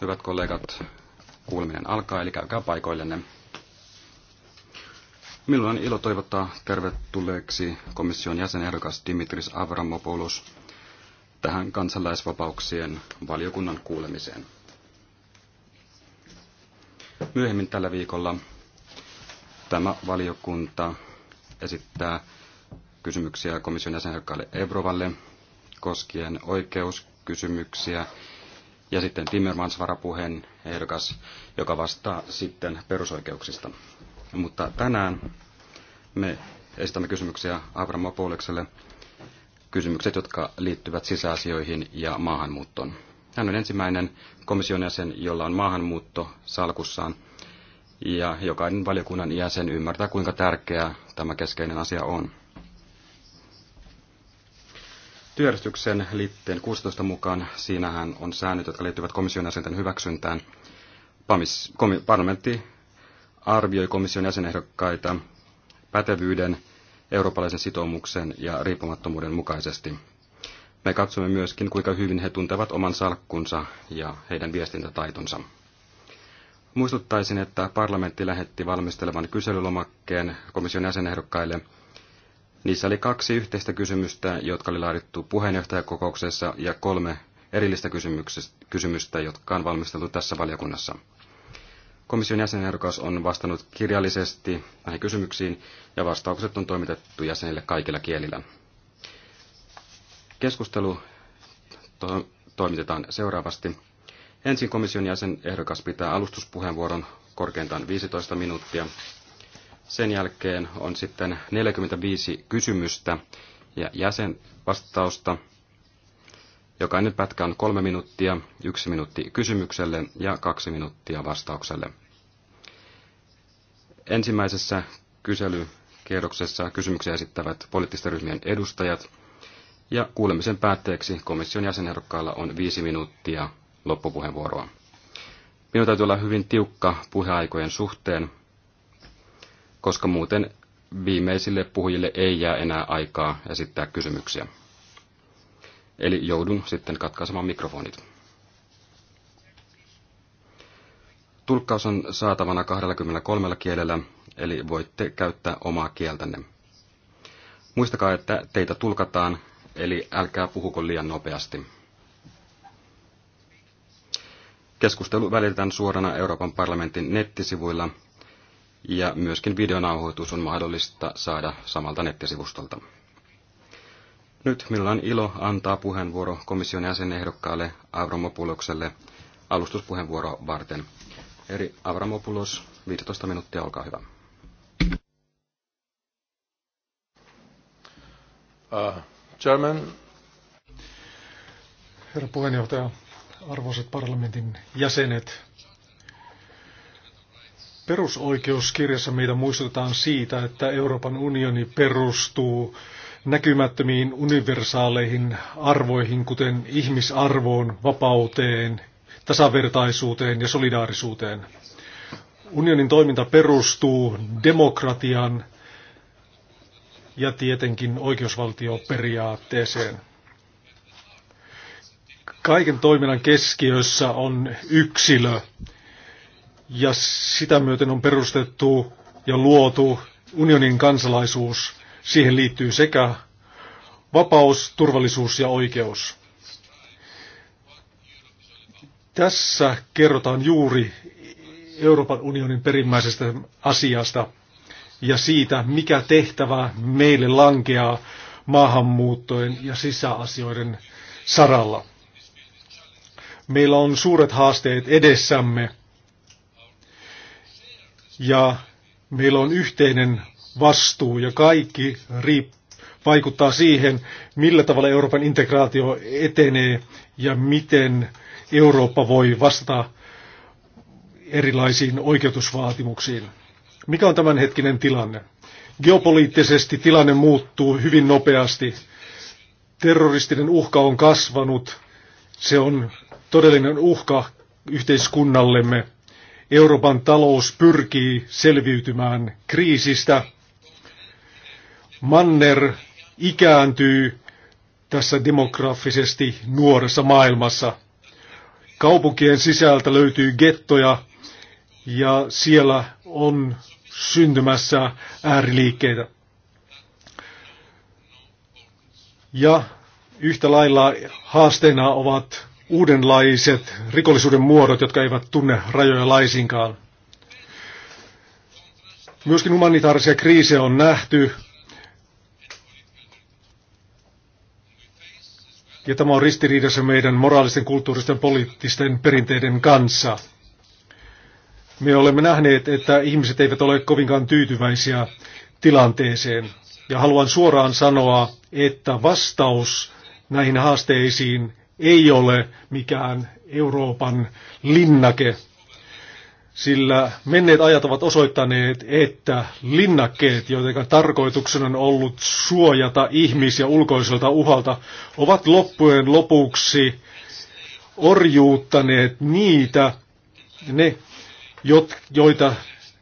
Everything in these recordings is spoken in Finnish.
Hyvät kollegat, kuuleminen alkaa, eli käykää paikoillenne. Minulla on ilo toivottaa tervetulleeksi komission jäsenehdokas Dimitris Avramopoulos tähän kansalaisvapauksien valiokunnan kuulemiseen. Myöhemmin tällä viikolla tämä valiokunta esittää kysymyksiä komission jäsenehdokkaalle Ebrovalle koskien oikeuskysymyksiä ja sitten Timmermans varapuheen ehdokas, joka vastaa sitten perusoikeuksista. Mutta tänään me esitämme kysymyksiä Apolekselle, kysymykset, jotka liittyvät sisäasioihin ja maahanmuuttoon. Hän on ensimmäinen komission jäsen, jolla on maahanmuutto salkussaan, ja jokainen valiokunnan jäsen ymmärtää, kuinka tärkeää tämä keskeinen asia on työjärjestyksen liitteen 16 mukaan. Siinähän on säännöt, jotka liittyvät komission jäsenten hyväksyntään. Pamis, komi, parlamentti arvioi komission jäsenehdokkaita pätevyyden, eurooppalaisen sitoumuksen ja riippumattomuuden mukaisesti. Me katsomme myöskin, kuinka hyvin he tuntevat oman salkkunsa ja heidän viestintätaitonsa. Muistuttaisin, että parlamentti lähetti valmistelevan kyselylomakkeen komission jäsenehdokkaille – Niissä oli kaksi yhteistä kysymystä, jotka oli laadittu puheenjohtajakokouksessa, ja kolme erillistä kysymystä, jotka on valmisteltu tässä valiokunnassa. Komission jäsenehdokas on vastannut kirjallisesti näihin kysymyksiin, ja vastaukset on toimitettu jäsenille kaikilla kielillä. Keskustelu to- toimitetaan seuraavasti. Ensin komission jäsenehdokas pitää alustuspuheenvuoron korkeintaan 15 minuuttia. Sen jälkeen on sitten 45 kysymystä ja jäsenvastausta. Jokainen pätkä on kolme minuuttia, yksi minuutti kysymykselle ja kaksi minuuttia vastaukselle. Ensimmäisessä kyselykierroksessa kysymyksiä esittävät poliittisten ryhmien edustajat ja kuulemisen päätteeksi komission jäsenehdokkailla on viisi minuuttia loppupuheenvuoroa. Minun täytyy olla hyvin tiukka puheaikojen suhteen, koska muuten viimeisille puhujille ei jää enää aikaa esittää kysymyksiä. Eli joudun sitten katkaisemaan mikrofonit. Tulkkaus on saatavana 23 kielellä, eli voitte käyttää omaa kieltänne. Muistakaa, että teitä tulkataan, eli älkää puhuko liian nopeasti. Keskustelu välitetään suorana Euroopan parlamentin nettisivuilla – ja myöskin videonauhoitus on mahdollista saada samalta nettisivustolta. Nyt minulla on ilo antaa puheenvuoro komission jäsenehdokkaalle Avramopulokselle alustuspuheenvuoro varten. Eri Avramopulos, 15 minuuttia, olkaa hyvä. Uh, chairman. Herra puheenjohtaja, arvoisat parlamentin jäsenet, Perusoikeuskirjassa meidän muistutetaan siitä, että Euroopan unioni perustuu näkymättömiin universaaleihin arvoihin, kuten ihmisarvoon, vapauteen, tasavertaisuuteen ja solidaarisuuteen. Unionin toiminta perustuu demokratian ja tietenkin oikeusvaltioperiaatteeseen. Kaiken toiminnan keskiössä on yksilö ja sitä myöten on perustettu ja luotu unionin kansalaisuus. Siihen liittyy sekä vapaus, turvallisuus ja oikeus. Tässä kerrotaan juuri Euroopan unionin perimmäisestä asiasta ja siitä, mikä tehtävä meille lankeaa maahanmuuttojen ja sisäasioiden saralla. Meillä on suuret haasteet edessämme – ja meillä on yhteinen vastuu ja kaikki riip- vaikuttaa siihen, millä tavalla Euroopan integraatio etenee ja miten Eurooppa voi vastata erilaisiin oikeutusvaatimuksiin. Mikä on tämänhetkinen tilanne? Geopoliittisesti tilanne muuttuu hyvin nopeasti. Terroristinen uhka on kasvanut. Se on todellinen uhka yhteiskunnallemme. Euroopan talous pyrkii selviytymään kriisistä. Manner ikääntyy tässä demograafisesti nuoressa maailmassa. Kaupunkien sisältä löytyy gettoja ja siellä on syntymässä ääriliikkeitä. Ja yhtä lailla haasteena ovat uudenlaiset rikollisuuden muodot, jotka eivät tunne rajoja laisinkaan. Myöskin humanitaarisia kriisejä on nähty. Ja tämä on ristiriidassa meidän moraalisten, kulttuuristen, poliittisten perinteiden kanssa. Me olemme nähneet, että ihmiset eivät ole kovinkaan tyytyväisiä tilanteeseen. Ja haluan suoraan sanoa, että vastaus näihin haasteisiin ei ole mikään Euroopan linnake, sillä menneet ajat ovat osoittaneet, että linnakkeet, joiden tarkoituksena on ollut suojata ihmisiä ulkoiselta uhalta, ovat loppujen lopuksi orjuuttaneet niitä, ne, joita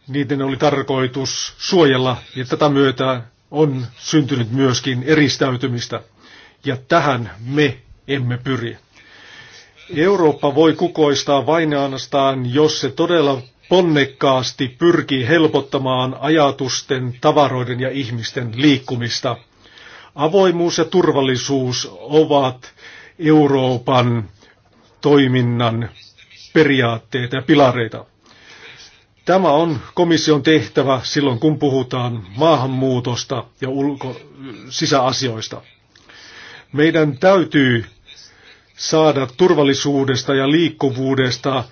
niiden oli tarkoitus suojella, ja tätä myötä on syntynyt myöskin eristäytymistä. Ja tähän me emme pyri. Eurooppa voi kukoistaa vain ainoastaan, jos se todella ponnekkaasti pyrkii helpottamaan ajatusten, tavaroiden ja ihmisten liikkumista. Avoimuus ja turvallisuus ovat Euroopan toiminnan periaatteita ja pilareita. Tämä on komission tehtävä silloin, kun puhutaan maahanmuutosta ja ulko- sisäasioista. Meidän täytyy saada turvallisuudesta ja liikkuvuudesta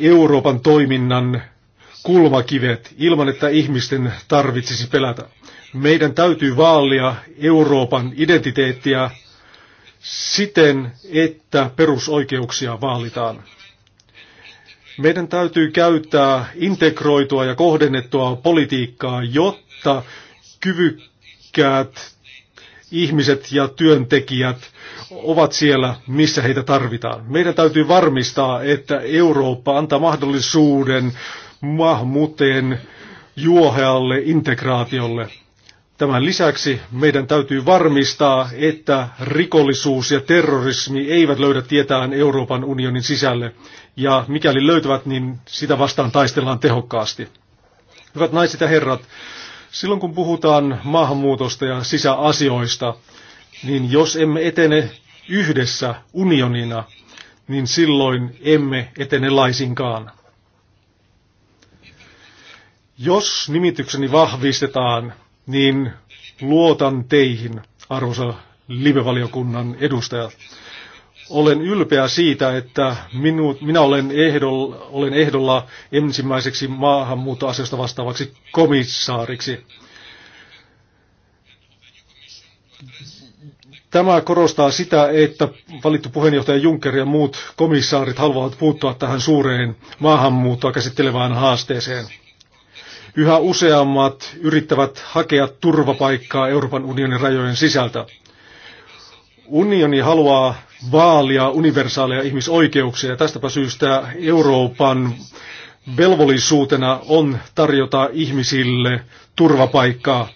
Euroopan toiminnan kulmakivet ilman, että ihmisten tarvitsisi pelätä. Meidän täytyy vaalia Euroopan identiteettiä siten, että perusoikeuksia vaalitaan. Meidän täytyy käyttää integroitua ja kohdennettua politiikkaa, jotta kyvykkäät ihmiset ja työntekijät ovat siellä, missä heitä tarvitaan. Meidän täytyy varmistaa, että Eurooppa antaa mahdollisuuden maahanmuuttajien juohealle integraatiolle. Tämän lisäksi meidän täytyy varmistaa, että rikollisuus ja terrorismi eivät löydä tietään Euroopan unionin sisälle, ja mikäli löytävät, niin sitä vastaan taistellaan tehokkaasti. Hyvät naiset ja herrat, Silloin kun puhutaan maahanmuutosta ja sisäasioista, niin jos emme etene yhdessä unionina, niin silloin emme etene laisinkaan. Jos nimitykseni vahvistetaan, niin luotan teihin, arvoisa live-valiokunnan edustajat. Olen ylpeä siitä, että minu, minä olen ehdolla, olen ehdolla ensimmäiseksi maahanmuuttoasioista vastaavaksi komissaariksi. Tämä korostaa sitä, että valittu puheenjohtaja Juncker ja muut komissaarit haluavat puuttua tähän suureen maahanmuuttoa käsittelevään haasteeseen. Yhä useammat yrittävät hakea turvapaikkaa Euroopan unionin rajojen sisältä. Unioni haluaa vaalia universaaleja ihmisoikeuksia ja tästäpä syystä Euroopan velvollisuutena on tarjota ihmisille turvapaikkaa.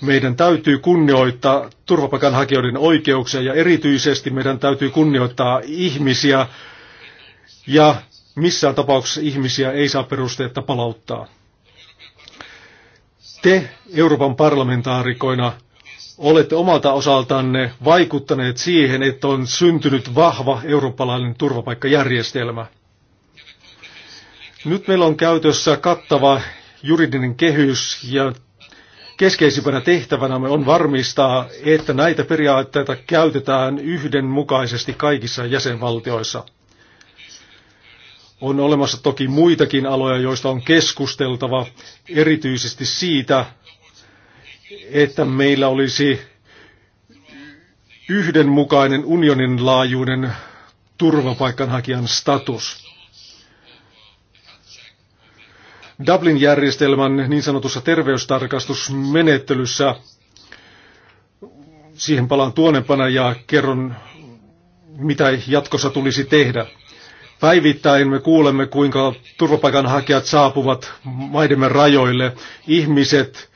Meidän täytyy kunnioittaa turvapaikanhakijoiden oikeuksia ja erityisesti meidän täytyy kunnioittaa ihmisiä ja missään tapauksessa ihmisiä ei saa perusteetta palauttaa. Te Euroopan parlamentaarikoina olette omalta osaltanne vaikuttaneet siihen, että on syntynyt vahva eurooppalainen turvapaikkajärjestelmä. Nyt meillä on käytössä kattava juridinen kehys ja keskeisimpänä me on varmistaa, että näitä periaatteita käytetään yhdenmukaisesti kaikissa jäsenvaltioissa. On olemassa toki muitakin aloja, joista on keskusteltava, erityisesti siitä, että meillä olisi yhdenmukainen unionin laajuinen turvapaikanhakijan status. Dublin-järjestelmän niin sanotussa terveystarkastusmenettelyssä, siihen palaan tuonempana ja kerron, mitä jatkossa tulisi tehdä. Päivittäin me kuulemme, kuinka turvapaikanhakijat saapuvat maidemme rajoille. Ihmiset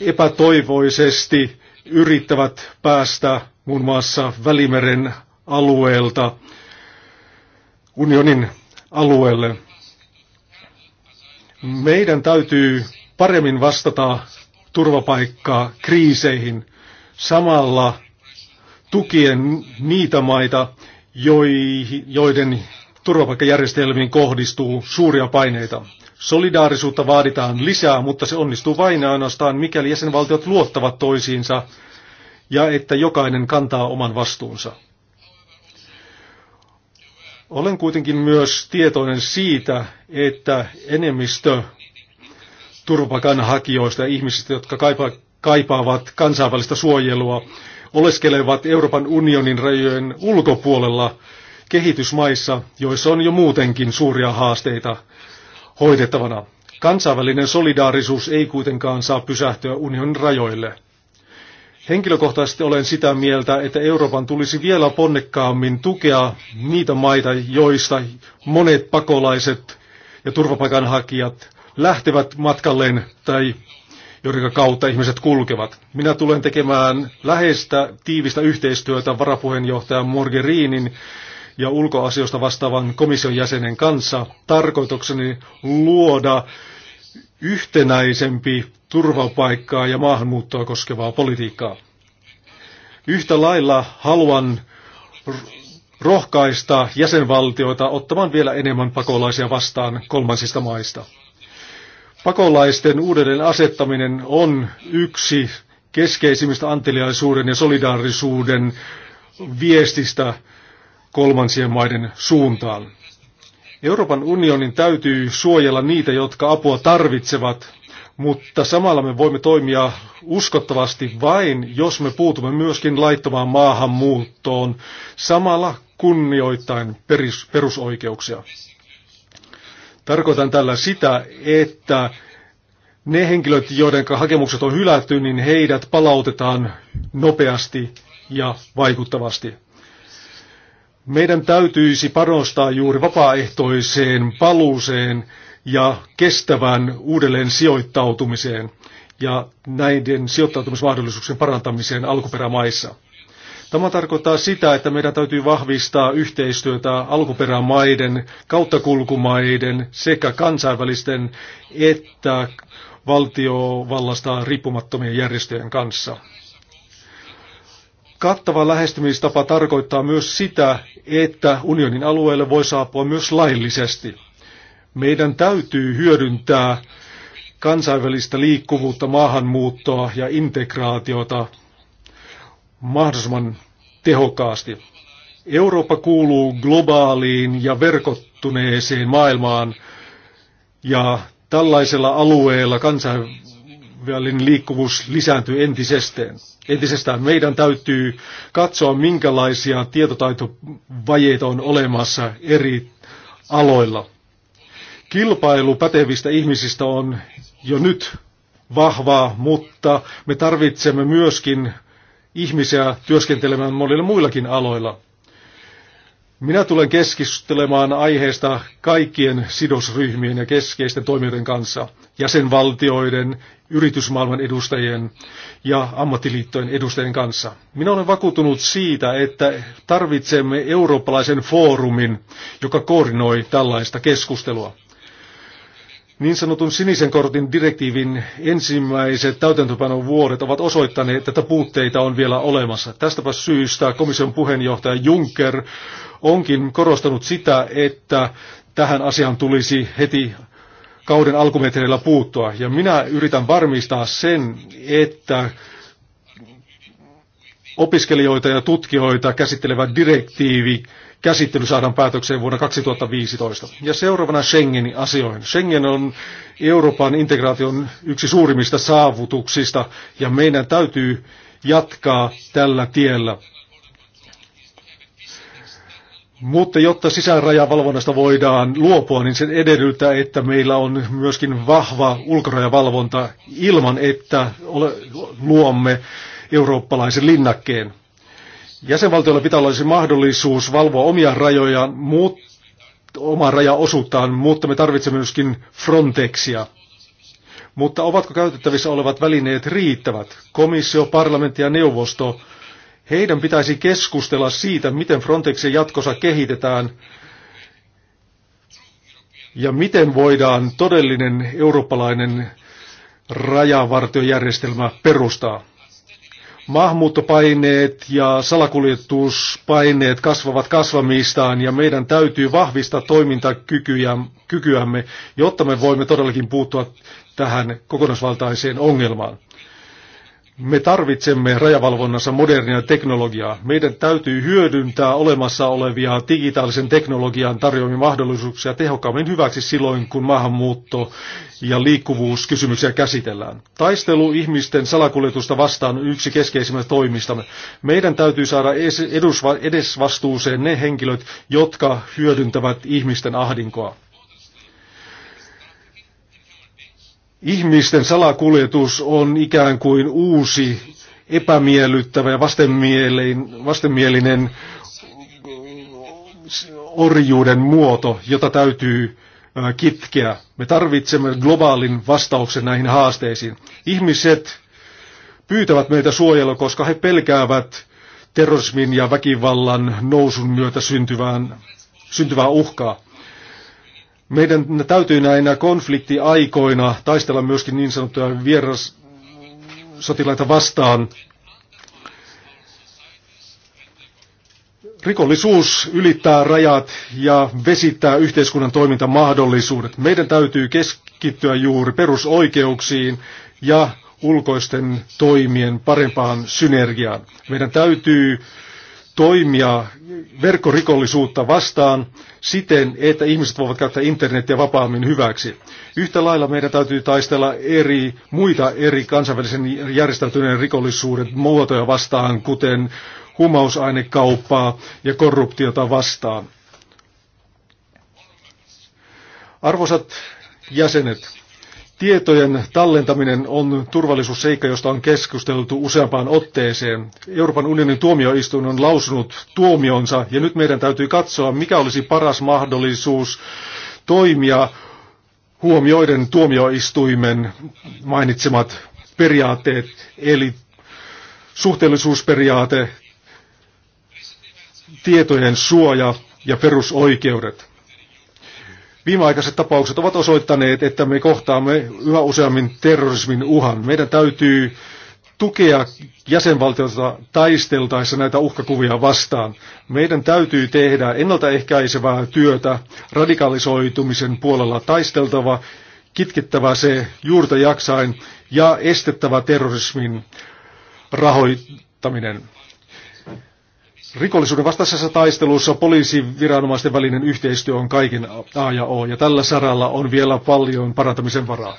epätoivoisesti yrittävät päästä muun muassa Välimeren alueelta unionin alueelle. Meidän täytyy paremmin vastata turvapaikkaa kriiseihin samalla tukien niitä maita, joiden turvapaikkajärjestelmiin kohdistuu suuria paineita. Solidaarisuutta vaaditaan lisää, mutta se onnistuu vain ainoastaan, mikäli jäsenvaltiot luottavat toisiinsa ja että jokainen kantaa oman vastuunsa. Olen kuitenkin myös tietoinen siitä, että enemmistö turvapaikanhakijoista ja ihmisistä, jotka kaipa- kaipaavat kansainvälistä suojelua, oleskelevat Euroopan unionin rajojen ulkopuolella kehitysmaissa, joissa on jo muutenkin suuria haasteita – hoidettavana. Kansainvälinen solidaarisuus ei kuitenkaan saa pysähtyä unionin rajoille. Henkilökohtaisesti olen sitä mieltä, että Euroopan tulisi vielä ponnekkaammin tukea niitä maita, joista monet pakolaiset ja turvapaikanhakijat lähtevät matkalleen tai joiden kautta ihmiset kulkevat. Minä tulen tekemään läheistä, tiivistä yhteistyötä varapuheenjohtaja Morgerinin ja ulkoasioista vastaavan komission jäsenen kanssa tarkoitukseni luoda yhtenäisempi turvapaikkaa ja maahanmuuttoa koskevaa politiikkaa. Yhtä lailla haluan rohkaista jäsenvaltioita ottamaan vielä enemmän pakolaisia vastaan kolmansista maista. Pakolaisten uudelleen asettaminen on yksi keskeisimmistä anteliaisuuden ja solidaarisuuden viestistä, kolmansien maiden suuntaan. Euroopan unionin täytyy suojella niitä, jotka apua tarvitsevat, mutta samalla me voimme toimia uskottavasti vain, jos me puutumme myöskin laittomaan maahanmuuttoon, samalla kunnioittain perusoikeuksia. Tarkoitan tällä sitä, että ne henkilöt, joiden hakemukset on hylätty, niin heidät palautetaan nopeasti ja vaikuttavasti. Meidän täytyisi panostaa juuri vapaaehtoiseen paluuseen ja kestävän uudelleen sijoittautumiseen ja näiden sijoittautumismahdollisuuksien parantamiseen alkuperämaissa. Tämä tarkoittaa sitä, että meidän täytyy vahvistaa yhteistyötä alkuperämaiden, kauttakulkumaiden sekä kansainvälisten että valtiovallasta riippumattomien järjestöjen kanssa. Kattava lähestymistapa tarkoittaa myös sitä, että unionin alueelle voi saapua myös laillisesti. Meidän täytyy hyödyntää kansainvälistä liikkuvuutta, maahanmuuttoa ja integraatiota mahdollisimman tehokkaasti. Eurooppa kuuluu globaaliin ja verkottuneeseen maailmaan ja tällaisella alueella kansainvälinen liikkuvuus lisääntyy entisestään entisestään. Meidän täytyy katsoa, minkälaisia tietotaitovajeita on olemassa eri aloilla. Kilpailu pätevistä ihmisistä on jo nyt vahvaa, mutta me tarvitsemme myöskin ihmisiä työskentelemään monilla muillakin aloilla. Minä tulen keskustelemaan aiheesta kaikkien sidosryhmien ja keskeisten toimijoiden kanssa, jäsenvaltioiden, yritysmaailman edustajien ja ammattiliittojen edustajien kanssa. Minä olen vakuuttunut siitä, että tarvitsemme eurooppalaisen foorumin, joka koordinoi tällaista keskustelua. Niin sanotun sinisen kortin direktiivin ensimmäiset täytäntöpanon vuodet ovat osoittaneet, että puutteita on vielä olemassa. Tästäpä syystä komission puheenjohtaja Juncker onkin korostanut sitä, että tähän asiaan tulisi heti kauden alkumetreillä puuttua. Ja minä yritän varmistaa sen, että opiskelijoita ja tutkijoita käsittelevä direktiivi käsittely saadaan päätökseen vuonna 2015. Ja seuraavana Schengenin asioihin. Schengen on Euroopan integraation yksi suurimmista saavutuksista ja meidän täytyy jatkaa tällä tiellä. Mutta jotta sisärajavalvonnasta voidaan luopua, niin se edellyttää, että meillä on myöskin vahva ulkorajavalvonta ilman, että ole, luomme eurooppalaisen linnakkeen. Jäsenvaltioilla pitää olla siis mahdollisuus valvoa omia rajojaan, muut, omaa rajaosuuttaan, mutta me tarvitsemme myöskin Frontexia. Mutta ovatko käytettävissä olevat välineet riittävät? Komissio, parlamentti ja neuvosto heidän pitäisi keskustella siitä, miten Frontexia jatkossa kehitetään ja miten voidaan todellinen eurooppalainen rajavartiojärjestelmä perustaa. Mahmuuttopaineet ja salakuljetuspaineet kasvavat kasvamistaan ja meidän täytyy vahvistaa toimintakykyämme, jotta me voimme todellakin puuttua tähän kokonaisvaltaiseen ongelmaan. Me tarvitsemme rajavalvonnassa modernia teknologiaa. Meidän täytyy hyödyntää olemassa olevia digitaalisen teknologian tarjoamia mahdollisuuksia tehokkaammin hyväksi silloin, kun maahanmuutto ja liikkuvuuskysymyksiä käsitellään. Taistelu ihmisten salakuljetusta vastaan on yksi keskeisimmistä toimistamme. Meidän täytyy saada edesvastuuseen ne henkilöt, jotka hyödyntävät ihmisten ahdinkoa. Ihmisten salakuljetus on ikään kuin uusi, epämiellyttävä ja vastenmielinen orjuuden muoto, jota täytyy kitkeä. Me tarvitsemme globaalin vastauksen näihin haasteisiin. Ihmiset pyytävät meitä suojelua, koska he pelkäävät terrorismin ja väkivallan nousun myötä syntyvään, syntyvää uhkaa. Meidän täytyy näinä konfliktiaikoina taistella myöskin niin sanottuja vieras sotilaita vastaan. Rikollisuus ylittää rajat ja vesittää yhteiskunnan toimintamahdollisuudet. Meidän täytyy keskittyä juuri perusoikeuksiin ja ulkoisten toimien parempaan synergiaan. Meidän täytyy toimia verkkorikollisuutta vastaan siten, että ihmiset voivat käyttää internetiä vapaammin hyväksi. Yhtä lailla meidän täytyy taistella eri, muita eri kansainvälisen järjestäytyneen rikollisuuden muotoja vastaan, kuten humausainekauppaa ja korruptiota vastaan. Arvoisat jäsenet, Tietojen tallentaminen on turvallisuusseikka, josta on keskusteltu useampaan otteeseen. Euroopan unionin tuomioistuin on lausunut tuomionsa ja nyt meidän täytyy katsoa, mikä olisi paras mahdollisuus toimia huomioiden tuomioistuimen mainitsemat periaatteet, eli suhteellisuusperiaate, tietojen suoja ja perusoikeudet. Viimeaikaiset tapaukset ovat osoittaneet, että me kohtaamme yhä useammin terrorismin uhan. Meidän täytyy tukea jäsenvaltiota taisteltaessa näitä uhkakuvia vastaan. Meidän täytyy tehdä ennaltaehkäisevää työtä radikalisoitumisen puolella taisteltava, kitkettävä se juurta jaksain ja estettävä terrorismin rahoittaminen. Rikollisuuden vastaisessa taistelussa poliisiviranomaisten välinen yhteistyö on kaiken A ja O, ja tällä saralla on vielä paljon parantamisen varaa.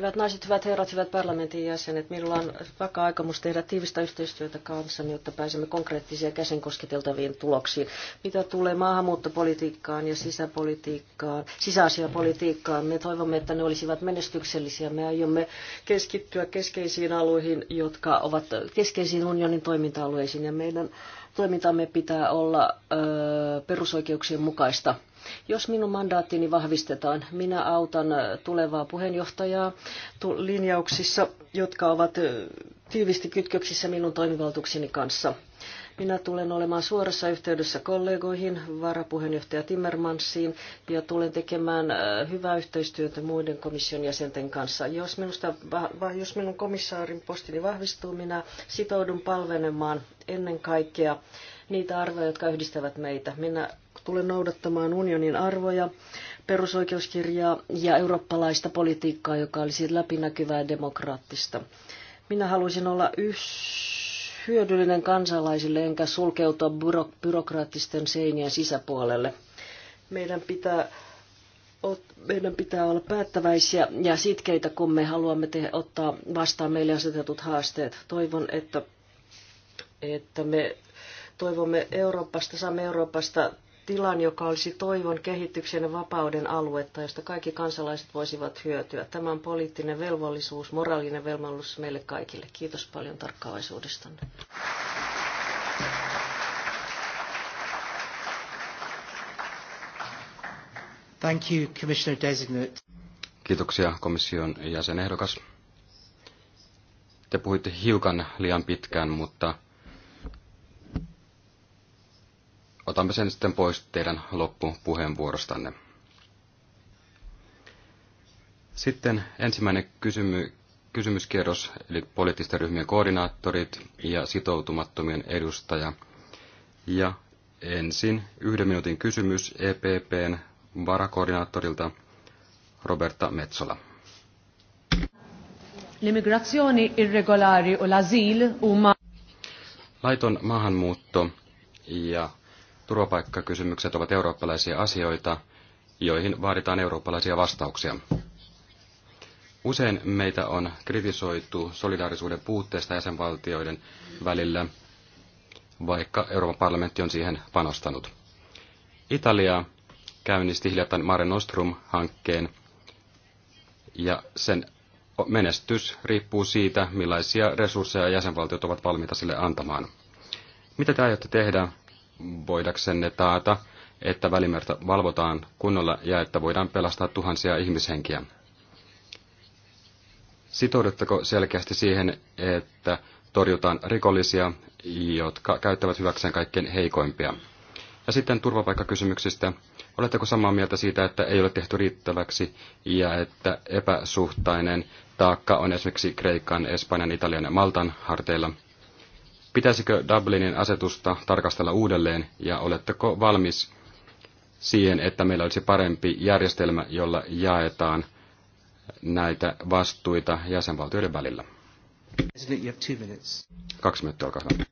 Hyvät naiset, hyvät herrat, hyvät parlamentin jäsenet, minulla on vakaa aikomus tehdä tiivistä yhteistyötä kanssa, jotta pääsemme konkreettisia käsin kosketeltaviin tuloksiin. Mitä tulee maahanmuuttopolitiikkaan ja sisäpolitiikkaan, sisäasiapolitiikkaan, me toivomme, että ne olisivat menestyksellisiä. Me aiomme keskittyä keskeisiin alueihin, jotka ovat keskeisiin unionin toiminta-alueisiin, ja meidän toimintamme pitää olla ö, perusoikeuksien mukaista. Jos minun mandaattini vahvistetaan, minä autan äh, tulevaa puheenjohtajaa linjauksissa, jotka ovat äh, tiivisti kytköksissä minun toimivaltuukseni kanssa. Minä tulen olemaan suorassa yhteydessä kollegoihin, varapuheenjohtaja Timmermansiin, ja tulen tekemään äh, hyvää yhteistyötä muiden komission jäsenten kanssa. Jos, minusta, jos minun komissaarin postini vahvistuu, minä sitoudun palvelemaan ennen kaikkea niitä arvoja, jotka yhdistävät meitä. Minä tule noudattamaan unionin arvoja, perusoikeuskirjaa ja eurooppalaista politiikkaa, joka olisi läpinäkyvää ja demokraattista. Minä haluaisin olla hyödyllinen kansalaisille enkä sulkeutua byrok- byrokraattisten seinien sisäpuolelle. Meidän pitää meidän pitää olla päättäväisiä ja sitkeitä, kun me haluamme te- ottaa vastaan meille asetetut haasteet. Toivon, että, että me toivomme Euroopasta, saamme Euroopasta tilan, joka olisi toivon kehityksen ja vapauden aluetta, josta kaikki kansalaiset voisivat hyötyä. Tämä on poliittinen velvollisuus, moraalinen velvollisuus meille kaikille. Kiitos paljon tarkkaavaisuudestanne. Thank you, Commissioner Designate. Kiitoksia komission jäsenehdokas. Te puhuitte hiukan liian pitkään, mutta Otamme sen sitten pois teidän loppupuheenvuorostanne. Sitten ensimmäinen kysymy, kysymyskierros, eli poliittisten ryhmien koordinaattorit ja sitoutumattomien edustaja. Ja ensin yhden minuutin kysymys EPPn varakoordinaattorilta Roberta Metsola. L'immigrazione irregolari o l'asilo huma... Laiton maahanmuutto ja Turvapaikkakysymykset ovat eurooppalaisia asioita, joihin vaaditaan eurooppalaisia vastauksia. Usein meitä on kritisoitu solidaarisuuden puutteesta jäsenvaltioiden välillä, vaikka Euroopan parlamentti on siihen panostanut. Italia käynnisti hiljattain Mare Nostrum-hankkeen, ja sen menestys riippuu siitä, millaisia resursseja jäsenvaltiot ovat valmiita sille antamaan. Mitä te aiotte tehdä, voidaksenne taata, että välimerta valvotaan kunnolla ja että voidaan pelastaa tuhansia ihmishenkiä? Sitoudutteko selkeästi siihen, että torjutaan rikollisia, jotka käyttävät hyväkseen kaikkein heikoimpia? Ja sitten turvapaikkakysymyksistä. Oletteko samaa mieltä siitä, että ei ole tehty riittäväksi ja että epäsuhtainen taakka on esimerkiksi Kreikan, Espanjan, Italian ja Maltan harteilla? Pitäisikö Dublinin asetusta tarkastella uudelleen ja oletteko valmis siihen, että meillä olisi parempi järjestelmä, jolla jaetaan näitä vastuita jäsenvaltioiden välillä? Kaksi minuuttia, olkaa hyvä.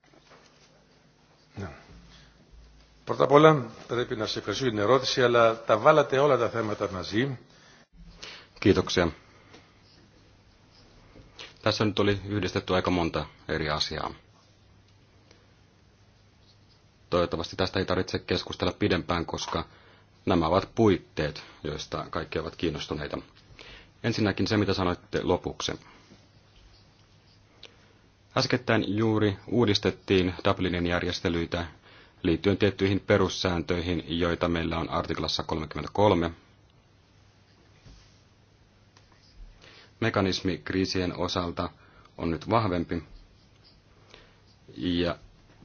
Πρώτα απ' όλα πρέπει να σε ευχαριστήσω την ερώτηση, αλλά τα βάλατε όλα τα θέματα μαζί. Kiitoksia. Tässä nyt oli yhdistetty aika monta eri asiaa. Toivottavasti tästä ei tarvitse keskustella pidempään, koska nämä ovat puitteet, joista kaikki ovat kiinnostuneita. Ensinnäkin se, mitä sanoitte lopuksi. Äskettäin juuri uudistettiin Dublinin järjestelyitä liittyen tiettyihin perussääntöihin, joita meillä on artiklassa 33. Mekanismi kriisien osalta on nyt vahvempi ja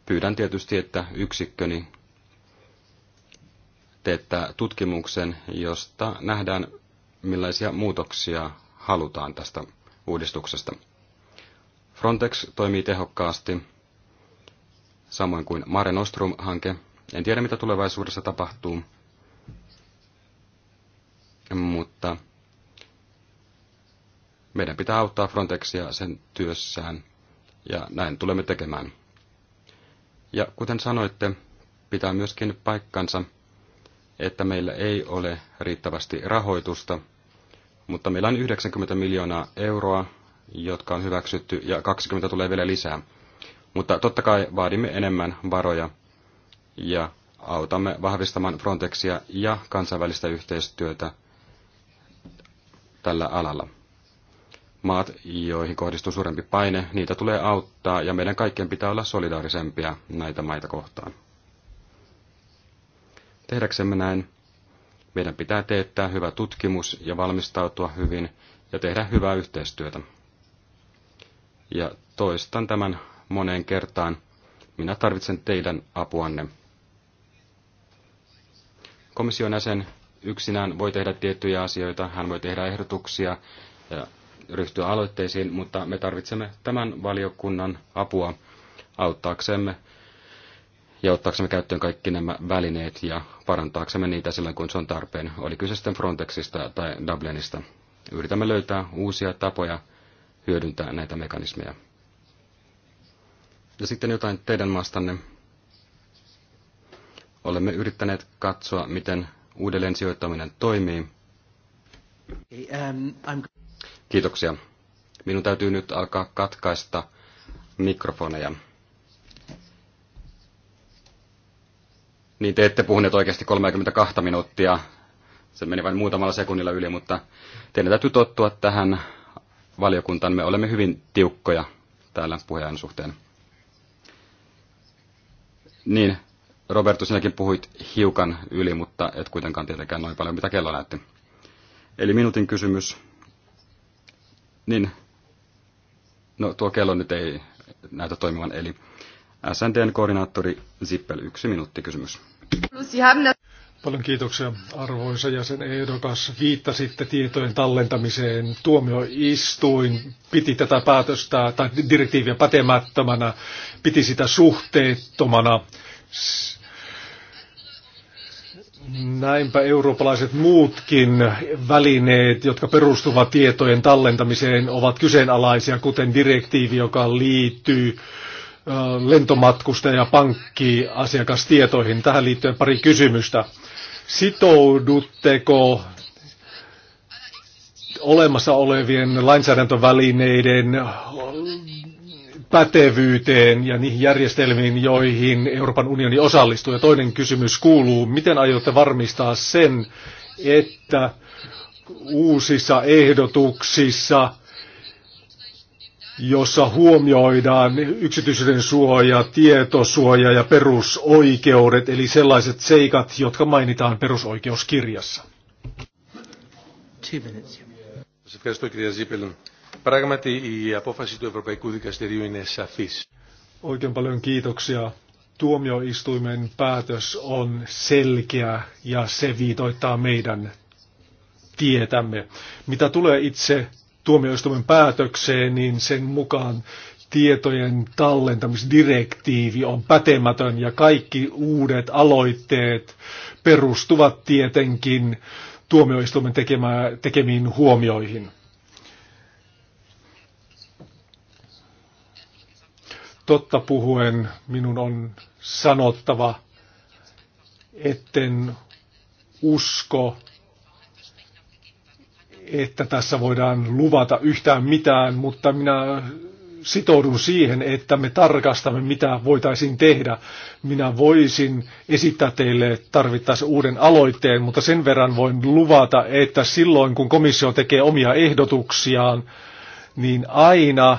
pyydän tietysti, että yksikköni teettää tutkimuksen, josta nähdään, millaisia muutoksia halutaan tästä uudistuksesta. Frontex toimii tehokkaasti, samoin kuin Mare Nostrum-hanke. En tiedä, mitä tulevaisuudessa tapahtuu, mutta meidän pitää auttaa Frontexia sen työssään, ja näin tulemme tekemään. Ja kuten sanoitte, pitää myöskin paikkansa, että meillä ei ole riittävästi rahoitusta, mutta meillä on 90 miljoonaa euroa, jotka on hyväksytty, ja 20 tulee vielä lisää. Mutta totta kai vaadimme enemmän varoja ja autamme vahvistamaan Frontexia ja kansainvälistä yhteistyötä tällä alalla maat, joihin kohdistuu suurempi paine, niitä tulee auttaa ja meidän kaikkien pitää olla solidaarisempia näitä maita kohtaan. Tehdäksemme näin, meidän pitää teettää hyvä tutkimus ja valmistautua hyvin ja tehdä hyvää yhteistyötä. Ja toistan tämän moneen kertaan. Minä tarvitsen teidän apuanne. Komission jäsen yksinään voi tehdä tiettyjä asioita, hän voi tehdä ehdotuksia ja ryhtyä aloitteisiin, mutta me tarvitsemme tämän valiokunnan apua auttaaksemme ja ottaaksemme käyttöön kaikki nämä välineet ja parantaaksemme niitä silloin, kun se on tarpeen, oli kyse sitten Frontexista tai Dublinista. Yritämme löytää uusia tapoja hyödyntää näitä mekanismeja. Ja sitten jotain teidän maastanne. Olemme yrittäneet katsoa, miten uudelleen sijoittaminen toimii. Um, Kiitoksia. Minun täytyy nyt alkaa katkaista mikrofoneja. Niin te ette puhuneet oikeasti 32 minuuttia. Se meni vain muutamalla sekunnilla yli, mutta teidän täytyy tottua tähän valiokuntaan. Me olemme hyvin tiukkoja täällä puheen suhteen. Niin, Roberto, sinäkin puhuit hiukan yli, mutta et kuitenkaan tietenkään noin paljon, mitä kello näytti. Eli minuutin kysymys niin, no tuo kello nyt ei näytä toimivan, eli SNDn koordinaattori Zippel, yksi minuutti kysymys. Paljon kiitoksia arvoisa jäsen ehdokas. Viittasitte tietojen tallentamiseen. Tuomioistuin piti tätä päätöstä tai direktiiviä pätemättömänä, piti sitä suhteettomana. Näinpä eurooppalaiset muutkin välineet, jotka perustuvat tietojen tallentamiseen, ovat kyseenalaisia, kuten direktiivi, joka liittyy lentomatkusta ja pankkiasiakastietoihin. Tähän liittyen pari kysymystä. Sitoudutteko olemassa olevien lainsäädäntövälineiden pätevyyteen ja niihin järjestelmiin, joihin Euroopan unioni osallistuu. Ja toinen kysymys kuuluu, miten aiotte varmistaa sen, että uusissa ehdotuksissa, jossa huomioidaan yksityisyyden suoja, tietosuoja ja perusoikeudet, eli sellaiset seikat, jotka mainitaan perusoikeuskirjassa. Two minutes. Πράγματι η απόφαση του Ευρωπαϊκού Δικαστηρίου είναι σαφής. Oikein paljon kiitoksia. Tuomioistuimen päätös on selkeä ja se viitoittaa meidän tietämme. Mitä tulee itse tuomioistuimen päätökseen, niin sen mukaan tietojen tallentamisdirektiivi on pätemätön ja kaikki uudet aloitteet perustuvat tietenkin tuomioistuimen tekemään, tekemiin huomioihin. Totta puhuen minun on sanottava, etten usko, että tässä voidaan luvata yhtään mitään, mutta minä sitoudun siihen, että me tarkastamme, mitä voitaisiin tehdä. Minä voisin esittää teille tarvittaessa uuden aloitteen, mutta sen verran voin luvata, että silloin kun komissio tekee omia ehdotuksiaan, niin aina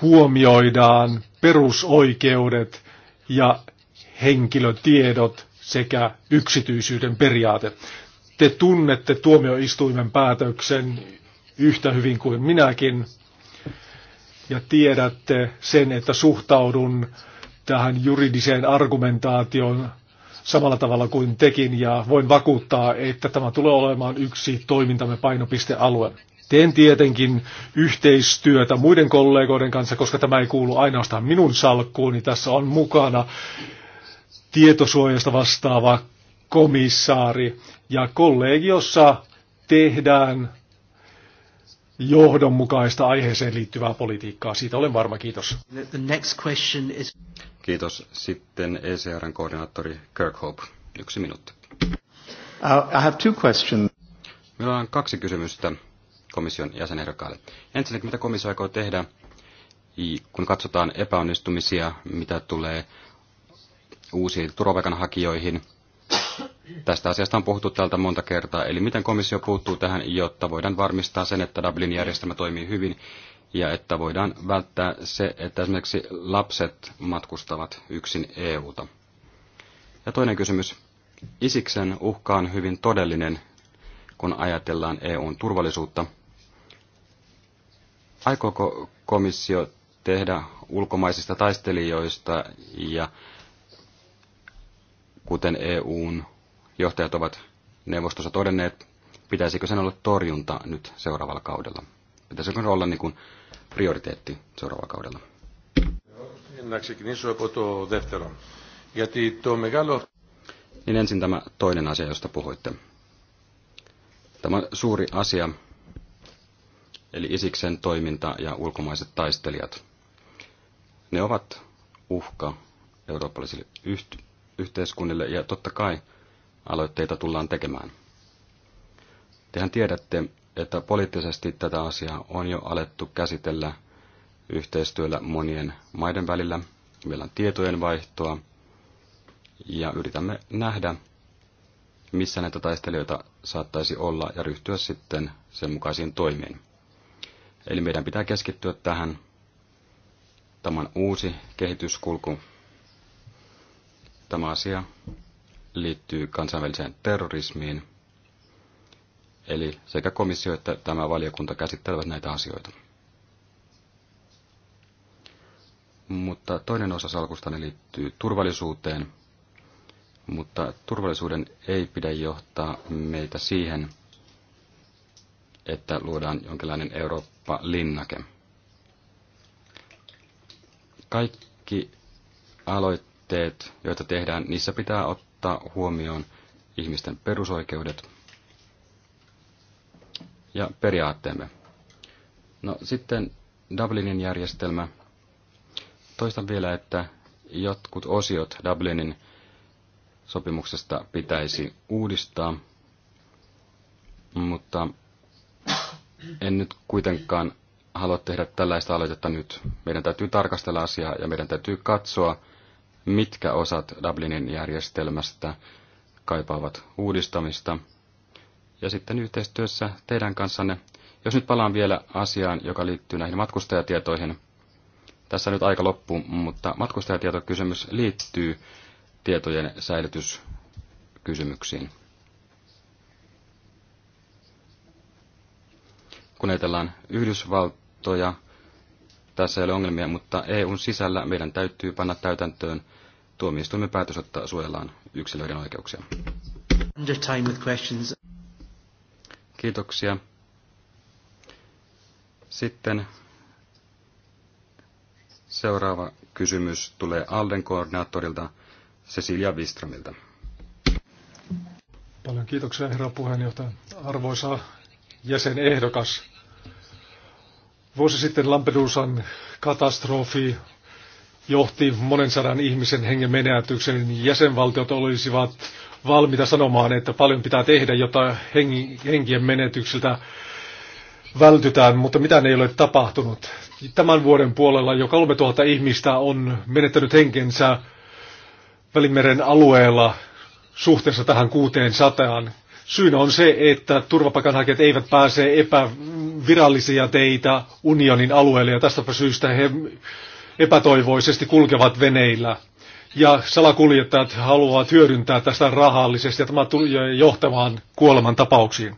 huomioidaan perusoikeudet ja henkilötiedot sekä yksityisyyden periaate. Te tunnette tuomioistuimen päätöksen yhtä hyvin kuin minäkin ja tiedätte sen, että suhtaudun tähän juridiseen argumentaatioon samalla tavalla kuin tekin ja voin vakuuttaa, että tämä tulee olemaan yksi toimintamme painopistealue. Teen tietenkin yhteistyötä muiden kollegoiden kanssa, koska tämä ei kuulu ainoastaan minun salkkuuni. Niin tässä on mukana tietosuojasta vastaava komissaari ja kollegiossa tehdään johdonmukaista aiheeseen liittyvää politiikkaa. Siitä olen varma. Kiitos. The next question is... Kiitos. Sitten ECRn koordinaattori Kirkhope. Yksi minuutti. Uh, I have two questions. Minulla on kaksi kysymystä komission jäsenehdokkaalle. Ensinnäkin, mitä komissio aikoo tehdä, kun katsotaan epäonnistumisia, mitä tulee uusiin turvapaikanhakijoihin. Tästä asiasta on puhuttu täältä monta kertaa, eli miten komissio puuttuu tähän, jotta voidaan varmistaa sen, että Dublin järjestelmä toimii hyvin ja että voidaan välttää se, että esimerkiksi lapset matkustavat yksin EUta. Ja toinen kysymys. Isiksen uhka on hyvin todellinen, kun ajatellaan EUn turvallisuutta – aikooko komissio tehdä ulkomaisista taistelijoista ja kuten EUn johtajat ovat neuvostossa todenneet, pitäisikö sen olla torjunta nyt seuraavalla kaudella? Pitäisikö se olla niin kuin prioriteetti seuraavalla kaudella? Niin ensin tämä toinen asia, josta puhuitte. Tämä on suuri asia, eli Isiksen toiminta ja ulkomaiset taistelijat. Ne ovat uhka eurooppalaisille yht- yhteiskunnille ja totta kai aloitteita tullaan tekemään. Tehän tiedätte, että poliittisesti tätä asiaa on jo alettu käsitellä yhteistyöllä monien maiden välillä. Meillä on tietojen vaihtoa ja yritämme nähdä, missä näitä taistelijoita saattaisi olla ja ryhtyä sitten sen mukaisiin toimiin. Eli meidän pitää keskittyä tähän. Tämä on uusi kehityskulku. Tämä asia liittyy kansainväliseen terrorismiin. Eli sekä komissio että tämä valiokunta käsittelevät näitä asioita. Mutta toinen osa salkustani liittyy turvallisuuteen, mutta turvallisuuden ei pidä johtaa meitä siihen, että luodaan jonkinlainen Eurooppa Eurooppa-linnake. Kaikki aloitteet, joita tehdään, niissä pitää ottaa huomioon ihmisten perusoikeudet ja periaatteemme. No sitten Dublinin järjestelmä. Toistan vielä, että jotkut osiot Dublinin sopimuksesta pitäisi uudistaa, mutta en nyt kuitenkaan halua tehdä tällaista aloitetta nyt. Meidän täytyy tarkastella asiaa ja meidän täytyy katsoa, mitkä osat Dublinin järjestelmästä kaipaavat uudistamista. Ja sitten yhteistyössä teidän kanssanne. Jos nyt palaan vielä asiaan, joka liittyy näihin matkustajatietoihin. Tässä nyt aika loppuu, mutta matkustajatietokysymys liittyy tietojen säilytyskysymyksiin. kun ajatellaan Yhdysvaltoja, tässä ei ole ongelmia, mutta EUn sisällä meidän täytyy panna täytäntöön tuomioistuimen päätös, että suojellaan yksilöiden oikeuksia. Kiitoksia. Sitten seuraava kysymys tulee Alden koordinaattorilta Cecilia Wistramilta. Paljon kiitoksia herra puheenjohtaja. Arvoisa jäsenehdokas, Vuosi sitten Lampedusan katastrofi johti monen sadan ihmisen hengen menetyksen. Jäsenvaltiot olisivat valmiita sanomaan, että paljon pitää tehdä, jotta henkien menetyksiltä vältytään, mutta mitään ei ole tapahtunut. Tämän vuoden puolella jo 3000 ihmistä on menettänyt henkensä Välimeren alueella suhteessa tähän kuuteen sataan. Syynä on se, että turvapaikanhakijat eivät pääse epä, virallisia teitä unionin alueelle ja tästä syystä he epätoivoisesti kulkevat veneillä. Ja salakuljettajat haluavat hyödyntää tästä rahallisesti ja tämä tulee johtamaan kuoleman tapauksiin.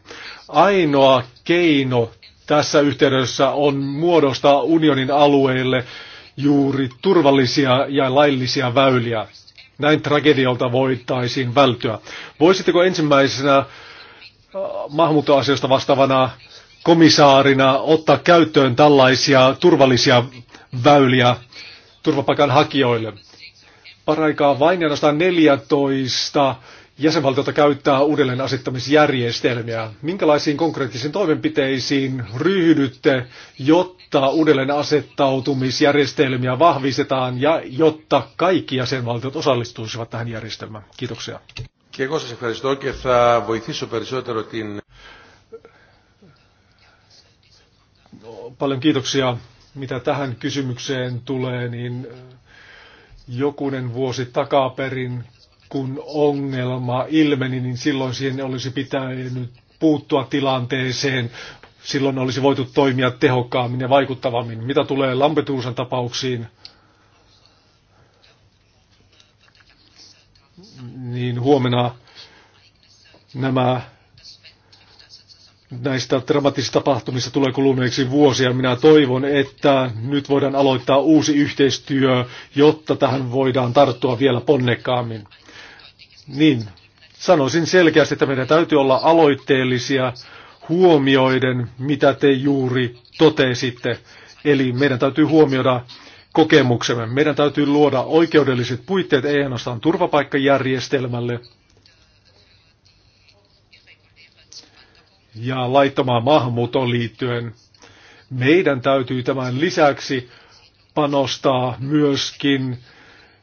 Ainoa keino tässä yhteydessä on muodostaa unionin alueille juuri turvallisia ja laillisia väyliä. Näin tragedialta voitaisiin vältyä. Voisitteko ensimmäisenä äh, maahanmuuttoasioista vastaavana komissaarina ottaa käyttöön tällaisia turvallisia väyliä turvapaikanhakijoille. Paraikaa vain ja 14 jäsenvaltiota käyttää uudelleen asettamisjärjestelmiä. Minkälaisiin konkreettisiin toimenpiteisiin ryhdytte, jotta uudelleen asettautumisjärjestelmiä vahvistetaan ja jotta kaikki jäsenvaltiot osallistuisivat tähän järjestelmään? Kiitoksia. Paljon kiitoksia. Mitä tähän kysymykseen tulee, niin eh, jokunen vuosi takaperin, kun ongelma ilmeni, niin silloin siihen olisi pitänyt puuttua tilanteeseen. Silloin olisi voitu toimia tehokkaammin ja vaikuttavammin. Mitä tulee Lampetuusan tapauksiin, niin huomenna nämä näistä dramaattisista tapahtumista tulee kuluneeksi vuosia. Minä toivon, että nyt voidaan aloittaa uusi yhteistyö, jotta tähän voidaan tarttua vielä ponnekkaammin. Niin, sanoisin selkeästi, että meidän täytyy olla aloitteellisia huomioiden, mitä te juuri totesitte. Eli meidän täytyy huomioida kokemuksemme. Meidän täytyy luoda oikeudelliset puitteet, ei ainoastaan turvapaikkajärjestelmälle, ja laittomaan maahanmuuton liittyen. Meidän täytyy tämän lisäksi panostaa myöskin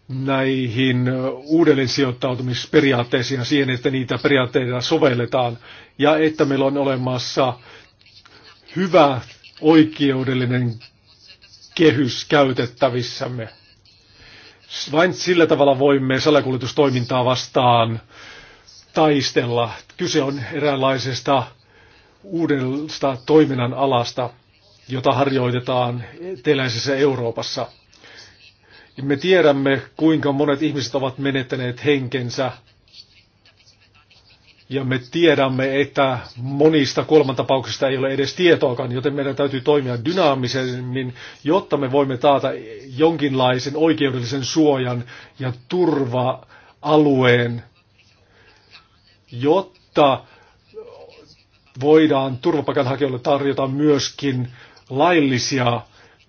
näihin uudelleen sijoittautumisperiaatteisiin ja siihen, että niitä periaatteita sovelletaan ja että meillä on olemassa hyvä oikeudellinen kehys käytettävissämme. Vain sillä tavalla voimme salakuljetustoimintaa vastaan taistella. Kyse on eräänlaisesta uudesta toiminnan alasta, jota harjoitetaan eteläisessä Euroopassa. Me tiedämme, kuinka monet ihmiset ovat menettäneet henkensä ja me tiedämme, että monista kuolemantapauksista ei ole edes tietoakaan, joten meidän täytyy toimia dynaamisemmin, jotta me voimme taata jonkinlaisen oikeudellisen suojan ja turva-alueen, jotta voidaan turvapaikanhakijoille tarjota myöskin laillisia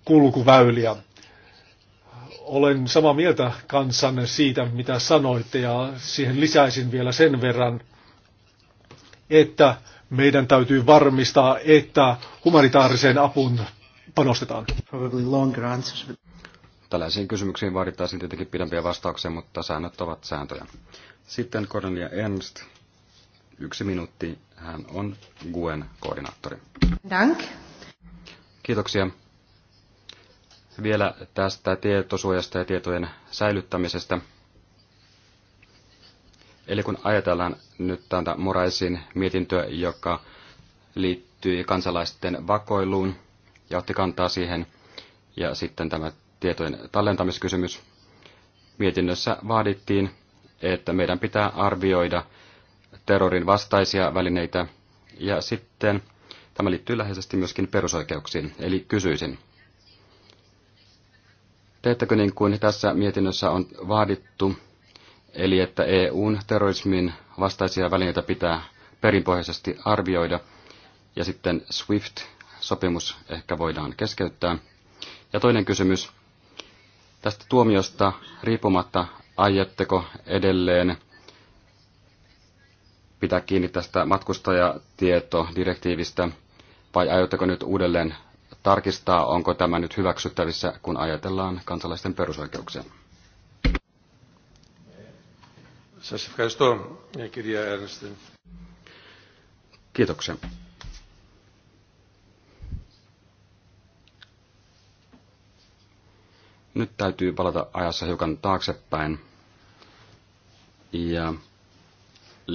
kulkuväyliä. Olen samaa mieltä kanssanne siitä, mitä sanoitte, ja siihen lisäisin vielä sen verran, että meidän täytyy varmistaa, että humanitaariseen apuun panostetaan. Tällaisiin kysymyksiin vaadittaisiin tietenkin pidempiä vastauksia, mutta säännöt ovat sääntöjä. Sitten Cornelia Ernst, yksi minuutti hän on GUEN koordinaattori. Dank. Kiitoksia. Vielä tästä tietosuojasta ja tietojen säilyttämisestä. Eli kun ajatellaan nyt tätä Moraisin mietintöä, joka liittyi kansalaisten vakoiluun ja otti kantaa siihen, ja sitten tämä tietojen tallentamiskysymys. Mietinnössä vaadittiin, että meidän pitää arvioida terrorin vastaisia välineitä. Ja sitten tämä liittyy läheisesti myöskin perusoikeuksiin, eli kysyisin. Teettekö niin kuin tässä mietinnössä on vaadittu, eli että EUn terrorismin vastaisia välineitä pitää perinpohjaisesti arvioida, ja sitten SWIFT-sopimus ehkä voidaan keskeyttää. Ja toinen kysymys. Tästä tuomiosta riippumatta aiotteko edelleen pitää kiinni tästä matkustajatietodirektiivistä, vai aiotteko nyt uudelleen tarkistaa, onko tämä nyt hyväksyttävissä, kun ajatellaan kansalaisten perusoikeuksia? Kiitoksia. Nyt täytyy palata ajassa hiukan taaksepäin. Ja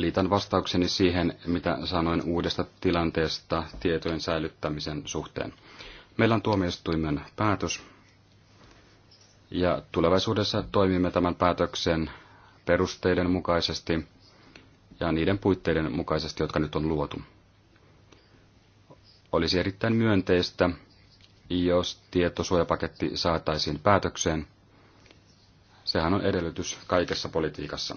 liitän vastaukseni siihen, mitä sanoin uudesta tilanteesta tietojen säilyttämisen suhteen. Meillä on tuomioistuimen päätös, ja tulevaisuudessa toimimme tämän päätöksen perusteiden mukaisesti ja niiden puitteiden mukaisesti, jotka nyt on luotu. Olisi erittäin myönteistä, jos tietosuojapaketti saataisiin päätökseen. Sehän on edellytys kaikessa politiikassa.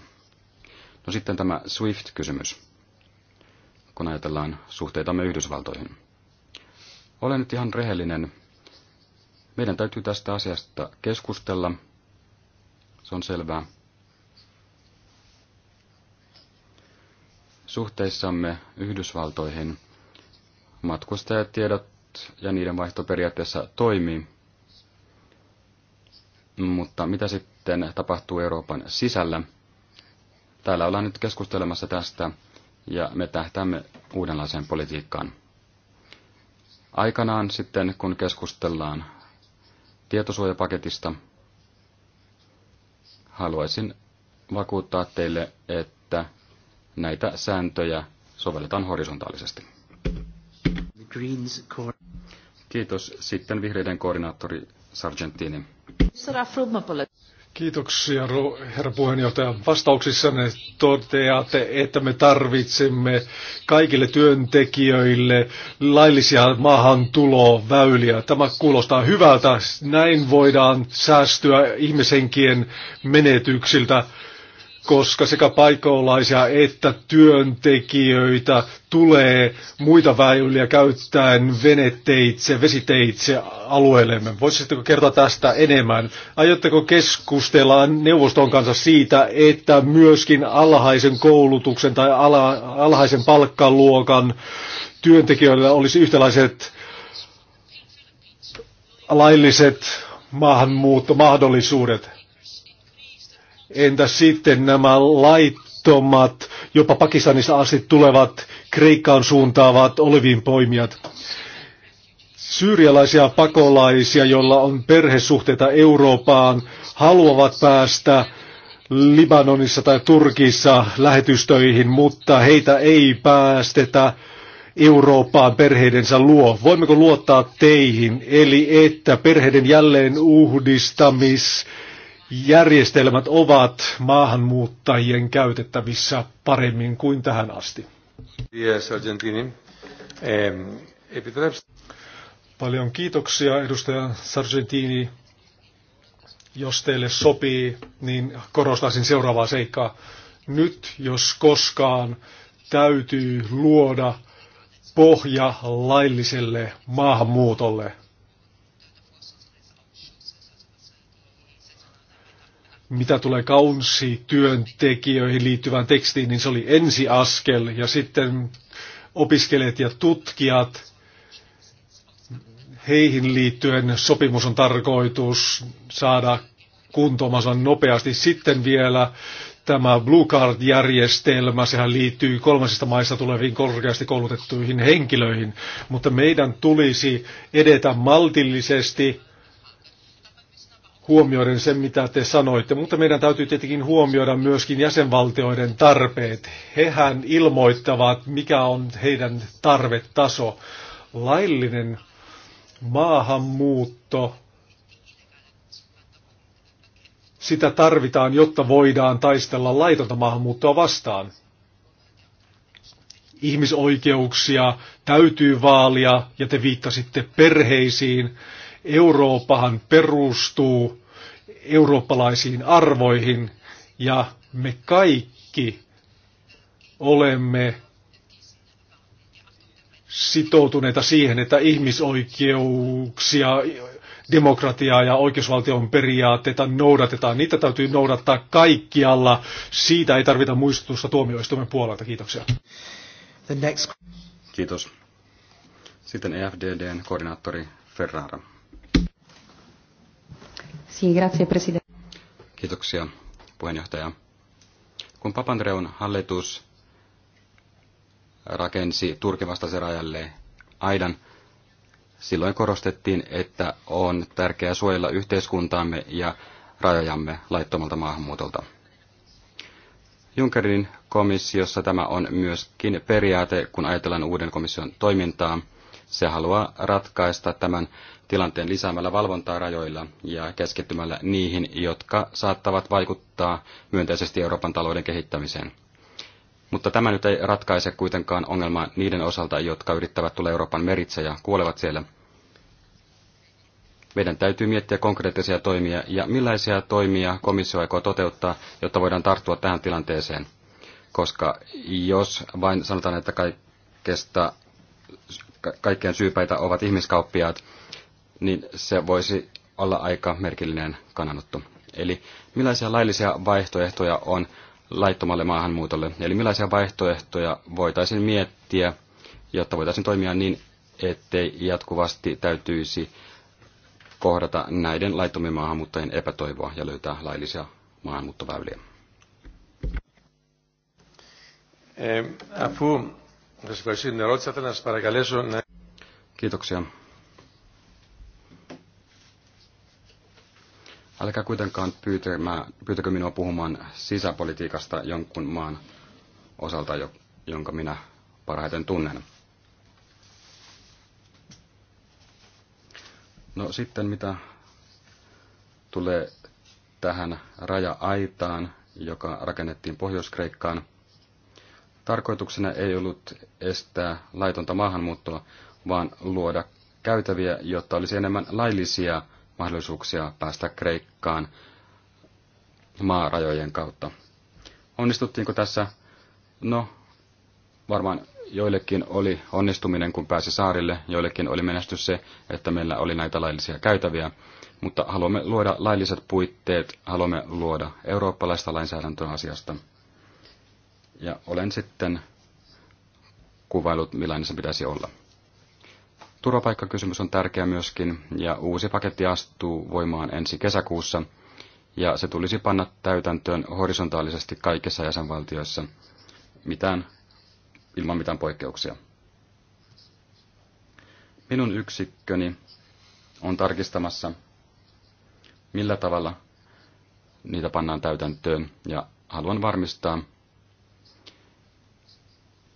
No sitten tämä SWIFT-kysymys, kun ajatellaan suhteitamme Yhdysvaltoihin. Olen nyt ihan rehellinen. Meidän täytyy tästä asiasta keskustella. Se on selvää. Suhteissamme Yhdysvaltoihin matkustajatiedot ja niiden vaihto periaatteessa toimii. Mutta mitä sitten tapahtuu Euroopan sisällä? täällä ollaan nyt keskustelemassa tästä ja me tähtäämme uudenlaiseen politiikkaan. Aikanaan sitten, kun keskustellaan tietosuojapaketista, haluaisin vakuuttaa teille, että näitä sääntöjä sovelletaan horisontaalisesti. Kiitos. Sitten vihreiden koordinaattori Sargentini. Kiitoksia, herra puheenjohtaja. Vastauksissanne toteatte, että me tarvitsemme kaikille työntekijöille laillisia maahantuloväyliä. Tämä kuulostaa hyvältä. Näin voidaan säästyä ihmisenkien menetyksiltä koska sekä paikolaisia että työntekijöitä tulee muita väyliä käyttäen veneteitse, vesiteitse alueellemme. Voisitteko kertoa tästä enemmän? Aiotteko keskustella neuvoston kanssa siitä, että myöskin alhaisen koulutuksen tai ala, alhaisen palkkaluokan työntekijöillä olisi yhtäläiset lailliset maahanmuuttomahdollisuudet? Entä sitten nämä laittomat, jopa Pakistanista asti tulevat, Kreikkaan suuntaavat poimijat? Syyrialaisia pakolaisia, joilla on perhesuhteita Eurooppaan, haluavat päästä Libanonissa tai Turkissa lähetystöihin, mutta heitä ei päästetä Eurooppaan perheidensä luo. Voimmeko luottaa teihin, eli että perheiden jälleen uhdistamis järjestelmät ovat maahanmuuttajien käytettävissä paremmin kuin tähän asti. Yes, Argentini. Paljon kiitoksia, edustaja Sargentini. Jos teille sopii, niin korostaisin seuraavaa seikkaa. Nyt, jos koskaan, täytyy luoda pohja lailliselle maahanmuutolle. mitä tulee työntekijöihin liittyvään tekstiin, niin se oli ensiaskel. Ja sitten opiskelijat ja tutkijat, heihin liittyen sopimus on tarkoitus saada kuntomansa nopeasti. Sitten vielä tämä Blue Card-järjestelmä, sehän liittyy kolmasista maista tuleviin korkeasti koulutettuihin henkilöihin, mutta meidän tulisi edetä maltillisesti huomioiden sen, mitä te sanoitte, mutta meidän täytyy tietenkin huomioida myöskin jäsenvaltioiden tarpeet. Hehän ilmoittavat, mikä on heidän tarvetaso. Laillinen maahanmuutto, sitä tarvitaan, jotta voidaan taistella laitonta maahanmuuttoa vastaan. Ihmisoikeuksia täytyy vaalia, ja te viittasitte perheisiin. Euroopahan perustuu eurooppalaisiin arvoihin ja me kaikki olemme sitoutuneita siihen, että ihmisoikeuksia, demokratiaa ja oikeusvaltion periaatteita noudatetaan. Niitä täytyy noudattaa kaikkialla. Siitä ei tarvita muistutusta tuomioistuimen puolelta. Kiitoksia. Kiitos. Sitten EFDDn koordinaattori Ferrara. Sì, grazie, presidente. Kiitoksia, puheenjohtaja. Kun Papandreun hallitus rakensi Turkin vastaisen rajalle aidan, silloin korostettiin, että on tärkeää suojella yhteiskuntaamme ja rajojamme laittomalta maahanmuutolta. Junckerin komissiossa tämä on myöskin periaate, kun ajatellaan uuden komission toimintaa. Se haluaa ratkaista tämän tilanteen lisäämällä valvontaa rajoilla ja keskittymällä niihin, jotka saattavat vaikuttaa myönteisesti Euroopan talouden kehittämiseen. Mutta tämä nyt ei ratkaise kuitenkaan ongelmaa niiden osalta, jotka yrittävät tulla Euroopan meritse ja kuolevat siellä. Meidän täytyy miettiä konkreettisia toimia ja millaisia toimia komissio aikoo toteuttaa, jotta voidaan tarttua tähän tilanteeseen. Koska jos vain sanotaan, että kaikesta, ka- kaikkien syypäitä ovat ihmiskauppiaat, niin se voisi olla aika merkillinen kannanotto. Eli millaisia laillisia vaihtoehtoja on laittomalle maahanmuutolle? Eli millaisia vaihtoehtoja voitaisiin miettiä, jotta voitaisiin toimia niin, ettei jatkuvasti täytyisi kohdata näiden laittomien maahanmuuttajien epätoivoa ja löytää laillisia maahanmuuttoväyliä? Kiitoksia. Älkää kuitenkaan pyytäkö minua puhumaan sisäpolitiikasta jonkun maan osalta, jonka minä parhaiten tunnen. No sitten mitä tulee tähän raja-aitaan, joka rakennettiin Pohjois-Kreikkaan. Tarkoituksena ei ollut estää laitonta maahanmuuttoa, vaan luoda käytäviä, jotta olisi enemmän laillisia mahdollisuuksia päästä Kreikkaan maarajojen kautta. Onnistuttiinko tässä? No, varmaan joillekin oli onnistuminen, kun pääsi saarille, joillekin oli menestys se, että meillä oli näitä laillisia käytäviä, mutta haluamme luoda lailliset puitteet, haluamme luoda eurooppalaista lainsäädäntöä asiasta. Ja olen sitten kuvailut, millainen se pitäisi olla. Turvapaikkakysymys on tärkeä myöskin, ja uusi paketti astuu voimaan ensi kesäkuussa, ja se tulisi panna täytäntöön horisontaalisesti kaikissa jäsenvaltioissa, mitään, ilman mitään poikkeuksia. Minun yksikköni on tarkistamassa, millä tavalla niitä pannaan täytäntöön, ja haluan varmistaa,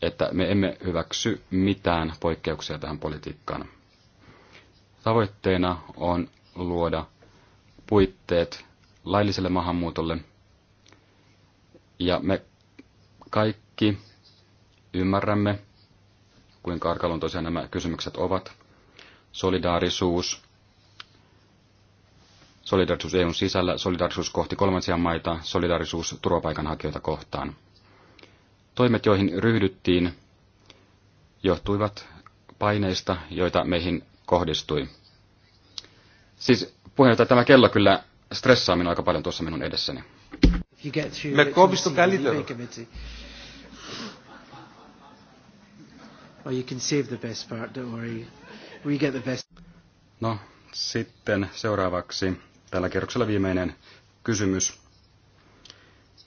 että me emme hyväksy mitään poikkeuksia tähän politiikkaan. Tavoitteena on luoda puitteet lailliselle maahanmuutolle, ja me kaikki ymmärrämme, kuinka tosiaan nämä kysymykset ovat. Solidaarisuus, solidaarisuus EUn sisällä, solidaarisuus kohti kolmansia maita, solidaarisuus turvapaikanhakijoita kohtaan. Toimet, joihin ryhdyttiin, johtuivat paineista, joita meihin kohdistui. Siis puheenjohtaja, tämä kello kyllä stressaa minua aika paljon tuossa minun edessäni. Me κόβεις το No, sitten seuraavaksi tällä kerroksella viimeinen kysymys,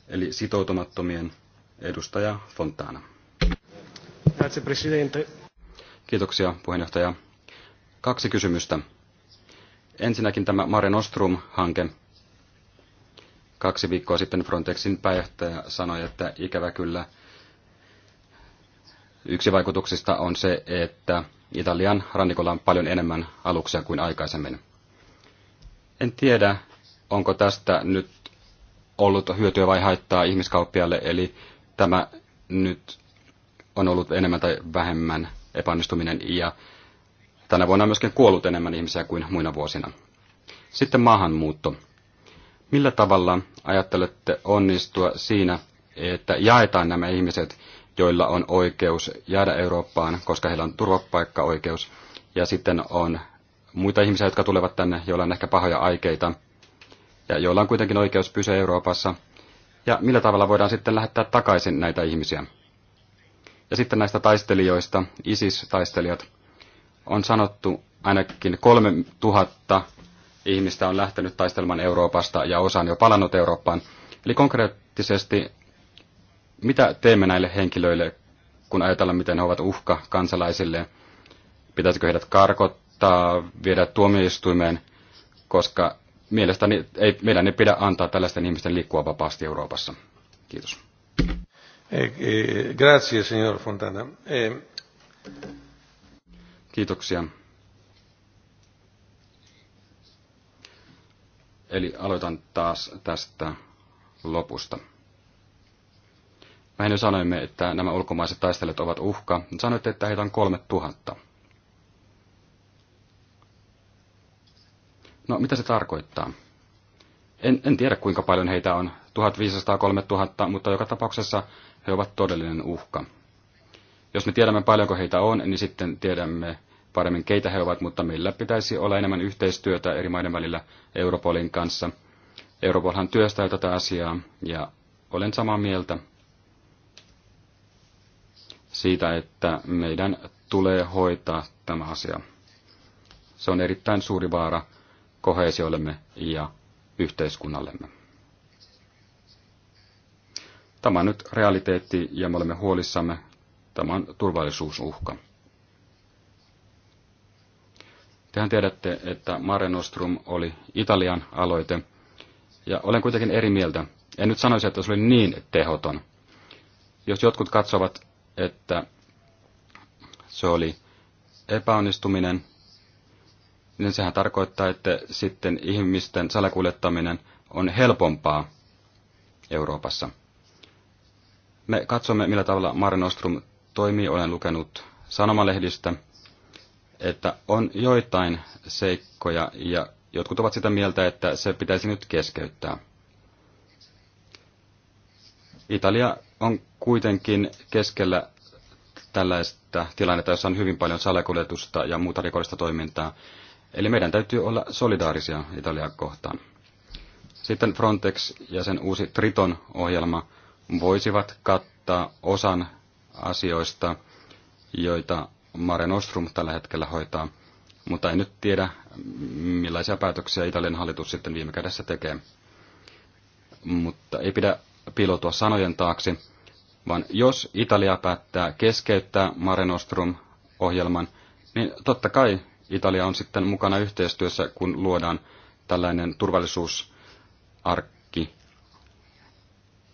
eli sitoutumattomien Edustaja Fontana. Grazie, presidente. Kiitoksia, puheenjohtaja. Kaksi kysymystä. Ensinnäkin tämä Mare Nostrum-hanke. Kaksi viikkoa sitten Frontexin pääjohtaja sanoi, että ikävä kyllä yksi vaikutuksista on se, että Italian rannikolla on paljon enemmän aluksia kuin aikaisemmin. En tiedä, onko tästä nyt ollut hyötyä vai haittaa ihmiskauppialle, eli tämä nyt on ollut enemmän tai vähemmän epäonnistuminen ja tänä vuonna on myöskin kuollut enemmän ihmisiä kuin muina vuosina. Sitten maahanmuutto. Millä tavalla ajattelette onnistua siinä, että jaetaan nämä ihmiset, joilla on oikeus jäädä Eurooppaan, koska heillä on turvapaikkaoikeus, ja sitten on muita ihmisiä, jotka tulevat tänne, joilla on ehkä pahoja aikeita, ja joilla on kuitenkin oikeus pysyä Euroopassa, ja millä tavalla voidaan sitten lähettää takaisin näitä ihmisiä. Ja sitten näistä taistelijoista, ISIS-taistelijat, on sanottu ainakin 3000 ihmistä on lähtenyt taistelemaan Euroopasta ja osa on jo palannut Eurooppaan. Eli konkreettisesti, mitä teemme näille henkilöille, kun ajatellaan, miten he ovat uhka kansalaisille? Pitäisikö heidät karkottaa, viedä tuomioistuimeen, koska mielestäni ei, meidän ei pidä antaa tällaisten ihmisten liikkua vapaasti Euroopassa. Kiitos. Eh, eh, grazie, signor Fontana. Eh, Kiitoksia. Eli aloitan taas tästä lopusta. Mä jo sanoimme, että nämä ulkomaiset taistelijat ovat uhka. Sanoitte, että heitä on kolme tuhatta. No, mitä se tarkoittaa? En, en tiedä, kuinka paljon heitä on, 1500-3000, mutta joka tapauksessa he ovat todellinen uhka. Jos me tiedämme paljonko heitä on, niin sitten tiedämme paremmin keitä he ovat, mutta meillä pitäisi olla enemmän yhteistyötä eri maiden välillä Europolin kanssa. Europolhan työstää tätä asiaa ja olen samaa mieltä siitä, että meidän tulee hoitaa tämä asia. Se on erittäin suuri vaara kohesiollemme ja yhteiskunnallemme. Tämä on nyt realiteetti ja me olemme huolissamme. Tämä on turvallisuusuhka. Tehän tiedätte, että Mare Nostrum oli Italian aloite, ja olen kuitenkin eri mieltä. En nyt sanoisi, että se oli niin tehoton. Jos jotkut katsovat, että se oli epäonnistuminen, niin sehän tarkoittaa, että sitten ihmisten salakuljettaminen on helpompaa Euroopassa. Me katsomme, millä tavalla Mare Nostrum toimii. Olen lukenut sanomalehdistä, että on joitain seikkoja ja jotkut ovat sitä mieltä, että se pitäisi nyt keskeyttää. Italia on kuitenkin keskellä tällaista tilannetta, jossa on hyvin paljon salakuljetusta ja muuta rikollista toimintaa. Eli meidän täytyy olla solidaarisia Italiaa kohtaan. Sitten Frontex ja sen uusi Triton-ohjelma voisivat kattaa osan asioista, joita Mare Nostrum tällä hetkellä hoitaa, mutta en nyt tiedä, millaisia päätöksiä Italian hallitus sitten viime kädessä tekee. Mutta ei pidä piiloutua sanojen taakse, vaan jos Italia päättää keskeyttää Mare Nostrum-ohjelman, niin totta kai Italia on sitten mukana yhteistyössä, kun luodaan tällainen turvallisuusarkki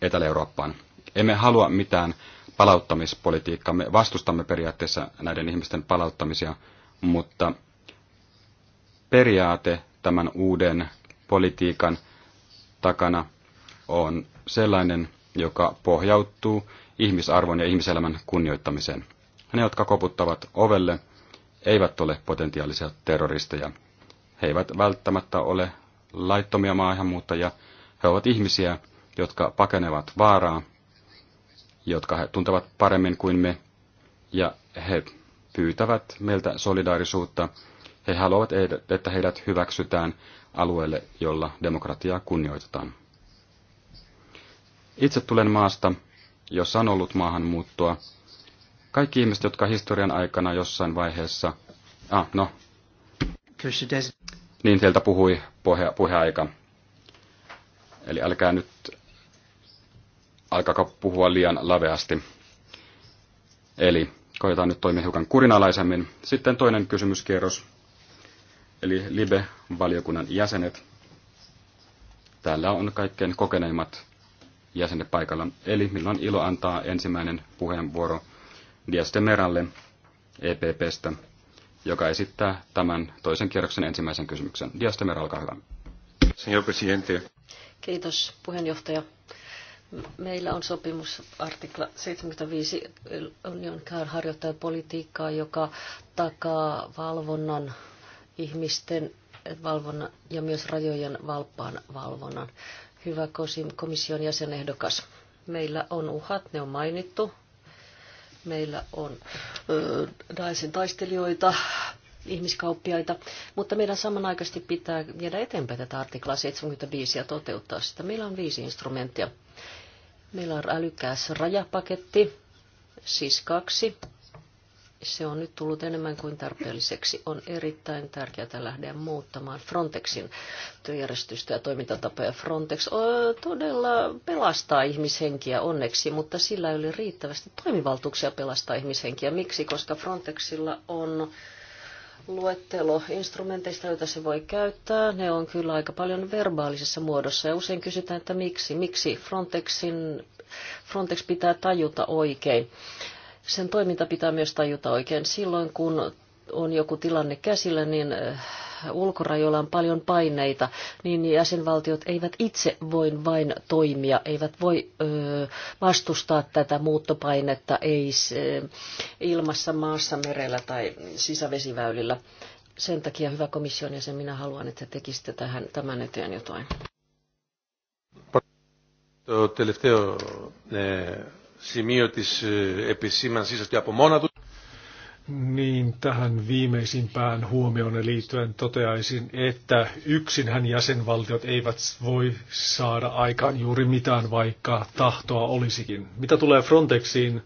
Etelä-Eurooppaan. Emme halua mitään palauttamispolitiikkaa. Me vastustamme periaatteessa näiden ihmisten palauttamisia, mutta periaate tämän uuden politiikan takana on sellainen, joka pohjautuu ihmisarvon ja ihmiselämän kunnioittamiseen. Ne, jotka koputtavat ovelle, eivät ole potentiaalisia terroristeja. He eivät välttämättä ole laittomia maahanmuuttajia. He ovat ihmisiä, jotka pakenevat vaaraa, jotka he tuntevat paremmin kuin me, ja he pyytävät meiltä solidaarisuutta. He haluavat, että heidät hyväksytään alueelle, jolla demokratiaa kunnioitetaan. Itse tulen maasta, jossa on ollut maahanmuuttoa, kaikki ihmiset, jotka historian aikana jossain vaiheessa... Ah, no. Niin teiltä puhui puhe, puheaika. Eli älkää nyt alkaa puhua liian laveasti. Eli koetaan nyt toimia hiukan kurinalaisemmin. Sitten toinen kysymyskierros, eli LIBE-valiokunnan jäsenet. Täällä on kaikkein kokeneimmat jäsenet paikalla. Eli milloin ilo antaa ensimmäinen puheenvuoro Diastemeralle Meralle EPPstä, joka esittää tämän toisen kierroksen ensimmäisen kysymyksen. Diaste Mera, olkaa hyvä. Señor presidente. Kiitos puheenjohtaja. Meillä on sopimus artikla 75 union harjoittaa politiikkaa, joka takaa valvonnan ihmisten valvonnan ja myös rajojen valppaan valvonnan. Hyvä komission jäsenehdokas. Meillä on uhat, ne on mainittu. Meillä on Daesin taistelijoita, ihmiskauppiaita, mutta meidän samanaikaisesti pitää viedä eteenpäin tätä artiklaa 75 ja toteuttaa sitä. Meillä on viisi instrumenttia. Meillä on älykäs rajapaketti, siis kaksi se on nyt tullut enemmän kuin tarpeelliseksi. On erittäin tärkeää lähteä muuttamaan Frontexin työjärjestystä ja toimintatapoja. Frontex todella pelastaa ihmishenkiä onneksi, mutta sillä ei ole riittävästi toimivaltuuksia pelastaa ihmishenkiä. Miksi? Koska Frontexilla on luettelo instrumenteista, joita se voi käyttää. Ne on kyllä aika paljon verbaalisessa muodossa ja usein kysytään, että miksi, miksi Frontexin, Frontex pitää tajuta oikein. Sen toiminta pitää myös tajuta oikein. Silloin kun on joku tilanne käsillä, niin äh, ulkorajoilla on paljon paineita, niin jäsenvaltiot eivät itse voi vain toimia, eivät voi ö, vastustaa tätä muuttopainetta ei se, ilmassa, maassa, merellä tai sisävesiväylillä. Sen takia, hyvä komission jäsen, minä haluan, että tekisitte tähän, tämän eteen jotain σημείο της επισήμανσής ότι από μόνα του... Niin tähän viimeisimpään huomioon liittyen toteaisin, että yksinhän jäsenvaltiot eivät voi saada aikaan juuri mitään, vaikka tahtoa olisikin. Mitä tulee Frontexiin,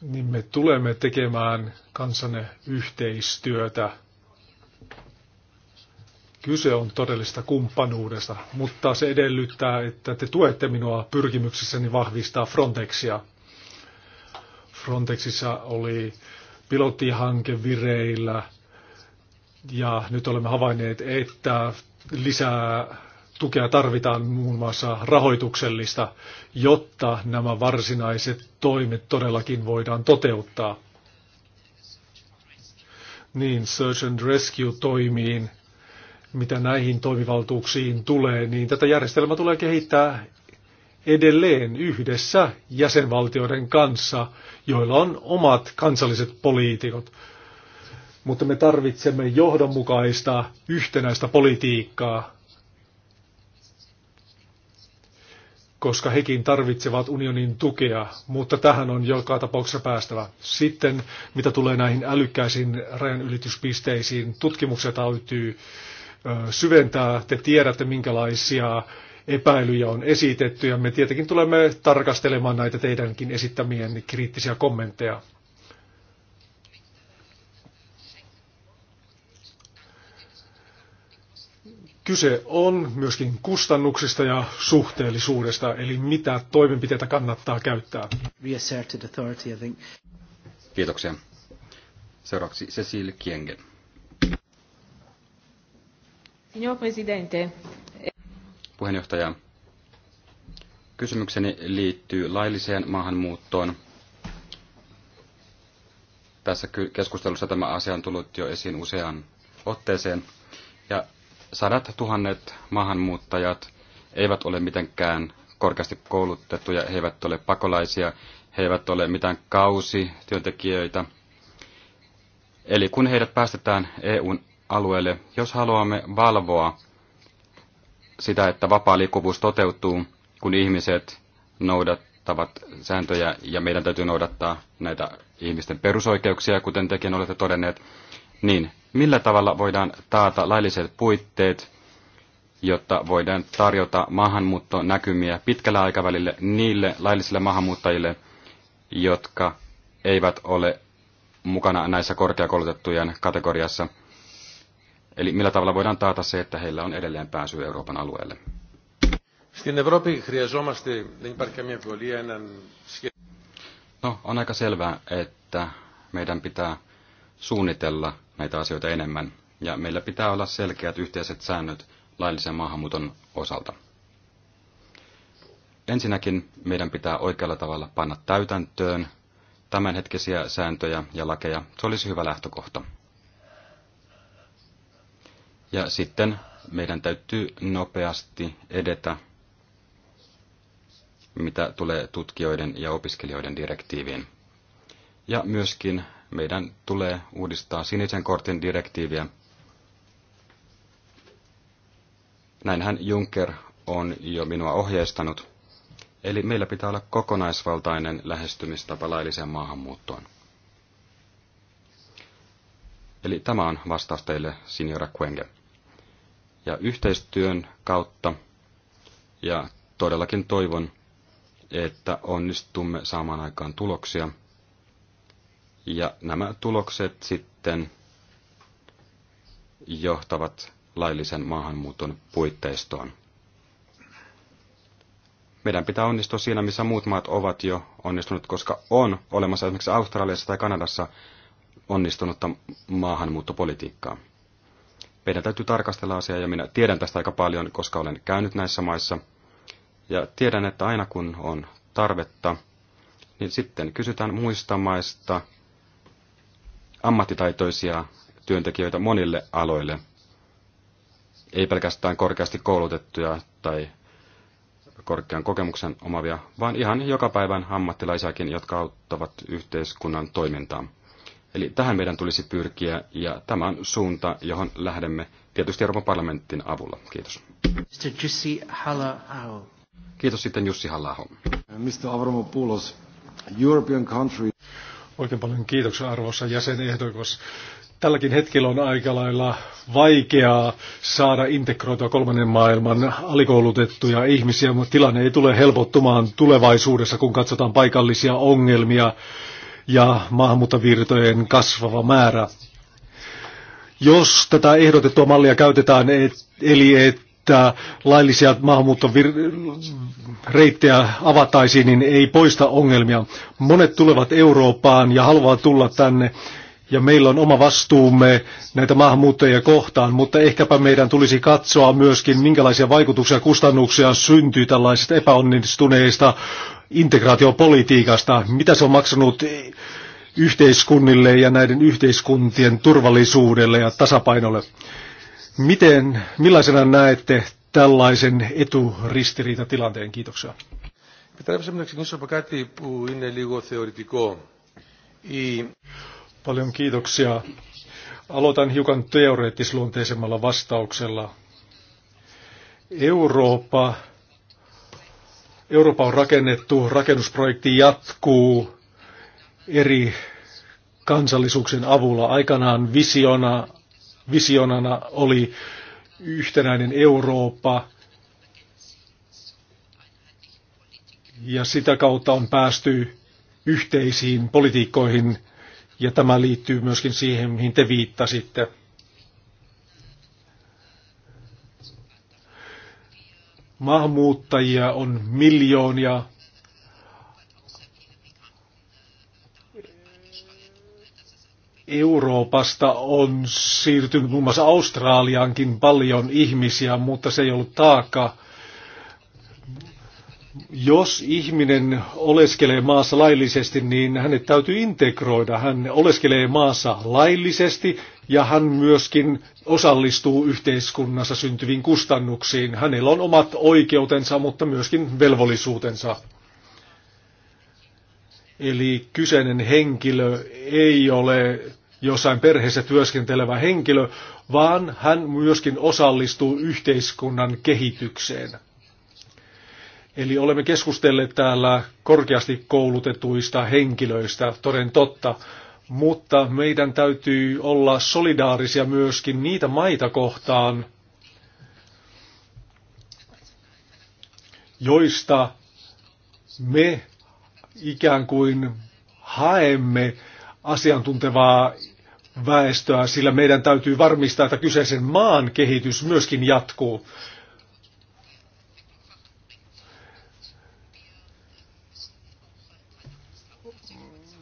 niin me tulemme tekemään kansanne yhteistyötä Kyse on todellista kumppanuudesta, mutta se edellyttää, että te tuette minua pyrkimyksessäni vahvistaa Frontexia. Frontexissa oli pilottihanke vireillä ja nyt olemme havainneet, että lisää tukea tarvitaan muun muassa rahoituksellista, jotta nämä varsinaiset toimet todellakin voidaan toteuttaa. Niin, Search and Rescue toimiin mitä näihin toimivaltuuksiin tulee, niin tätä järjestelmää tulee kehittää edelleen yhdessä jäsenvaltioiden kanssa, joilla on omat kansalliset poliitikot. Mutta me tarvitsemme johdonmukaista, yhtenäistä politiikkaa, koska hekin tarvitsevat unionin tukea, mutta tähän on joka tapauksessa päästävä. Sitten, mitä tulee näihin älykkäisiin rajanylityspisteisiin, tutkimuksia täytyy syventää. Te tiedätte, minkälaisia epäilyjä on esitetty ja me tietenkin tulemme tarkastelemaan näitä teidänkin esittämien kriittisiä kommentteja. Kyse on myöskin kustannuksista ja suhteellisuudesta, eli mitä toimenpiteitä kannattaa käyttää. Kiitoksia. Seuraavaksi Cecil Kiengen. Signor Presidente. Puheenjohtaja, kysymykseni liittyy lailliseen maahanmuuttoon. Tässä keskustelussa tämä asia on tullut jo esiin useaan otteeseen. Ja sadat tuhannet maahanmuuttajat eivät ole mitenkään korkeasti koulutettuja, he eivät ole pakolaisia, he eivät ole mitään kausityöntekijöitä. Eli kun heidät päästetään EUn alueelle. Jos haluamme valvoa sitä, että vapaa liikkuvuus toteutuu, kun ihmiset noudattavat sääntöjä ja meidän täytyy noudattaa näitä ihmisten perusoikeuksia, kuten tekin olette todenneet, niin millä tavalla voidaan taata lailliset puitteet, jotta voidaan tarjota maahanmuuttonäkymiä pitkällä aikavälillä niille laillisille maahanmuuttajille, jotka eivät ole mukana näissä korkeakoulutettujen kategoriassa – Eli millä tavalla voidaan taata se, että heillä on edelleen pääsy Euroopan alueelle? No, on aika selvää, että meidän pitää suunnitella näitä asioita enemmän, ja meillä pitää olla selkeät yhteiset säännöt laillisen maahanmuuton osalta. Ensinnäkin meidän pitää oikealla tavalla panna täytäntöön tämänhetkisiä sääntöjä ja lakeja. Se olisi hyvä lähtökohta. Ja sitten meidän täytyy nopeasti edetä, mitä tulee tutkijoiden ja opiskelijoiden direktiiviin. Ja myöskin meidän tulee uudistaa sinisen kortin direktiiviä. Näinhän Juncker on jo minua ohjeistanut. Eli meillä pitää olla kokonaisvaltainen lähestymistapa lailliseen maahanmuuttoon. Eli tämä on vastaus teille, signora Quenge ja yhteistyön kautta. Ja todellakin toivon, että onnistumme saamaan aikaan tuloksia. Ja nämä tulokset sitten johtavat laillisen maahanmuuton puitteistoon. Meidän pitää onnistua siinä, missä muut maat ovat jo onnistunut, koska on olemassa esimerkiksi Australiassa tai Kanadassa onnistunutta maahanmuuttopolitiikkaa meidän täytyy tarkastella asiaa ja minä tiedän tästä aika paljon, koska olen käynyt näissä maissa. Ja tiedän, että aina kun on tarvetta, niin sitten kysytään muista maista ammattitaitoisia työntekijöitä monille aloille. Ei pelkästään korkeasti koulutettuja tai korkean kokemuksen omavia, vaan ihan joka päivän ammattilaisiakin, jotka auttavat yhteiskunnan toimintaa. Eli tähän meidän tulisi pyrkiä, ja tämä on suunta, johon lähdemme tietysti Euroopan parlamentin avulla. Kiitos. Mr. Jussi halla -Aho. Kiitos sitten Jussi halla -Aho. Mr. Avramopoulos, European country. Oikein paljon kiitoksia arvoisa jäsenehdokas. Tälläkin hetkellä on aika lailla vaikeaa saada integroitua kolmannen maailman alikoulutettuja ihmisiä, mutta tilanne ei tule helpottumaan tulevaisuudessa, kun katsotaan paikallisia ongelmia ja maahanmuuttovirtojen kasvava määrä. Jos tätä ehdotettua mallia käytetään, et, eli että laillisia maahanmuuttoreittejä avataisiin, niin ei poista ongelmia. Monet tulevat Eurooppaan ja haluavat tulla tänne, ja meillä on oma vastuumme näitä maahanmuuttajia kohtaan, mutta ehkäpä meidän tulisi katsoa myöskin, minkälaisia vaikutuksia ja kustannuksia syntyy tällaisista epäonnistuneista integraatiopolitiikasta, mitä se on maksanut yhteiskunnille ja näiden yhteiskuntien turvallisuudelle ja tasapainolle. Miten, millaisena näette tällaisen eturistiriitatilanteen? Kiitoksia. Επιτρέψτε μου να ξεκινήσω από κάτι που είναι λίγο θεωρητικό. Η... Paljon kiitoksia. Aloitan hiukan teoreettisluonteisemmalla vastauksella. Eurooppa Eurooppa on rakennettu, rakennusprojekti jatkuu eri kansallisuuksien avulla. Aikanaan visiona, visionana oli yhtenäinen Eurooppa, ja sitä kautta on päästy yhteisiin politiikkoihin, ja tämä liittyy myöskin siihen, mihin te viittasitte. Maahanmuuttajia on miljoonia. Euroopasta on siirtynyt muun muassa Australiankin paljon ihmisiä, mutta se ei ollut taaka. Jos ihminen oleskelee maassa laillisesti, niin hänet täytyy integroida. Hän oleskelee maassa laillisesti ja hän myöskin osallistuu yhteiskunnassa syntyviin kustannuksiin. Hänellä on omat oikeutensa, mutta myöskin velvollisuutensa. Eli kyseinen henkilö ei ole jossain perheessä työskentelevä henkilö, vaan hän myöskin osallistuu yhteiskunnan kehitykseen. Eli olemme keskustelleet täällä korkeasti koulutetuista henkilöistä, toden totta, mutta meidän täytyy olla solidaarisia myöskin niitä maita kohtaan, joista me ikään kuin haemme asiantuntevaa väestöä, sillä meidän täytyy varmistaa, että kyseisen maan kehitys myöskin jatkuu.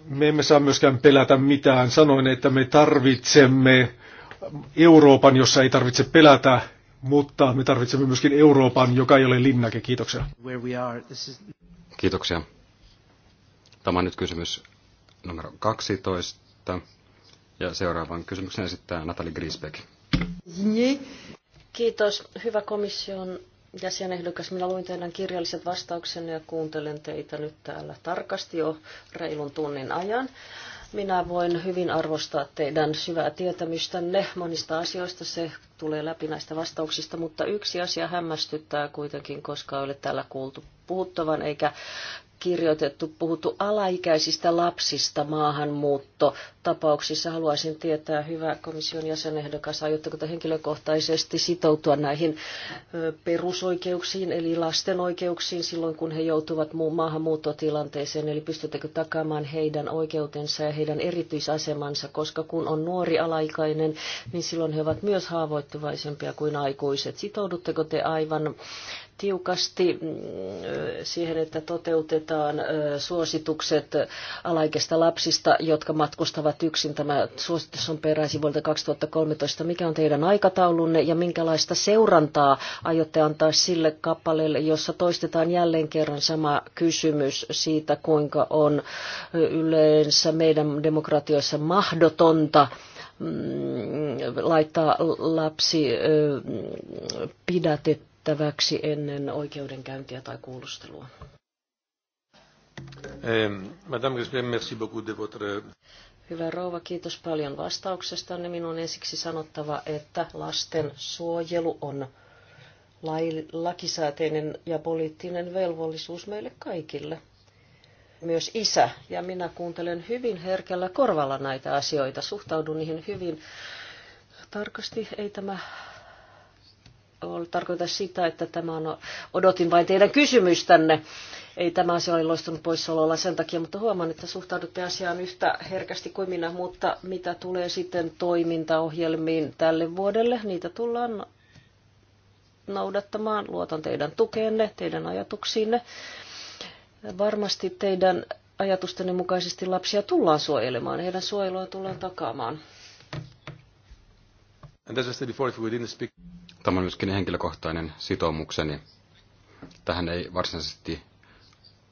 me emme saa myöskään pelätä mitään. Sanoin, että me tarvitsemme Euroopan, jossa ei tarvitse pelätä, mutta me tarvitsemme myöskin Euroopan, joka ei ole linnake. Kiitoksia. Kiitoksia. Tämä on nyt kysymys numero 12. Ja seuraavan kysymyksen esittää Natali Grisbeck. Kiitos, hyvä komission jäsenehdokas, minä luin teidän kirjalliset vastauksenne ja kuuntelen teitä nyt täällä tarkasti jo reilun tunnin ajan. Minä voin hyvin arvostaa teidän syvää tietämystänne monista asioista. Se tulee läpi näistä vastauksista, mutta yksi asia hämmästyttää kuitenkin, koska ei ole täällä kuultu puhuttavan eikä kirjoitettu, puhuttu alaikäisistä lapsista maahanmuuttotapauksissa. Haluaisin tietää, hyvä komission jäsenehdokas, aiotteko te henkilökohtaisesti sitoutua näihin perusoikeuksiin, eli lasten oikeuksiin silloin, kun he joutuvat maahanmuuttotilanteeseen, eli pystyttekö takaamaan heidän oikeutensa ja heidän erityisasemansa, koska kun on nuori alaikainen, niin silloin he ovat myös haavoittuvaisempia kuin aikuiset. Sitoudutteko te aivan tiukasti mm, siihen, että toteutetaan suositukset alaikesta lapsista, jotka matkustavat yksin. Tämä suositus on peräisin vuodelta 2013. Mikä on teidän aikataulunne ja minkälaista seurantaa aiotte antaa sille kappaleelle, jossa toistetaan jälleen kerran sama kysymys siitä, kuinka on yleensä meidän demokratioissa mahdotonta mm, laittaa lapsi pidätetty tehtäväksi ennen oikeudenkäyntiä tai kuulustelua. Eh, Hyvä rouva, kiitos paljon vastauksesta. Minun on ensiksi sanottava, että lasten suojelu on lakisääteinen ja poliittinen velvollisuus meille kaikille. Myös isä ja minä kuuntelen hyvin herkällä korvalla näitä asioita, suhtaudun niihin hyvin tarkasti. Ei tämä tarkoita sitä, että tämä on, odotin vain teidän kysymystänne. Ei tämä asia ole loistunut poissaololla sen takia, mutta huomaan, että suhtaudutte asiaan yhtä herkästi kuin minä, mutta mitä tulee sitten toimintaohjelmiin tälle vuodelle, niitä tullaan noudattamaan. Luotan teidän tukeenne, teidän ajatuksiinne. Varmasti teidän ajatustenne mukaisesti lapsia tullaan suojelemaan, heidän suojelua tullaan takaamaan. And as I said before, if we didn't speak... Tämä on myöskin henkilökohtainen sitoumukseni. Tähän ei varsinaisesti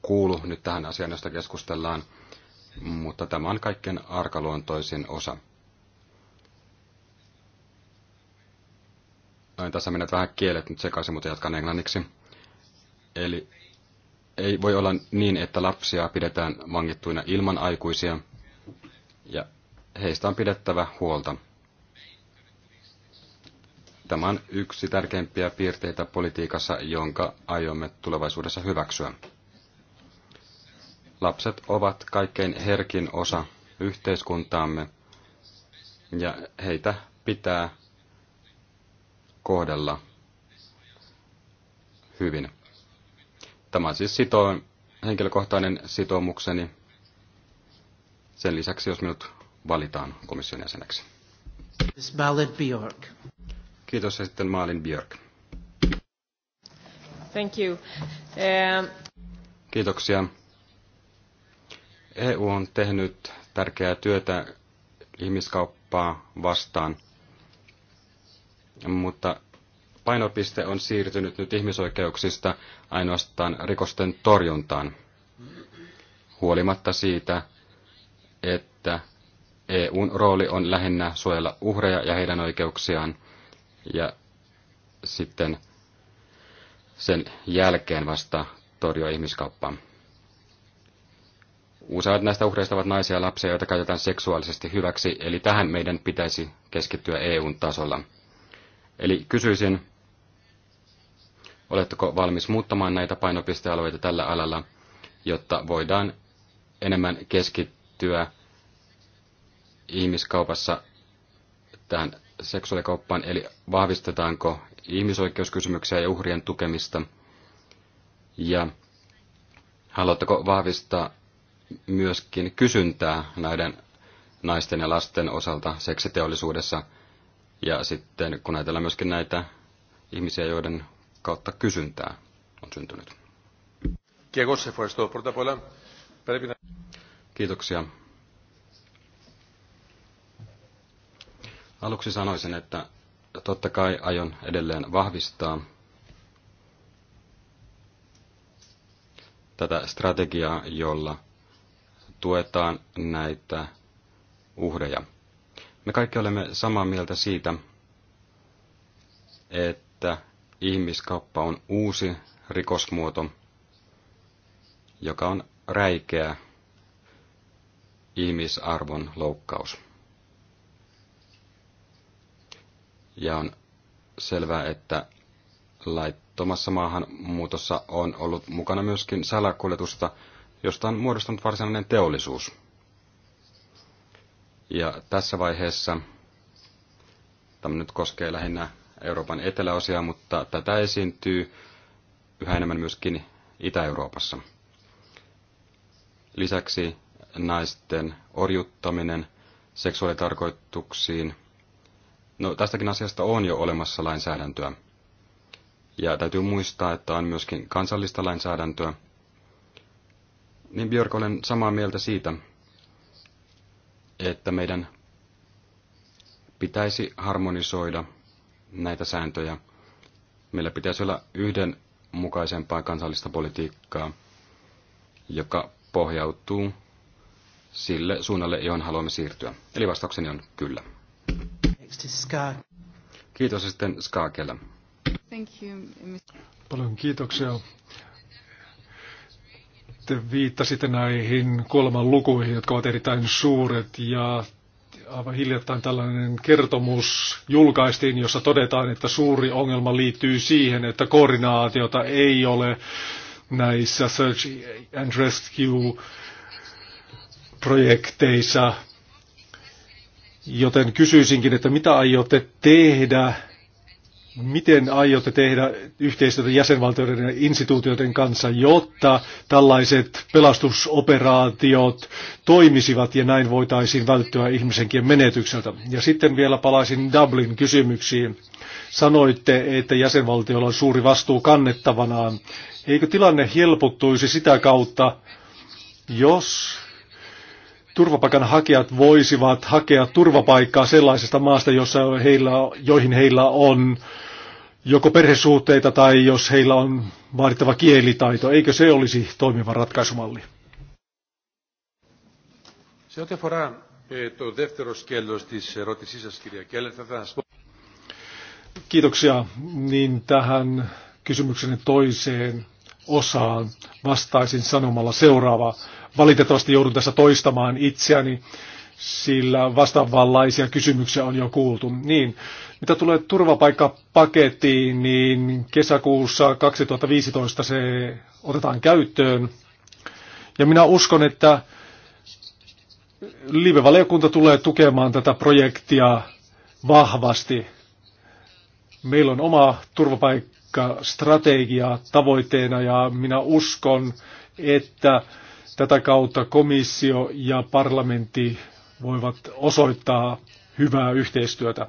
kuulu nyt tähän asiaan, josta keskustellaan, mutta tämä on kaikkein arkaluontoisin osa. Noin, tässä menet vähän kielet nyt sekaisin, mutta jatkan englanniksi. Eli ei voi olla niin, että lapsia pidetään vangittuina ilman aikuisia, ja heistä on pidettävä huolta. Tämä on yksi tärkeimpiä piirteitä politiikassa, jonka aiomme tulevaisuudessa hyväksyä. Lapset ovat kaikkein herkin osa yhteiskuntaamme ja heitä pitää kohdella hyvin. Tämä on siis sito, henkilökohtainen sitoumukseni sen lisäksi, jos minut valitaan komission jäseneksi. Kiitos ja sitten Maalin Björk. Thank you. Kiitoksia. EU on tehnyt tärkeää työtä ihmiskauppaa vastaan, mutta painopiste on siirtynyt nyt ihmisoikeuksista ainoastaan rikosten torjuntaan, huolimatta siitä, että EUn rooli on lähinnä suojella uhreja ja heidän oikeuksiaan – ja sitten sen jälkeen vasta torjua ihmiskauppaa. Useat näistä uhreista ovat naisia ja lapsia, joita käytetään seksuaalisesti hyväksi, eli tähän meidän pitäisi keskittyä EUn tasolla. Eli kysyisin, oletteko valmis muuttamaan näitä painopistealueita tällä alalla, jotta voidaan enemmän keskittyä ihmiskaupassa tähän seksuaalikauppaan, eli vahvistetaanko ihmisoikeuskysymyksiä ja uhrien tukemista. Ja haluatteko vahvistaa myöskin kysyntää näiden naisten ja lasten osalta seksiteollisuudessa ja sitten kun ajatellaan myöskin näitä ihmisiä, joiden kautta kysyntää on syntynyt. Kiitoksia. Aluksi sanoisin, että totta kai aion edelleen vahvistaa tätä strategiaa, jolla tuetaan näitä uhreja. Me kaikki olemme samaa mieltä siitä, että ihmiskauppa on uusi rikosmuoto, joka on räikeä ihmisarvon loukkaus. Ja on selvää, että laittomassa maahanmuutossa on ollut mukana myöskin salakuljetusta, josta on muodostunut varsinainen teollisuus. Ja tässä vaiheessa, tämä nyt koskee lähinnä Euroopan eteläosia, mutta tätä esiintyy yhä enemmän myöskin Itä-Euroopassa. Lisäksi naisten orjuttaminen seksuaalitarkoituksiin – No, tästäkin asiasta on jo olemassa lainsäädäntöä. Ja täytyy muistaa, että on myöskin kansallista lainsäädäntöä. Niin Björk, olen samaa mieltä siitä, että meidän pitäisi harmonisoida näitä sääntöjä. Meillä pitäisi olla yhdenmukaisempaa kansallista politiikkaa, joka pohjautuu sille suunnalle, johon haluamme siirtyä. Eli vastaukseni on kyllä. Kiitos sitten Skaakela. Thank you. Paljon kiitoksia. Te viittasitte näihin kolman lukuihin, jotka ovat erittäin suuret ja aivan hiljattain tällainen kertomus julkaistiin, jossa todetaan, että suuri ongelma liittyy siihen, että koordinaatiota ei ole näissä Search and Rescue projekteissa Joten kysyisinkin, että mitä aiotte tehdä, miten aiotte tehdä yhteistyötä jäsenvaltioiden ja instituutioiden kanssa, jotta tällaiset pelastusoperaatiot toimisivat ja näin voitaisiin välttyä ihmisenkin menetykseltä. Ja sitten vielä palaisin Dublin-kysymyksiin. Sanoitte, että jäsenvaltioilla on suuri vastuu kannettavanaan. Eikö tilanne helpottuisi sitä kautta, jos turvapaikanhakijat voisivat hakea turvapaikkaa sellaisesta maasta, jossa heillä, joihin heillä on joko perhesuhteita tai jos heillä on vaadittava kielitaito. Eikö se olisi toimiva ratkaisumalli? Se ό,τι αφορά ε, το δεύτερο σκέλος της ερώτησής Kiitoksia. Niin tähän kysymyksen toiseen osaan vastaisin sanomalla seuraavaa valitettavasti joudun tässä toistamaan itseäni, sillä vastaavanlaisia kysymyksiä on jo kuultu. Niin, mitä tulee turvapaikkapakettiin, niin kesäkuussa 2015 se otetaan käyttöön. Ja minä uskon, että live-valiokunta tulee tukemaan tätä projektia vahvasti. Meillä on oma turvapaikkastrategia tavoitteena ja minä uskon, että Tätä kautta komissio ja parlamentti voivat osoittaa hyvää yhteistyötä.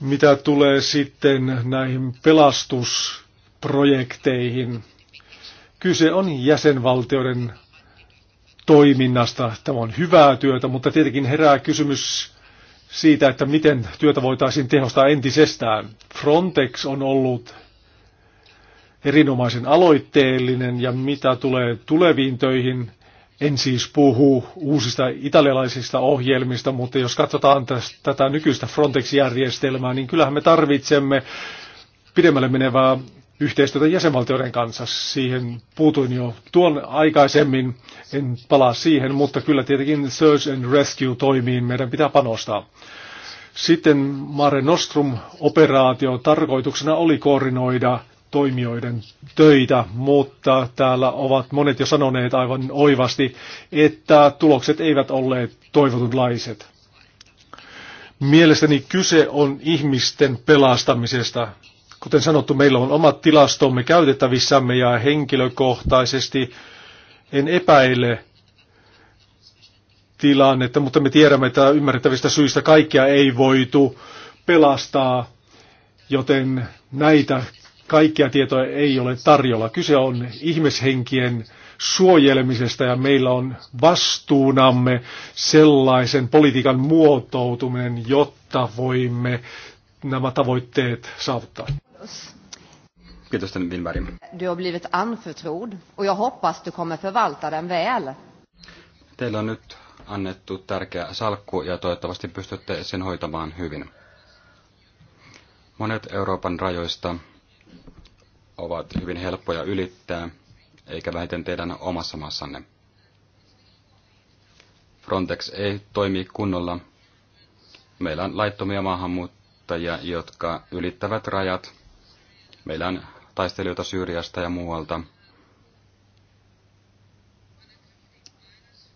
Mitä tulee sitten näihin pelastusprojekteihin, kyse on jäsenvaltioiden toiminnasta. Tämä on hyvää työtä, mutta tietenkin herää kysymys siitä, että miten työtä voitaisiin tehostaa entisestään. Frontex on ollut erinomaisen aloitteellinen ja mitä tulee tuleviin töihin, en siis puhu uusista italialaisista ohjelmista, mutta jos katsotaan tästä, tätä nykyistä Frontex-järjestelmää, niin kyllähän me tarvitsemme pidemmälle menevää yhteistyötä jäsenvaltioiden kanssa. Siihen puutuin jo tuon aikaisemmin, en palaa siihen, mutta kyllä tietenkin Search and Rescue-toimiin meidän pitää panostaa. Sitten Mare Nostrum-operaatio tarkoituksena oli koordinoida toimijoiden töitä, mutta täällä ovat monet jo sanoneet aivan oivasti, että tulokset eivät olleet toivotunlaiset. Mielestäni kyse on ihmisten pelastamisesta. Kuten sanottu, meillä on omat tilastomme käytettävissämme ja henkilökohtaisesti en epäile tilannetta, mutta me tiedämme, että ymmärrettävistä syistä kaikkia ei voitu pelastaa, joten näitä kaikkia tietoja ei ole tarjolla. Kyse on ihmishenkien suojelemisesta ja meillä on vastuunamme sellaisen politiikan muotoutuminen, jotta voimme nämä tavoitteet saavuttaa. Kiitos tänne Winberg. Du har blivit anförtrodd och jag hoppas du kommer förvalta den väl. Teillä on nyt annettu tärkeä salkku ja toivottavasti pystytte sen hoitamaan hyvin. Monet Euroopan rajoista ovat hyvin helppoja ylittää, eikä vähiten teidän omassa maassanne. Frontex ei toimi kunnolla. Meillä on laittomia maahanmuuttajia, jotka ylittävät rajat. Meillä on taistelijoita Syyriasta ja muualta.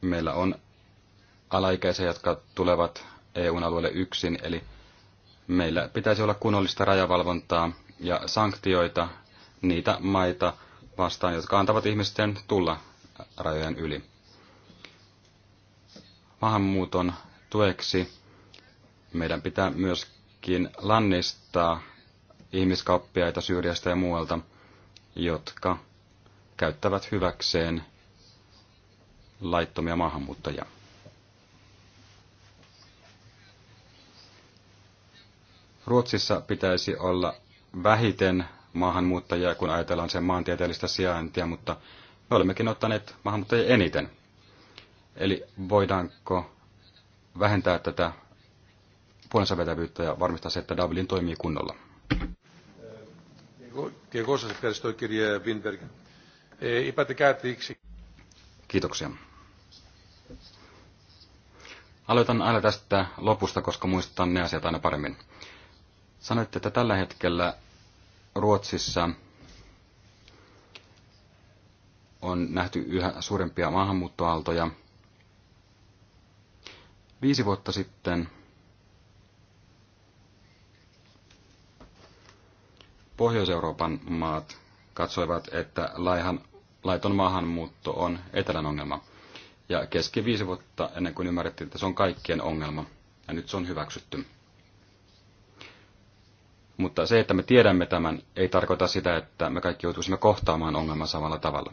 Meillä on alaikäisiä, jotka tulevat EUn alueelle yksin, eli meillä pitäisi olla kunnollista rajavalvontaa ja sanktioita niitä maita vastaan, jotka antavat ihmisten tulla rajojen yli. Maahanmuuton tueksi meidän pitää myöskin lannistaa ihmiskauppiaita Syyriasta ja muualta, jotka käyttävät hyväkseen laittomia maahanmuuttajia. Ruotsissa pitäisi olla vähiten maahanmuuttajia, kun ajatellaan sen maantieteellistä sijaintia, mutta me olemmekin ottaneet maahanmuuttajia eniten. Eli voidaanko vähentää tätä puolensa vetävyyttä ja varmistaa se, että Dublin toimii kunnolla? E, Kiitoksia. Aloitan aina tästä lopusta, koska muistan ne asiat aina paremmin. Sanoitte, että tällä hetkellä Ruotsissa on nähty yhä suurempia maahanmuuttoaaltoja. Viisi vuotta sitten Pohjois-Euroopan maat katsoivat, että laihan, laiton maahanmuutto on etelän ongelma. Ja keski viisi vuotta ennen kuin ymmärrettiin, että se on kaikkien ongelma. Ja nyt se on hyväksytty. Mutta se, että me tiedämme tämän, ei tarkoita sitä, että me kaikki joutuisimme kohtaamaan ongelman samalla tavalla.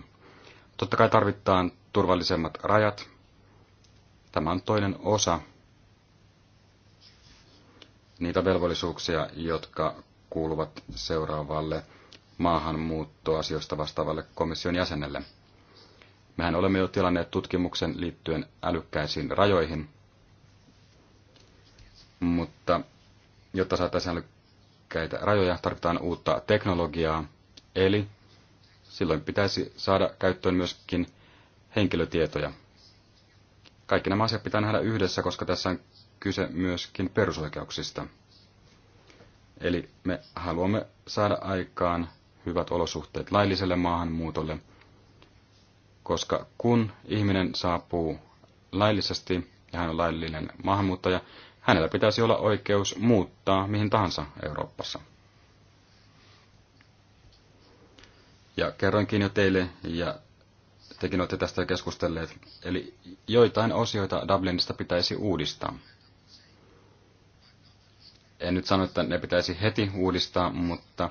Totta kai tarvitaan turvallisemmat rajat. Tämä on toinen osa niitä velvollisuuksia, jotka kuuluvat seuraavalle maahanmuuttoasioista vastaavalle komission jäsenelle. Mehän olemme jo tilanneet tutkimuksen liittyen älykkäisiin rajoihin, mutta jotta saataisiin älykkäitä rajoja, tarvitaan uutta teknologiaa, eli silloin pitäisi saada käyttöön myöskin henkilötietoja. Kaikki nämä asiat pitää nähdä yhdessä, koska tässä on kyse myöskin perusoikeuksista. Eli me haluamme saada aikaan hyvät olosuhteet lailliselle maahanmuutolle, koska kun ihminen saapuu laillisesti ja hän on laillinen maahanmuuttaja, hänellä pitäisi olla oikeus muuttaa mihin tahansa Euroopassa. Ja kerroinkin jo teille, ja tekin olette tästä keskustelleet, eli joitain osioita Dublinista pitäisi uudistaa. En nyt sano, että ne pitäisi heti uudistaa, mutta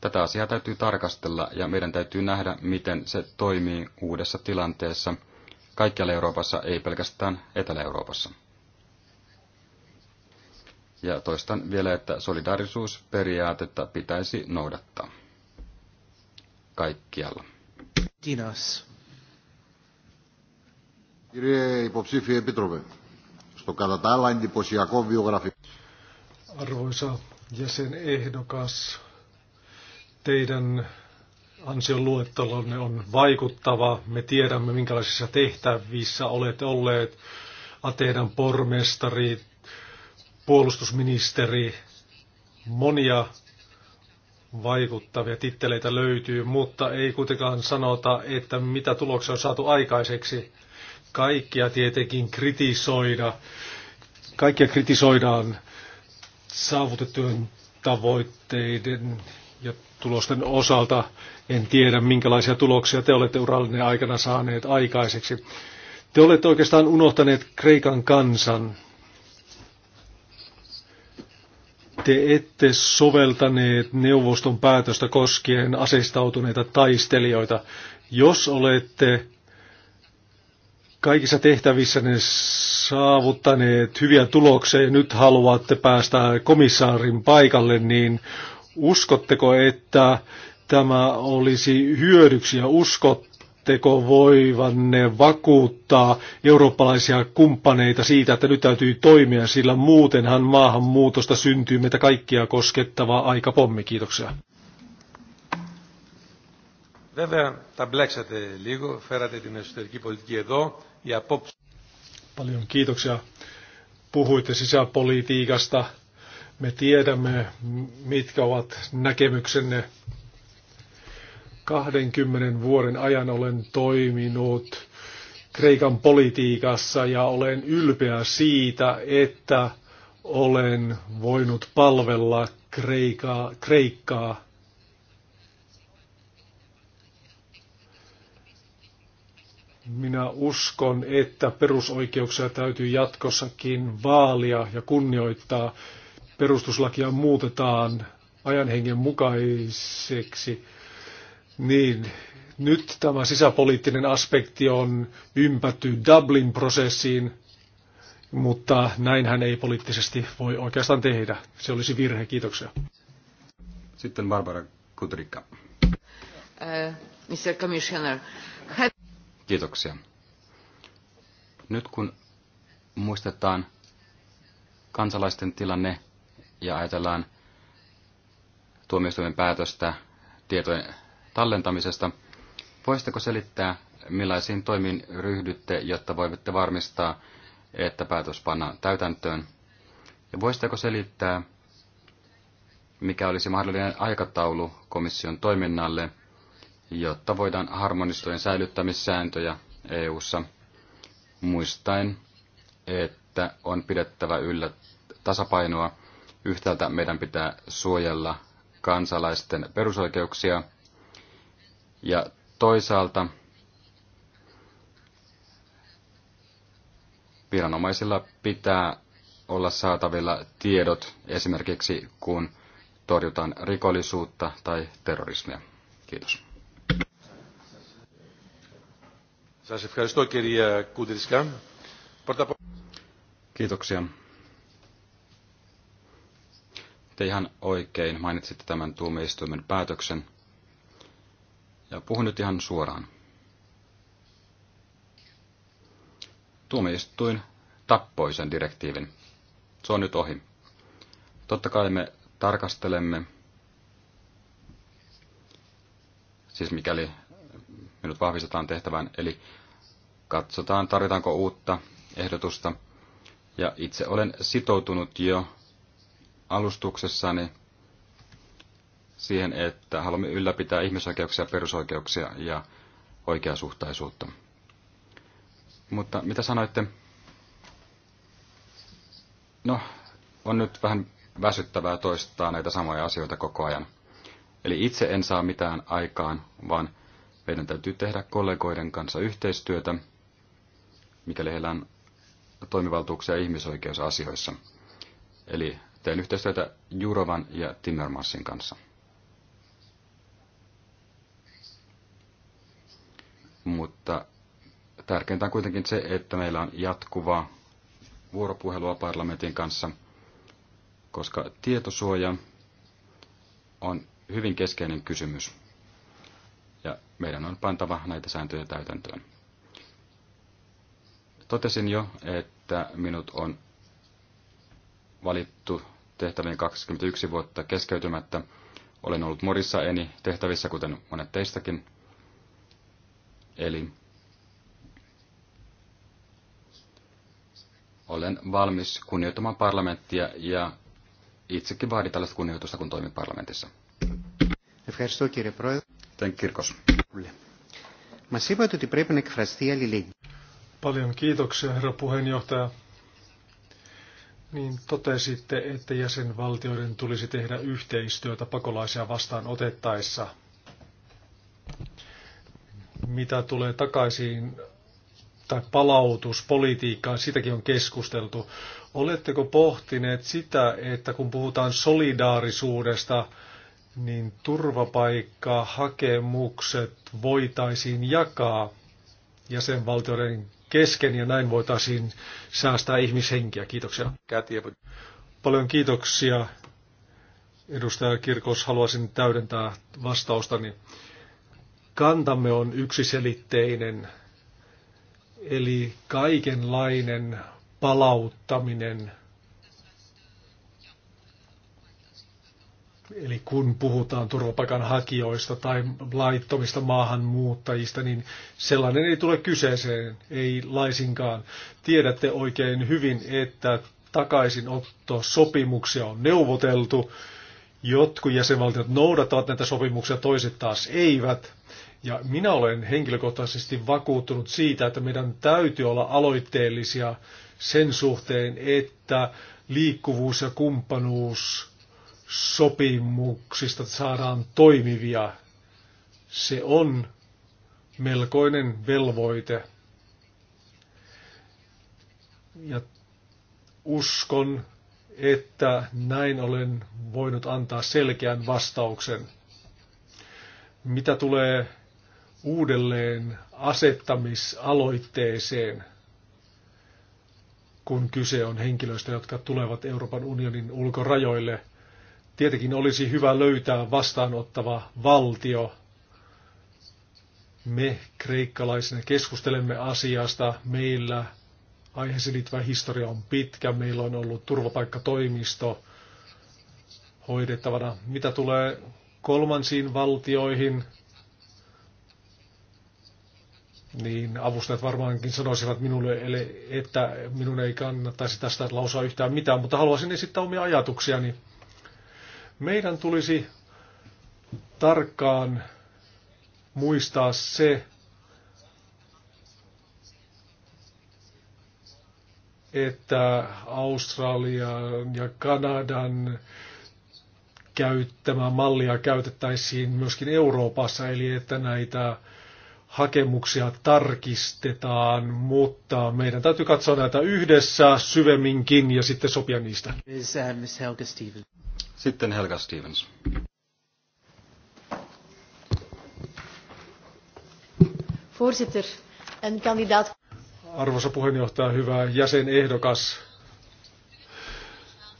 tätä asiaa täytyy tarkastella ja meidän täytyy nähdä, miten se toimii uudessa tilanteessa kaikkialla Euroopassa, ei pelkästään Etelä-Euroopassa. Ja toistan vielä, että solidaarisuusperiaatetta pitäisi noudattaa kaikkialla. Kiitos. Κύριε υποψήφιε επίτροπε, στο κατά τα άλλα εντυπωσιακό βιογραφικό. Arvoisa jäsenehdokas, teidän ansioluettelonne on vaikuttava. Me tiedämme, minkälaisissa tehtävissä olette olleet. Ateenan pormestari, puolustusministeri. Monia vaikuttavia titteleitä löytyy, mutta ei kuitenkaan sanota, että mitä tuloksia on saatu aikaiseksi. Kaikkia tietenkin kritisoida. Kaikkia kritisoidaan saavutettujen tavoitteiden ja tulosten osalta. En tiedä, minkälaisia tuloksia te olette urallinen aikana saaneet aikaiseksi. Te olette oikeastaan unohtaneet Kreikan kansan. te ette soveltaneet neuvoston päätöstä koskien aseistautuneita taistelijoita. Jos olette kaikissa tehtävissä ne saavuttaneet hyviä tuloksia ja nyt haluatte päästä komissaarin paikalle, niin uskotteko, että tämä olisi hyödyksi ja uskot, Oletteko voivanne vakuuttaa eurooppalaisia kumppaneita siitä, että nyt täytyy toimia, sillä muutenhan maahanmuutosta syntyy meitä kaikkia koskettava pommi. Kiitoksia. Paljon kiitoksia. Puhuitte sisäpolitiikasta. Me tiedämme, mitkä ovat näkemyksenne 20 vuoden ajan olen toiminut Kreikan politiikassa ja olen ylpeä siitä, että olen voinut palvella Kreikaa, Kreikkaa. Minä uskon, että perusoikeuksia täytyy jatkossakin vaalia ja kunnioittaa. Perustuslakia muutetaan ajan hengen mukaiseksi niin, nyt tämä sisäpoliittinen aspekti on ympätty Dublin-prosessiin, mutta näinhän ei poliittisesti voi oikeastaan tehdä. Se olisi virhe. Kiitoksia. Sitten Barbara Kutrikka. Uh, Mr. Commissioner. Kiitoksia. Nyt kun muistetaan kansalaisten tilanne ja ajatellaan tuomioistuimen päätöstä tietojen tallentamisesta. Voisitteko selittää, millaisiin toimiin ryhdytte, jotta voivitte varmistaa, että päätös pannaan täytäntöön? Ja voisitteko selittää, mikä olisi mahdollinen aikataulu komission toiminnalle, jotta voidaan harmonistujen säilyttämissääntöjä EU-ssa, muistaen, että on pidettävä yllä tasapainoa. Yhtäältä meidän pitää suojella kansalaisten perusoikeuksia, ja toisaalta viranomaisilla pitää olla saatavilla tiedot esimerkiksi kun torjutaan rikollisuutta tai terrorismia. Kiitos. Kiitoksia. Te ihan oikein mainitsitte tämän tuomioistuimen päätöksen. Ja puhun nyt ihan suoraan. Tuomioistuin tappoi sen direktiivin. Se on nyt ohi. Totta kai me tarkastelemme, siis mikäli minut vahvistetaan tehtävään, eli katsotaan tarvitaanko uutta ehdotusta. Ja itse olen sitoutunut jo alustuksessani siihen, että haluamme ylläpitää ihmisoikeuksia, perusoikeuksia ja oikeasuhtaisuutta. Mutta mitä sanoitte? No, on nyt vähän väsyttävää toistaa näitä samoja asioita koko ajan. Eli itse en saa mitään aikaan, vaan meidän täytyy tehdä kollegoiden kanssa yhteistyötä, mikäli heillä on toimivaltuuksia ihmisoikeusasioissa. Eli teen yhteistyötä Jurovan ja Timmermansin kanssa. mutta tärkeintä on kuitenkin se, että meillä on jatkuvaa vuoropuhelua parlamentin kanssa, koska tietosuoja on hyvin keskeinen kysymys. Ja meidän on pantava näitä sääntöjä täytäntöön. Totesin jo, että minut on valittu tehtäviin 21 vuotta keskeytymättä. Olen ollut morissa eni tehtävissä, kuten monet teistäkin. Eli olen valmis kunnioittamaan parlamenttia ja itsekin vaadin tällaista kunnioitusta, kun toimin parlamentissa. Kirkos. Paljon kiitoksia, herra puheenjohtaja. Niin totesitte, että jäsenvaltioiden tulisi tehdä yhteistyötä pakolaisia vastaan otettaessa – mitä tulee takaisin tai palautuspolitiikkaan, sitäkin on keskusteltu. Oletteko pohtineet sitä, että kun puhutaan solidaarisuudesta, niin turvapaikkahakemukset voitaisiin jakaa jäsenvaltioiden kesken ja näin voitaisiin säästää ihmishenkiä. Kiitoksia. Paljon kiitoksia. Edustaja Kirkos, haluaisin täydentää vastaustani kantamme on yksiselitteinen, eli kaikenlainen palauttaminen. Eli kun puhutaan turvapaikanhakijoista tai laittomista maahanmuuttajista, niin sellainen ei tule kyseeseen, ei laisinkaan. Tiedätte oikein hyvin, että takaisinotto sopimuksia on neuvoteltu. Jotkut jäsenvaltiot noudattavat näitä sopimuksia, toiset taas eivät. Ja minä olen henkilökohtaisesti vakuuttunut siitä, että meidän täytyy olla aloitteellisia sen suhteen, että liikkuvuus ja kumppanuus sopimuksista saadaan toimivia. Se on melkoinen velvoite. Ja uskon, että näin olen voinut antaa selkeän vastauksen. Mitä tulee uudelleen asettamisaloitteeseen, kun kyse on henkilöistä, jotka tulevat Euroopan unionin ulkorajoille. Tietenkin olisi hyvä löytää vastaanottava valtio. Me kreikkalaisina keskustelemme asiasta. Meillä aiheeseen liittyvä historia on pitkä. Meillä on ollut turvapaikkatoimisto hoidettavana. Mitä tulee kolmansiin valtioihin, niin avustajat varmaankin sanoisivat minulle, että minun ei kannattaisi tästä lausua yhtään mitään, mutta haluaisin esittää omia ajatuksiani. Meidän tulisi tarkkaan muistaa se, että Australian ja Kanadan käyttämä mallia käytettäisiin myöskin Euroopassa, eli että näitä hakemuksia tarkistetaan, mutta meidän täytyy katsoa näitä yhdessä syvemminkin ja sitten sopia niistä. Sitten Helga Stevens. Voorzitter, en kandidaat. Arvoisa puheenjohtaja, hyvä jäsenehdokas.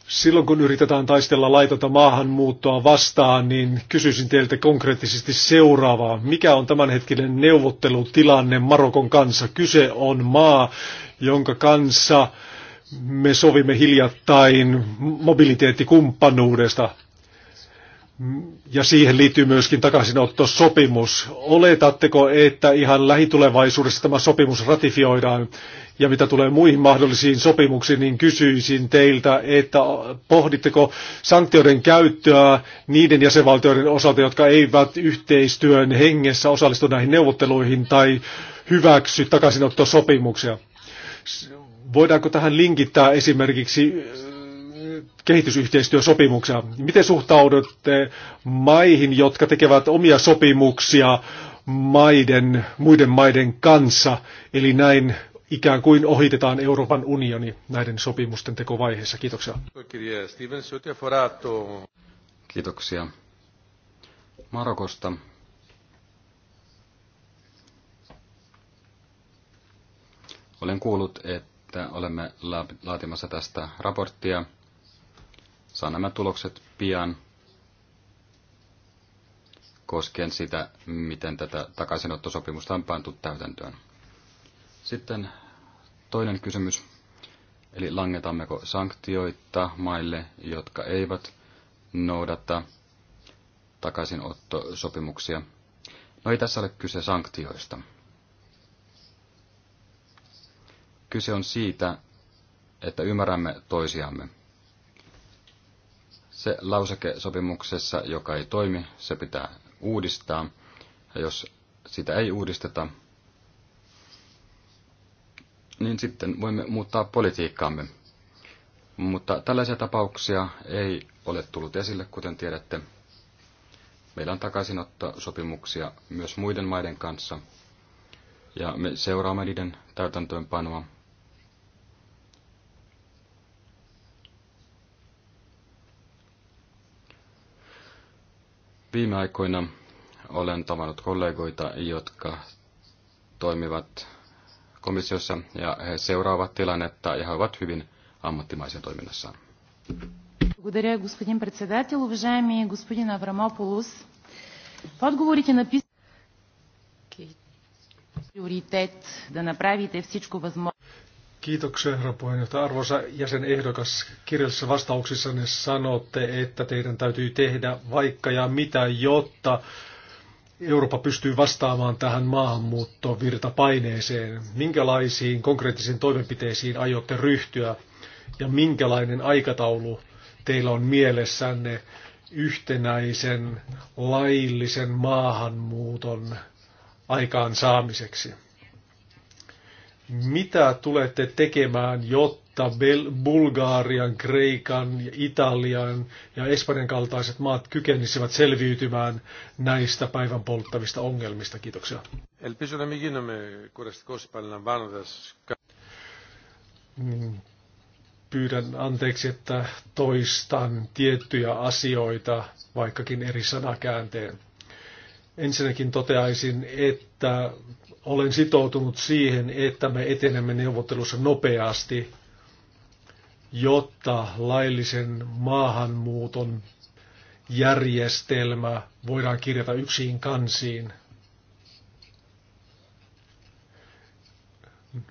Silloin kun yritetään taistella laitonta maahanmuuttoa vastaan, niin kysyisin teiltä konkreettisesti seuraavaa. Mikä on tämänhetkinen neuvottelutilanne Marokon kanssa? Kyse on maa, jonka kanssa me sovimme hiljattain mobiliteettikumppanuudesta ja siihen liittyy myöskin takaisinottosopimus. Oletatteko, että ihan lähitulevaisuudessa tämä sopimus ratifioidaan? Ja mitä tulee muihin mahdollisiin sopimuksiin, niin kysyisin teiltä, että pohditteko sanktioiden käyttöä niiden jäsenvaltioiden osalta, jotka eivät yhteistyön hengessä osallistu näihin neuvotteluihin tai hyväksy takaisinottosopimuksia? Voidaanko tähän linkittää esimerkiksi kehitysyhteistyösopimuksia. Miten suhtaudutte maihin, jotka tekevät omia sopimuksia maiden, muiden maiden kanssa, eli näin ikään kuin ohitetaan Euroopan unioni näiden sopimusten tekovaiheessa. Kiitoksia. Kiitoksia. Marokosta. Olen kuullut, että olemme laatimassa tästä raporttia Saan nämä tulokset pian koskien sitä, miten tätä takaisinottosopimusta on pantu täytäntöön. Sitten toinen kysymys, eli langetammeko sanktioita maille, jotka eivät noudata takaisinottosopimuksia. No ei tässä ole kyse sanktioista. Kyse on siitä, että ymmärrämme toisiamme. Se lauseke sopimuksessa, joka ei toimi, se pitää uudistaa. Ja jos sitä ei uudisteta, niin sitten voimme muuttaa politiikkaamme. Mutta tällaisia tapauksia ei ole tullut esille, kuten tiedätte. Meillä on sopimuksia myös muiden maiden kanssa, ja me seuraamme niiden täytäntöönpanoa. Viime aikoina olen tavannut kollegoita, jotka toimivat komissiossa ja he seuraavat tilannetta ja he ovat hyvin ammattimaisia toiminnassaan. Kiitos. Kiitoksia, herra puheenjohtaja. Arvoisa jäsenehdokas, kirjallisissa vastauksissanne sanotte, että teidän täytyy tehdä vaikka ja mitä, jotta Eurooppa pystyy vastaamaan tähän maahanmuuttovirtapaineeseen. Minkälaisiin konkreettisiin toimenpiteisiin aiotte ryhtyä ja minkälainen aikataulu teillä on mielessänne yhtenäisen laillisen maahanmuuton aikaansaamiseksi? mitä tulette tekemään, jotta Bel- Bulgaarian, Kreikan, Italian ja Espanjan kaltaiset maat kykenisivät selviytymään näistä päivän polttavista ongelmista? Kiitoksia. Mm, pyydän anteeksi, että toistan tiettyjä asioita, vaikkakin eri sanakäänteen. Ensinnäkin toteaisin, että olen sitoutunut siihen, että me etenemme neuvottelussa nopeasti, jotta laillisen maahanmuuton järjestelmä voidaan kirjata yksiin kansiin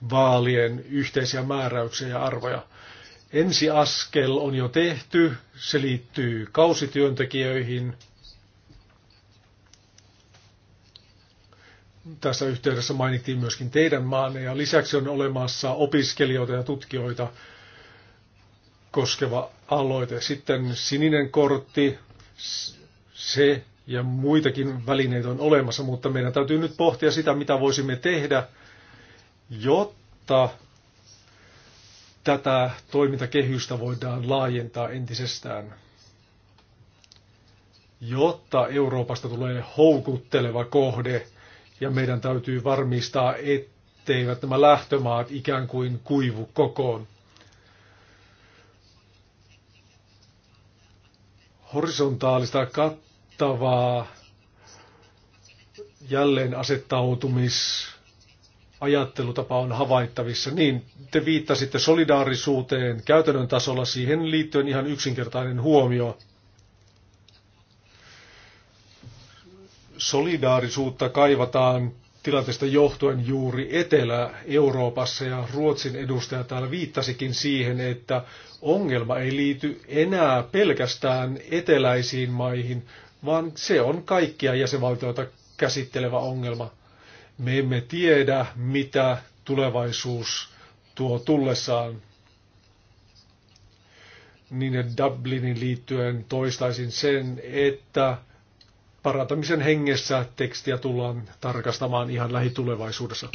vaalien yhteisiä määräyksiä ja arvoja. Ensiaskel on jo tehty, se liittyy kausityöntekijöihin – Tässä yhteydessä mainittiin myöskin teidän maanne ja lisäksi on olemassa opiskelijoita ja tutkijoita koskeva aloite. Sitten sininen kortti, se ja muitakin välineitä on olemassa, mutta meidän täytyy nyt pohtia sitä, mitä voisimme tehdä, jotta tätä toimintakehystä voidaan laajentaa entisestään, jotta Euroopasta tulee houkutteleva kohde ja meidän täytyy varmistaa, etteivät nämä lähtömaat ikään kuin kuivu kokoon. Horisontaalista kattavaa jälleen asettautumis ajattelutapa on havaittavissa. Niin, te viittasitte solidaarisuuteen käytännön tasolla. Siihen liittyen ihan yksinkertainen huomio. Solidaarisuutta kaivataan tilanteesta johtuen juuri Etelä-Euroopassa ja Ruotsin edustaja täällä viittasikin siihen, että ongelma ei liity enää pelkästään eteläisiin maihin, vaan se on kaikkia jäsenvaltioita käsittelevä ongelma. Me emme tiedä, mitä tulevaisuus tuo tullessaan. Niin Dublinin liittyen toistaisin sen, että parantamisen hengessä tekstiä tullaan tarkastamaan ihan lähitulevaisuudessa.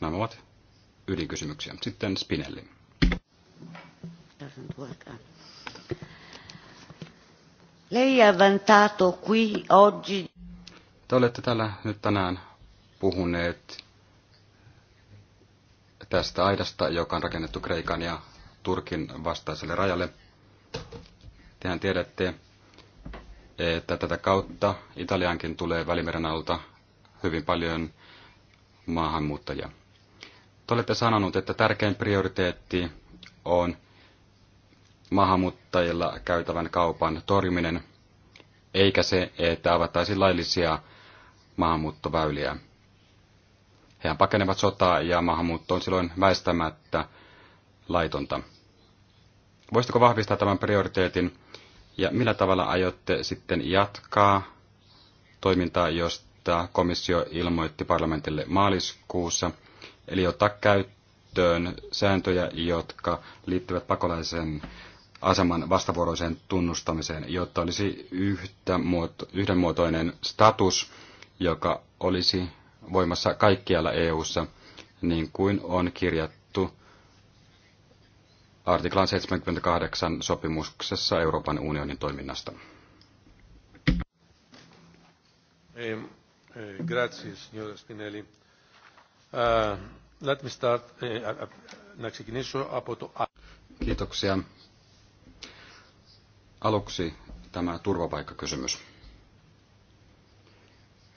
Nämä ovat ydinkysymyksiä. Sitten Spinelli. Eh? Lei qui oggi. Te olette täällä nyt tänään puhuneet tästä aidasta, joka on rakennettu Kreikan ja Turkin vastaiselle rajalle. Tehän tiedätte, että tätä kautta Italiankin tulee Välimeren alta hyvin paljon maahanmuuttajia. Te olette sanonut, että tärkein prioriteetti on maahanmuuttajilla käytävän kaupan torjuminen, eikä se, että avattaisiin laillisia maahanmuuttoväyliä. Hehän pakenevat sotaa ja maahanmuutto on silloin väistämättä laitonta. Voisitko vahvistaa tämän prioriteetin ja millä tavalla aiotte sitten jatkaa toimintaa, josta komissio ilmoitti parlamentille maaliskuussa, eli ottaa käyttöön sääntöjä, jotka liittyvät pakolaisen aseman vastavuoroiseen tunnustamiseen, jotta olisi yhtä muoto, yhdenmuotoinen status, joka olisi voimassa kaikkialla EU:ssa, niin kuin on kirjattu artiklan 78 sopimuksessa Euroopan unionin toiminnasta. Eh, eh, grazie, signora Spinelli. Eh, let me start, να ξεκινήσω από το... Kiitoksia. Aluksi tämä turvapaikkakysymys.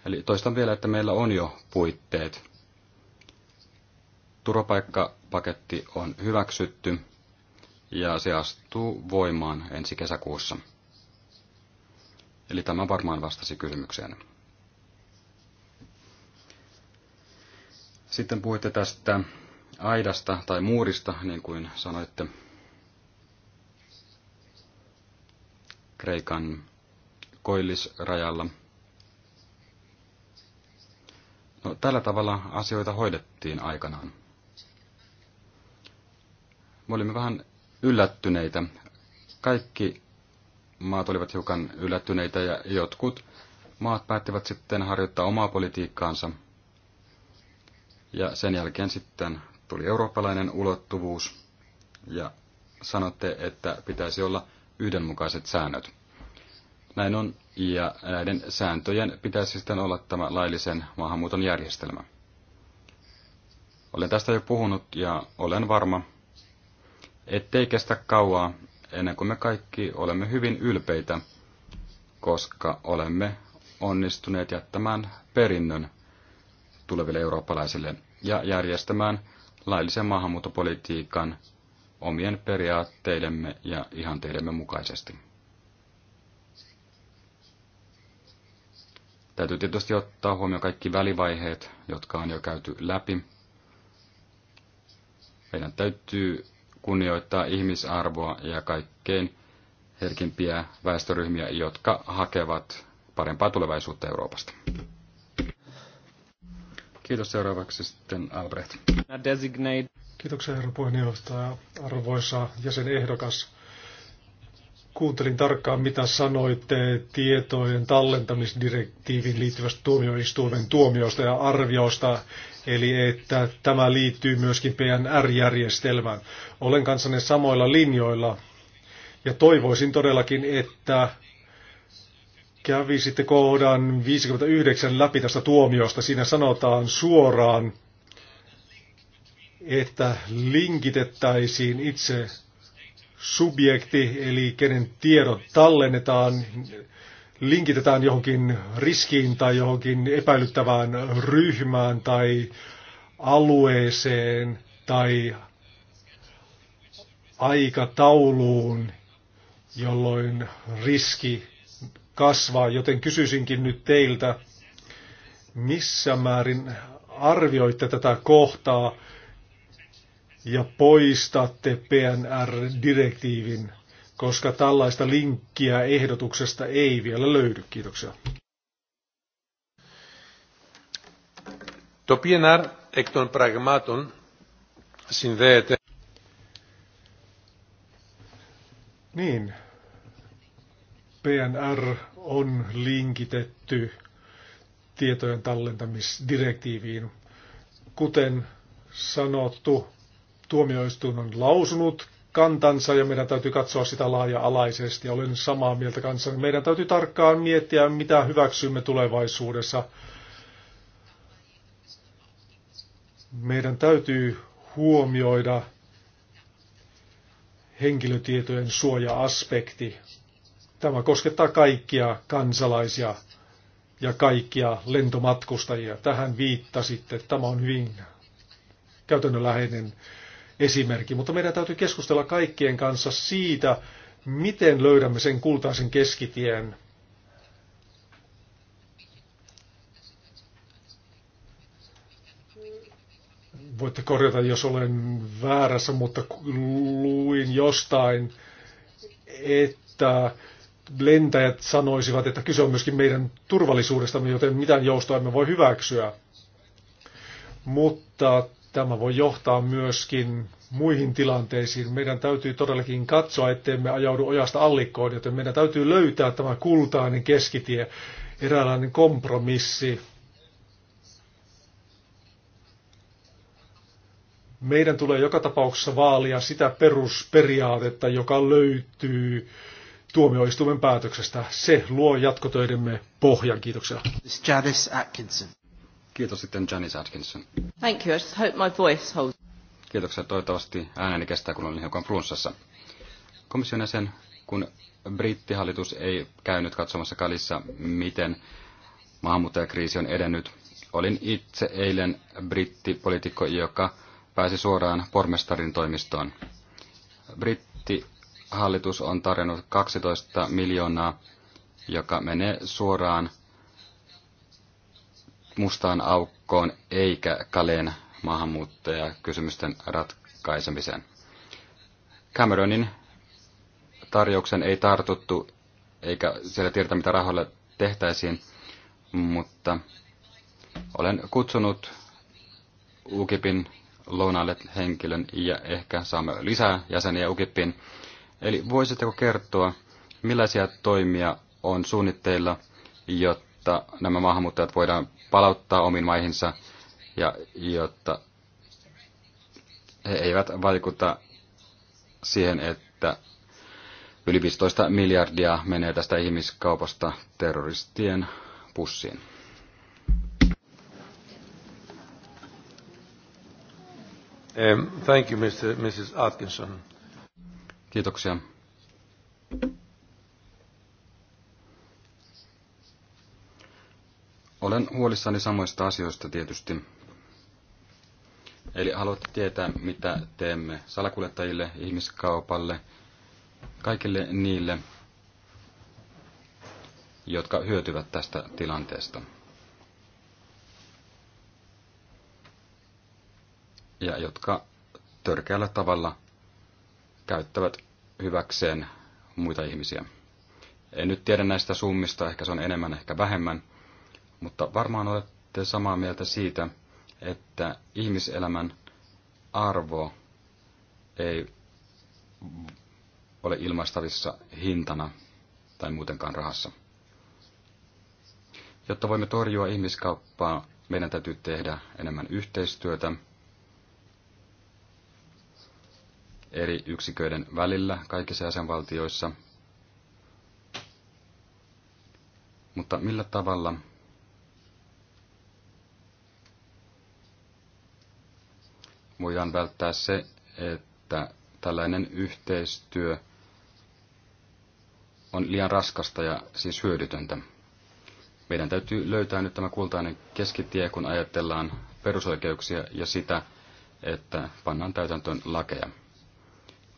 Eli toistan vielä, että meillä on jo puitteet. Turvapaikkapaketti on hyväksytty ja se astuu voimaan ensi kesäkuussa. Eli tämä varmaan vastasi kysymykseen. Sitten puhuitte tästä aidasta tai muurista, niin kuin sanoitte. Kreikan koillisrajalla. No, tällä tavalla asioita hoidettiin aikanaan. Me olimme vähän yllättyneitä. Kaikki maat olivat hiukan yllättyneitä ja jotkut maat päättivät sitten harjoittaa omaa politiikkaansa. Ja sen jälkeen sitten tuli eurooppalainen ulottuvuus ja sanotte, että pitäisi olla yhdenmukaiset säännöt. Näin on, ja näiden sääntöjen pitäisi sitten olla tämä laillisen maahanmuuton järjestelmä. Olen tästä jo puhunut ja olen varma, ettei kestä kauaa ennen kuin me kaikki olemme hyvin ylpeitä, koska olemme onnistuneet jättämään perinnön tuleville eurooppalaisille ja järjestämään laillisen maahanmuuttopolitiikan omien periaatteidemme ja ihanteidemme mukaisesti. Täytyy tietysti ottaa huomioon kaikki välivaiheet, jotka on jo käyty läpi. Meidän täytyy kunnioittaa ihmisarvoa ja kaikkein herkimpiä väestöryhmiä, jotka hakevat parempaa tulevaisuutta Euroopasta. Kiitos seuraavaksi sitten Albrecht. Kiitoksia herra puheenjohtaja, arvoisa jäsenehdokas. Kuuntelin tarkkaan, mitä sanoitte tietojen tallentamisdirektiivin liittyvästä tuomioistuimen tuomiosta ja arviosta, eli että tämä liittyy myöskin PNR-järjestelmään. Olen kanssanne samoilla linjoilla ja toivoisin todellakin, että kävisitte kohdan 59 läpi tästä tuomiosta. Siinä sanotaan suoraan, että linkitettäisiin itse subjekti, eli kenen tiedot tallennetaan, linkitetään johonkin riskiin tai johonkin epäilyttävään ryhmään tai alueeseen tai aikatauluun, jolloin riski kasvaa. Joten kysyisinkin nyt teiltä, missä määrin arvioitte tätä kohtaa, ja poistatte PNR-direktiivin, koska tällaista linkkiä ehdotuksesta ei vielä löydy. Kiitoksia. PNR εκ των πραγμάτων συνδέεται. Niin. PNR on linkitetty tietojen tallentamisdirektiiviin. Kuten sanottu, Tuomioistuin on lausunut kantansa ja meidän täytyy katsoa sitä laaja-alaisesti. Olen samaa mieltä kanssa. Meidän täytyy tarkkaan miettiä, mitä hyväksymme tulevaisuudessa. Meidän täytyy huomioida henkilötietojen suoja-aspekti. Tämä koskettaa kaikkia kansalaisia ja kaikkia lentomatkustajia. Tähän viittasitte. Tämä on hyvin käytännönläheinen läheinen esimerkki, mutta meidän täytyy keskustella kaikkien kanssa siitä, miten löydämme sen kultaisen keskitien. Voitte korjata, jos olen väärässä, mutta luin jostain, että lentäjät sanoisivat, että kyse on myöskin meidän turvallisuudestamme, joten mitään joustoa emme voi hyväksyä. Mutta Tämä voi johtaa myöskin muihin tilanteisiin. Meidän täytyy todellakin katsoa, ettei me ajaudu ojasta allikkoon, joten meidän täytyy löytää tämä kultainen keskitie, eräänlainen kompromissi. Meidän tulee joka tapauksessa vaalia sitä perusperiaatetta, joka löytyy tuomioistuimen päätöksestä. Se luo jatkotöidemme pohjan. Kiitoksia. Atkinson. Kiitos sitten Janice Atkinson. Thank you. I just hope my voice holds. Kiitoksia. Toivottavasti ääneni kestää, kun olen hiukan flunssassa. Komission jäsen, kun brittihallitus ei käynyt katsomassa kalissa, miten maahanmuuttajakriisi on edennyt. Olin itse eilen brittipolitiikko, joka pääsi suoraan pormestarin toimistoon. Brittihallitus on tarjonnut 12 miljoonaa, joka menee suoraan mustaan aukkoon eikä kaleen maahanmuuttajakysymysten ratkaisemiseen. Cameronin tarjouksen ei tartuttu, eikä siellä tiedetä mitä rahoille tehtäisiin, mutta olen kutsunut UKIPin lounaalle henkilön ja ehkä saamme lisää jäseniä UKIPin. Eli voisitteko kertoa, millaisia toimia on suunnitteilla, jotta jotta nämä maahanmuuttajat voidaan palauttaa omiin maihinsa ja jotta he eivät vaikuta siihen, että yli 15 miljardia menee tästä ihmiskaupasta terroristien pussiin. Um, thank you, Mr. Mrs. Atkinson. Kiitoksia. Olen huolissani samoista asioista tietysti. Eli haluatte tietää, mitä teemme salakuljettajille, ihmiskaupalle, kaikille niille, jotka hyötyvät tästä tilanteesta. Ja jotka törkeällä tavalla käyttävät hyväkseen muita ihmisiä. En nyt tiedä näistä summista, ehkä se on enemmän, ehkä vähemmän, mutta varmaan olette samaa mieltä siitä, että ihmiselämän arvo ei ole ilmaistavissa hintana tai muutenkaan rahassa. Jotta voimme torjua ihmiskauppaa, meidän täytyy tehdä enemmän yhteistyötä eri yksiköiden välillä kaikissa jäsenvaltioissa. Mutta millä tavalla voidaan välttää se, että tällainen yhteistyö on liian raskasta ja siis hyödytöntä. Meidän täytyy löytää nyt tämä kultainen keskitie, kun ajatellaan perusoikeuksia ja sitä, että pannaan täytäntöön lakeja.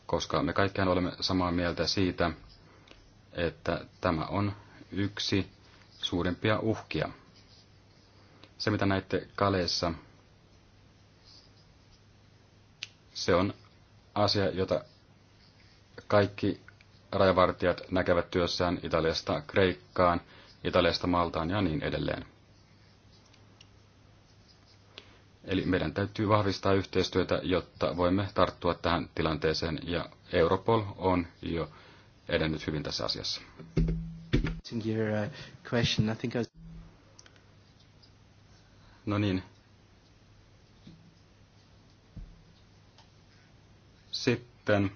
Koska me kaikkiaan olemme samaa mieltä siitä, että tämä on yksi suurimpia uhkia. Se, mitä näitte Kaleessa se on asia, jota kaikki rajavartijat näkevät työssään Italiasta Kreikkaan, Italiasta Maltaan ja niin edelleen. Eli meidän täytyy vahvistaa yhteistyötä, jotta voimme tarttua tähän tilanteeseen, ja Europol on jo edennyt hyvin tässä asiassa. Uh, no niin, Sitten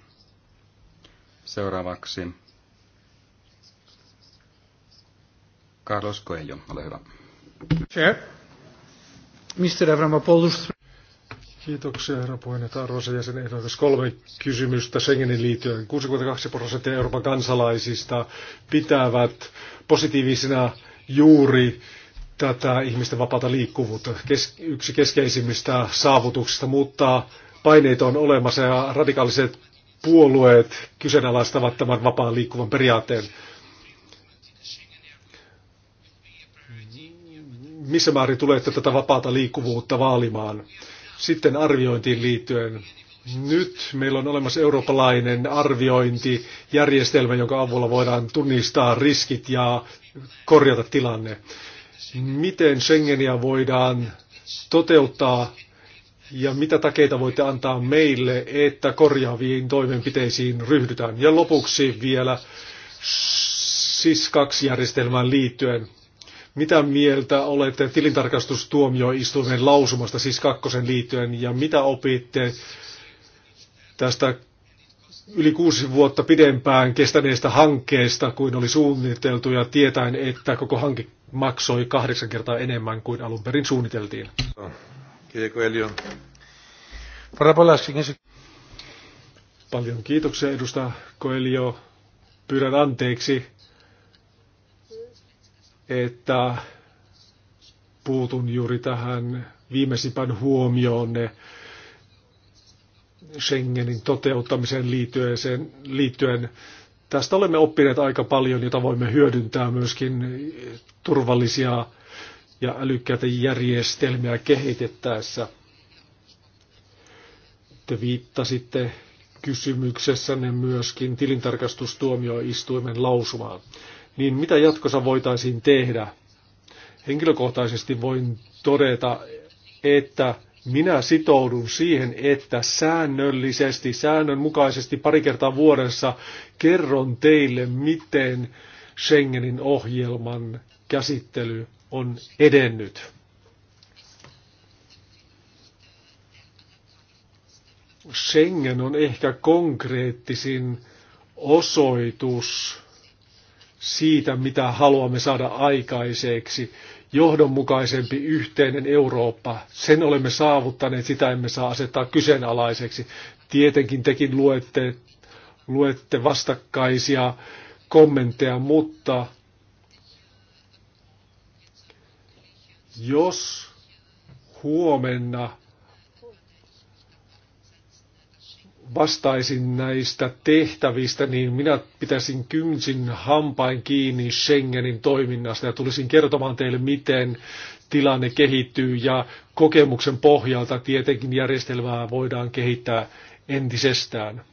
seuraavaksi Carlos Coelho, ole hyvä. Avramopoulos. Kiitoksia, herra puheenjohtaja. Arvoisa jäsen, ehdotas kolme kysymystä Schengenin liittyen. 62 prosenttia Euroopan kansalaisista pitävät positiivisina juuri tätä ihmisten vapaata liikkuvuutta. yksi keskeisimmistä saavutuksista, mutta paineita on olemassa ja radikaaliset puolueet kyseenalaistavat tämän vapaan liikkuvan periaatteen. Missä määrin tulette tätä vapaata liikkuvuutta vaalimaan? Sitten arviointiin liittyen. Nyt meillä on olemassa eurooppalainen arviointijärjestelmä, jonka avulla voidaan tunnistaa riskit ja korjata tilanne. Miten Schengenia voidaan toteuttaa ja mitä takeita voitte antaa meille, että korjaaviin toimenpiteisiin ryhdytään? Ja lopuksi vielä SIS-2-järjestelmään liittyen. Mitä mieltä olette tilintarkastustuomioistuimen lausumasta SIS-2 liittyen ja mitä opitte tästä yli kuusi vuotta pidempään kestäneestä hankkeesta kuin oli suunniteltu ja tietäen, että koko hanke maksoi kahdeksan kertaa enemmän kuin alun perin suunniteltiin? Κύριε Κοέλιο. Paljon kiitoksia edustaja Koelio. Pyydän anteeksi, että puutun juuri tähän viimeisimpään huomioonne Schengenin toteuttamiseen liittyen, sen, liittyen. Tästä olemme oppineet aika paljon, jota voimme hyödyntää myöskin turvallisia ja älykkäitä järjestelmiä kehitettäessä. Te viittasitte kysymyksessänne myöskin tilintarkastustuomioistuimen lausumaan. Niin mitä jatkossa voitaisiin tehdä? Henkilökohtaisesti voin todeta, että minä sitoudun siihen, että säännöllisesti, säännönmukaisesti pari kertaa vuodessa kerron teille, miten Schengenin ohjelman käsittely on edennyt. Schengen on ehkä konkreettisin osoitus siitä, mitä haluamme saada aikaiseksi. Johdonmukaisempi yhteinen Eurooppa, sen olemme saavuttaneet, sitä emme saa asettaa kyseenalaiseksi. Tietenkin tekin luette, luette vastakkaisia kommentteja, mutta Jos huomenna vastaisin näistä tehtävistä, niin minä pitäisin kynsin hampain kiinni Schengenin toiminnasta ja tulisin kertomaan teille, miten tilanne kehittyy ja kokemuksen pohjalta tietenkin järjestelmää voidaan kehittää entisestään.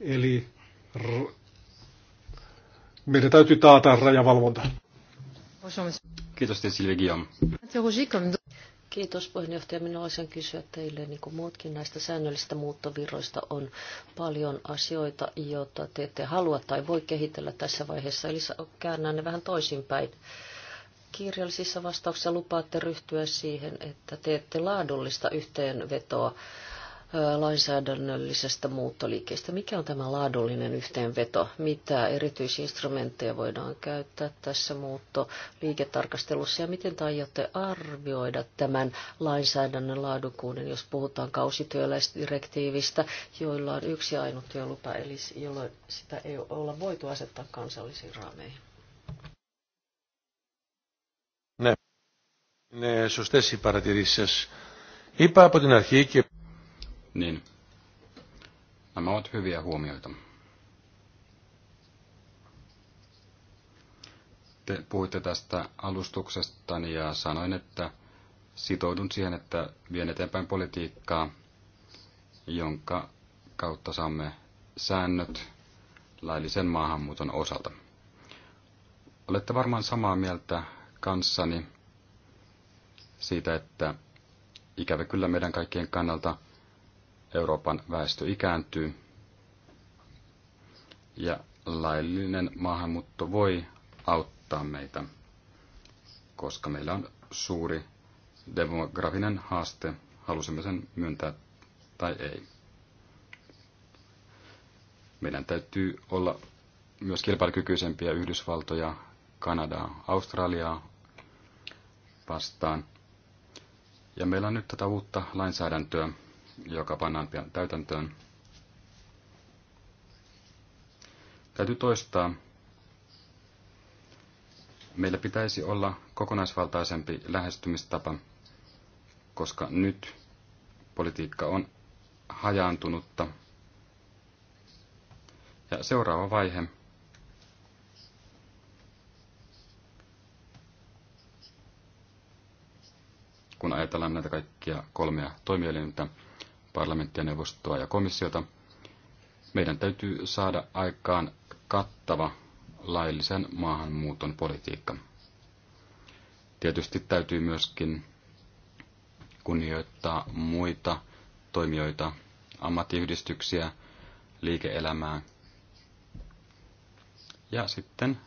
Eli meidän täytyy taata rajavalvonta. Kiitos teille Silvi Guillaume. Kiitos puheenjohtaja. Minä olisin kysyä teille, niin kuin muutkin näistä säännöllistä muuttovirroista on paljon asioita, joita te ette halua tai voi kehitellä tässä vaiheessa. Eli käännään ne vähän toisinpäin. Kirjallisissa vastauksissa lupaatte ryhtyä siihen, että teette laadullista yhteenvetoa lainsäädännöllisestä muuttoliikkeestä. Mikä on tämä laadullinen yhteenveto? Mitä erityisinstrumentteja voidaan käyttää tässä muuttoliiketarkastelussa ja miten te aiotte arvioida tämän lainsäädännön laadukkuuden, jos puhutaan kausityöläisdirektiivistä, joilla on yksi ainut työlupa, eli jolloin sitä ei olla voitu asettaa kansallisiin raameihin? Ne, ναι σωστές οι παρατηρήσεις σας. Είπα από την αρχή και niin nämä ovat hyviä huomioita. Te puhuitte tästä alustuksesta ja sanoin, että sitoudun siihen, että vien eteenpäin politiikkaa, jonka kautta saamme säännöt laillisen maahanmuuton osalta. Olette varmaan samaa mieltä kanssani siitä, että ikävä kyllä meidän kaikkien kannalta – Euroopan väestö ikääntyy ja laillinen maahanmuutto voi auttaa meitä, koska meillä on suuri demografinen haaste, halusimme sen myöntää tai ei. Meidän täytyy olla myös kilpailukykyisempiä Yhdysvaltoja, Kanadaa, Australiaa vastaan. Ja meillä on nyt tätä uutta lainsäädäntöä, joka pannaan pian täytäntöön. Täytyy toistaa, meillä pitäisi olla kokonaisvaltaisempi lähestymistapa, koska nyt politiikka on hajaantunutta. Ja seuraava vaihe kun ajatellaan näitä kaikkia kolmea toimielintä, parlamenttia, neuvostoa ja komissiota. Meidän täytyy saada aikaan kattava laillisen maahanmuuton politiikka. Tietysti täytyy myöskin kunnioittaa muita toimijoita, ammattiyhdistyksiä, liike-elämää. Ja sitten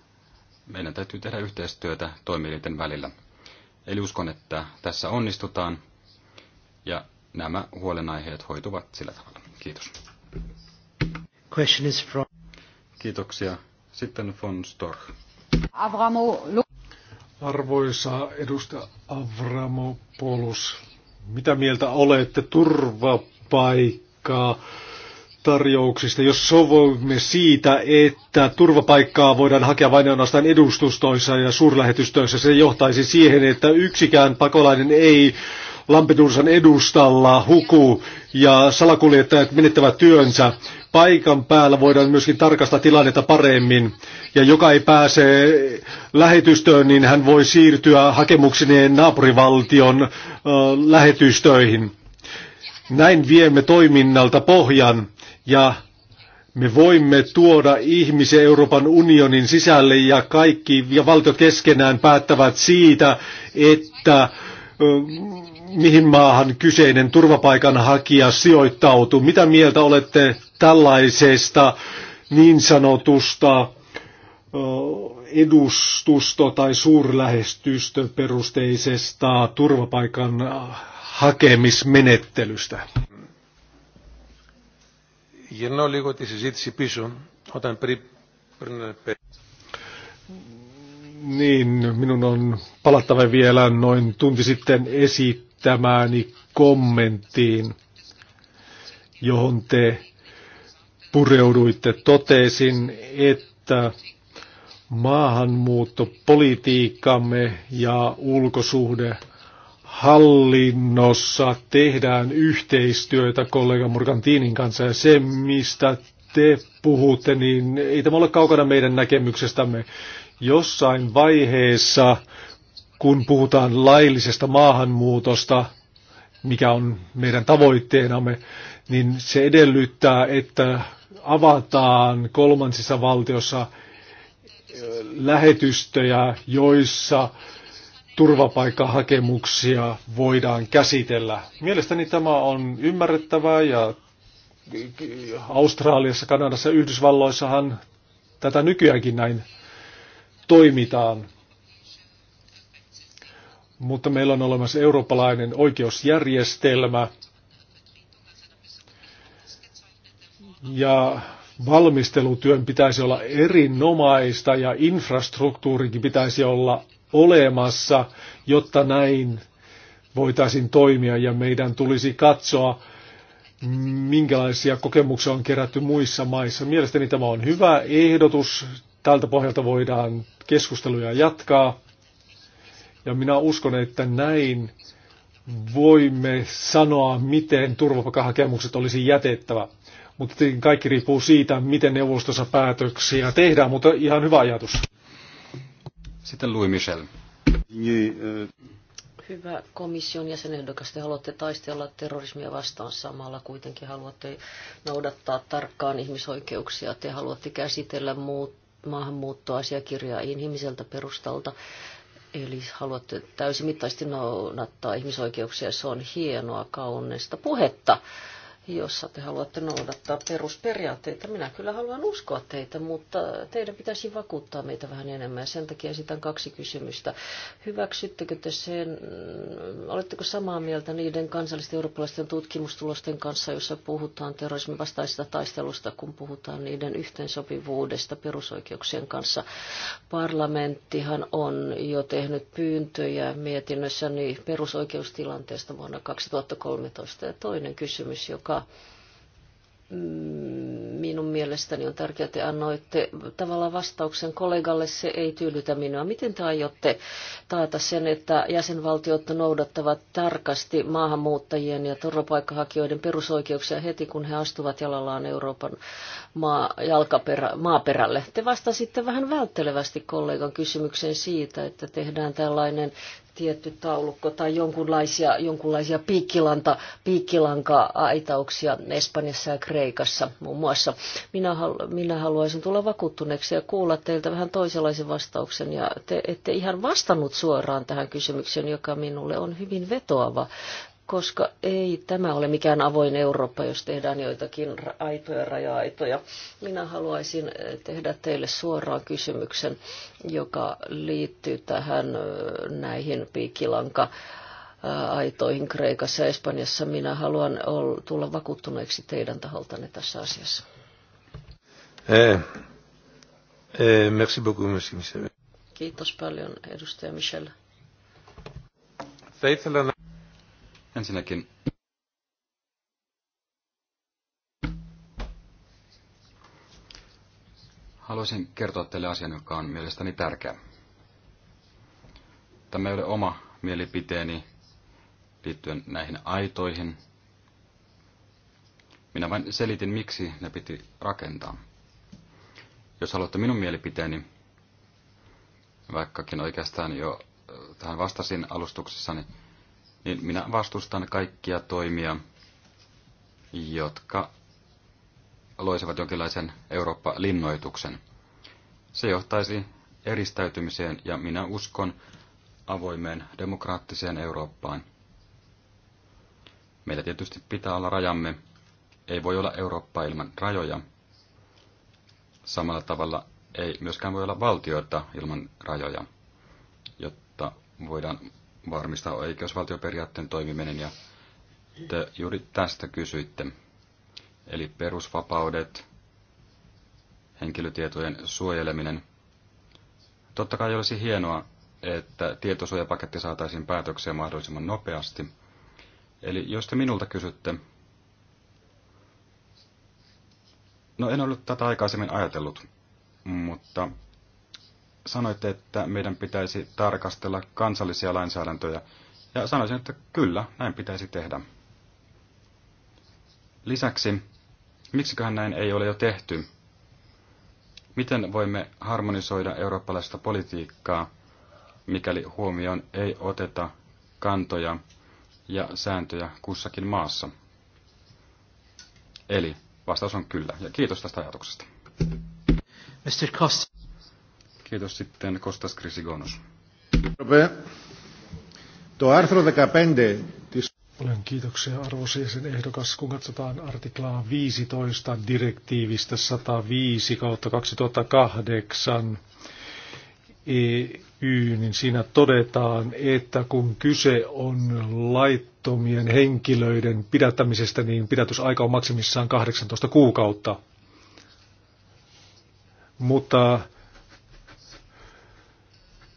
meidän täytyy tehdä yhteistyötä toimielinten välillä. Eli uskon, että tässä onnistutaan. Ja nämä huolenaiheet hoituvat sillä tavalla. Kiitos. From... Kiitoksia. Sitten von Storch. Avramo... Arvoisa edustaja Avramopoulos, mitä mieltä olette turvapaikkaa tarjouksista, jos sovoimme siitä, että turvapaikkaa voidaan hakea vain ainoastaan edustustoissa ja suurlähetystöissä, se johtaisi siihen, että yksikään pakolainen ei Lampedusan edustalla hukuu ja salakuljettajat menettävät työnsä. Paikan päällä voidaan myöskin tarkastaa tilannetta paremmin. Ja joka ei pääse lähetystöön, niin hän voi siirtyä hakemuksineen naapurivaltion ö, lähetystöihin. Näin viemme toiminnalta pohjan ja me voimme tuoda ihmisiä Euroopan unionin sisälle ja kaikki ja valtiot keskenään päättävät siitä, että mihin maahan kyseinen turvapaikanhakija sijoittautuu. Mitä mieltä olette tällaisesta niin sanotusta edustusto- tai suurlähestystöperusteisesta turvapaikan hakemismenettelystä? Γυρνώ λίγο τη συζήτηση πίσω, όταν πριν... Niin, minun on palattava vielä noin tunti sitten esittää esittämääni kommenttiin, johon te pureuduitte. Totesin, että maahanmuuttopolitiikkamme ja ulkosuhde hallinnossa tehdään yhteistyötä kollega Morgantinin kanssa ja se, mistä te puhutte, niin ei tämä ole kaukana meidän näkemyksestämme. Jossain vaiheessa kun puhutaan laillisesta maahanmuutosta, mikä on meidän tavoitteenamme, niin se edellyttää, että avataan kolmansissa valtiossa lähetystöjä, joissa turvapaikkahakemuksia voidaan käsitellä. Mielestäni tämä on ymmärrettävää ja Australiassa, Kanadassa ja Yhdysvalloissahan tätä nykyäänkin näin toimitaan. Mutta meillä on olemassa eurooppalainen oikeusjärjestelmä ja valmistelutyön pitäisi olla erinomaista ja infrastruktuurikin pitäisi olla olemassa, jotta näin voitaisiin toimia ja meidän tulisi katsoa, minkälaisia kokemuksia on kerätty muissa maissa. Mielestäni tämä on hyvä ehdotus. Tältä pohjalta voidaan keskusteluja jatkaa. Ja minä uskon, että näin voimme sanoa, miten turvapaikkahakemukset olisi jätettävä. Mutta kaikki riippuu siitä, miten neuvostossa päätöksiä tehdään, mutta ihan hyvä ajatus. Sitten Louis Michel. Hyvä komission jäsenehdokas, te haluatte taistella terrorismia vastaan samalla, kuitenkin haluatte noudattaa tarkkaan ihmisoikeuksia, te haluatte käsitellä muut maahanmuuttoasiakirjaa ihmiseltä perustalta. Eli haluatte täysimittaisesti noudattaa ihmisoikeuksia, se on hienoa, kaunista puhetta jossa te haluatte noudattaa perusperiaatteita. Minä kyllä haluan uskoa teitä, mutta teidän pitäisi vakuuttaa meitä vähän enemmän. Sen takia esitän kaksi kysymystä. Hyväksyttekö te sen, oletteko samaa mieltä niiden kansallisten eurooppalaisten tutkimustulosten kanssa, jossa puhutaan terrorismin vastaisesta taistelusta, kun puhutaan niiden yhteensopivuudesta perusoikeuksien kanssa? Parlamenttihan on jo tehnyt pyyntöjä mietinnössäni perusoikeustilanteesta vuonna 2013. Ja toinen kysymys, joka joka mm, minun mielestäni on tärkeää, että annoitte tavallaan vastauksen kollegalle, se ei tyydytä minua. Miten te aiotte taata sen, että jäsenvaltiot noudattavat tarkasti maahanmuuttajien ja turvapaikkahakijoiden perusoikeuksia heti, kun he astuvat jalallaan Euroopan maa, jalkaperä, maaperälle? Te vastasitte vähän välttelevästi kollegan kysymykseen siitä, että tehdään tällainen tietty taulukko tai jonkunlaisia, jonkunlaisia piikkilanta, piikkilanka-aitauksia Espanjassa ja Kreikassa muun muassa. Minä, minä haluaisin tulla vakuuttuneeksi ja kuulla teiltä vähän toisenlaisen vastauksen. Ja te ette ihan vastannut suoraan tähän kysymykseen, joka minulle on hyvin vetoava koska ei tämä ole mikään avoin Eurooppa, jos tehdään joitakin aitoja raja-aitoja. Minä haluaisin eh, tehdä teille suoraan kysymyksen, joka liittyy tähän eh, näihin piikilanka eh, aitoihin Kreikassa ja Espanjassa. Minä haluan tulla vakuuttuneeksi teidän taholtanne tässä asiassa. Eh, eh, merci beaucoup, monsieur. Kiitos paljon, edustaja Michel. Ensinnäkin haluaisin kertoa teille asian, joka on mielestäni tärkeä. Tämä ei ole oma mielipiteeni liittyen näihin aitoihin. Minä vain selitin, miksi ne piti rakentaa. Jos haluatte minun mielipiteeni, vaikkakin oikeastaan jo tähän vastasin alustuksessani, niin niin minä vastustan kaikkia toimia, jotka loisivat jonkinlaisen Eurooppa-linnoituksen. Se johtaisi eristäytymiseen ja minä uskon avoimeen demokraattiseen Eurooppaan. Meillä tietysti pitää olla rajamme. Ei voi olla Eurooppa ilman rajoja. Samalla tavalla ei myöskään voi olla valtioita ilman rajoja, jotta voidaan varmistaa oikeusvaltioperiaatteen toimiminen ja te juuri tästä kysyitte. Eli perusvapaudet, henkilötietojen suojeleminen. Totta kai olisi hienoa, että tietosuojapaketti saataisiin päätökseen mahdollisimman nopeasti. Eli jos te minulta kysytte, no en ollut tätä aikaisemmin ajatellut, mutta sanoitte, että meidän pitäisi tarkastella kansallisia lainsäädäntöjä. Ja sanoisin, että kyllä, näin pitäisi tehdä. Lisäksi, miksiköhän näin ei ole jo tehty? Miten voimme harmonisoida eurooppalaista politiikkaa, mikäli huomioon ei oteta kantoja ja sääntöjä kussakin maassa? Eli vastaus on kyllä, ja kiitos tästä ajatuksesta. Mr. Costa. Kiitos sitten Kostas Krisigonus. Tuo artikla 15. Paljon kiitoksia arvoisa jäsen ehdokas. Kun katsotaan artiklaa 15 direktiivistä 105 kautta 2008 EU, niin siinä todetaan, että kun kyse on laittomien henkilöiden pidättämisestä, niin pidätysaika on maksimissaan 18 kuukautta. Mutta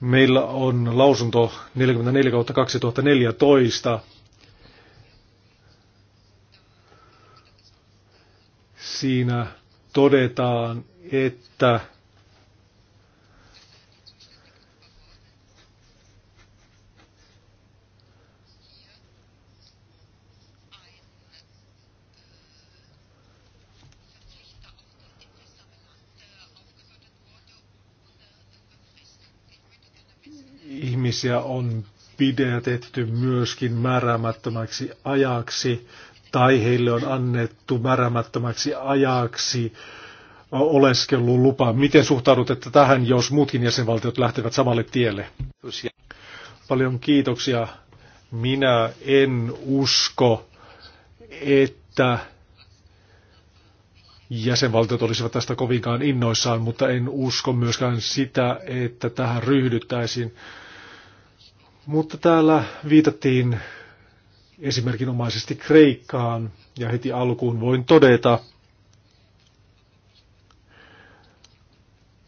Meillä on lausunto 44 2014. Siinä todetaan, että ihmisiä on pidätetty myöskin määräämättömäksi ajaksi tai heille on annettu määräämättömäksi ajaksi oleskelulupa. Miten suhtaudutte tähän, jos muutkin jäsenvaltiot lähtevät samalle tielle? Paljon kiitoksia. Minä en usko, että jäsenvaltiot olisivat tästä kovinkaan innoissaan, mutta en usko myöskään sitä, että tähän ryhdyttäisiin mutta täällä viitattiin esimerkinomaisesti Kreikkaan ja heti alkuun voin todeta,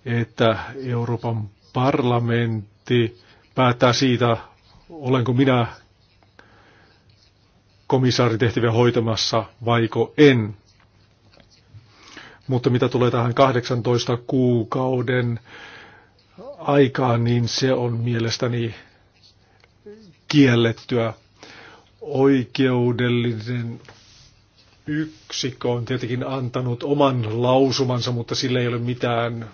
että Euroopan parlamentti päättää siitä, olenko minä komissaaritehtäviä hoitamassa vaiko en. Mutta mitä tulee tähän 18 kuukauden aikaan, niin se on mielestäni kiellettyä. Oikeudellinen yksikkö on tietenkin antanut oman lausumansa, mutta sillä ei ole mitään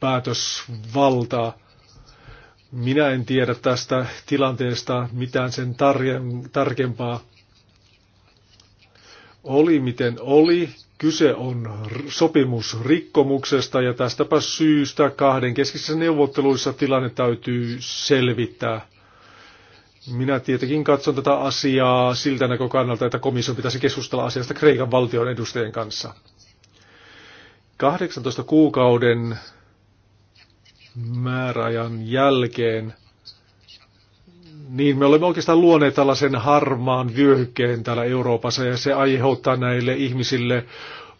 päätösvaltaa. Minä en tiedä tästä tilanteesta mitään sen tarkempaa. Oli miten oli, kyse on sopimusrikkomuksesta ja tästäpä syystä kahden keskisissä neuvotteluissa tilanne täytyy selvittää. Minä tietenkin katson tätä asiaa siltä näkökannalta, että komission pitäisi keskustella asiasta Kreikan valtion edustajien kanssa. 18 kuukauden määräajan jälkeen, niin me olemme oikeastaan luoneet tällaisen harmaan vyöhykkeen täällä Euroopassa ja se aiheuttaa näille ihmisille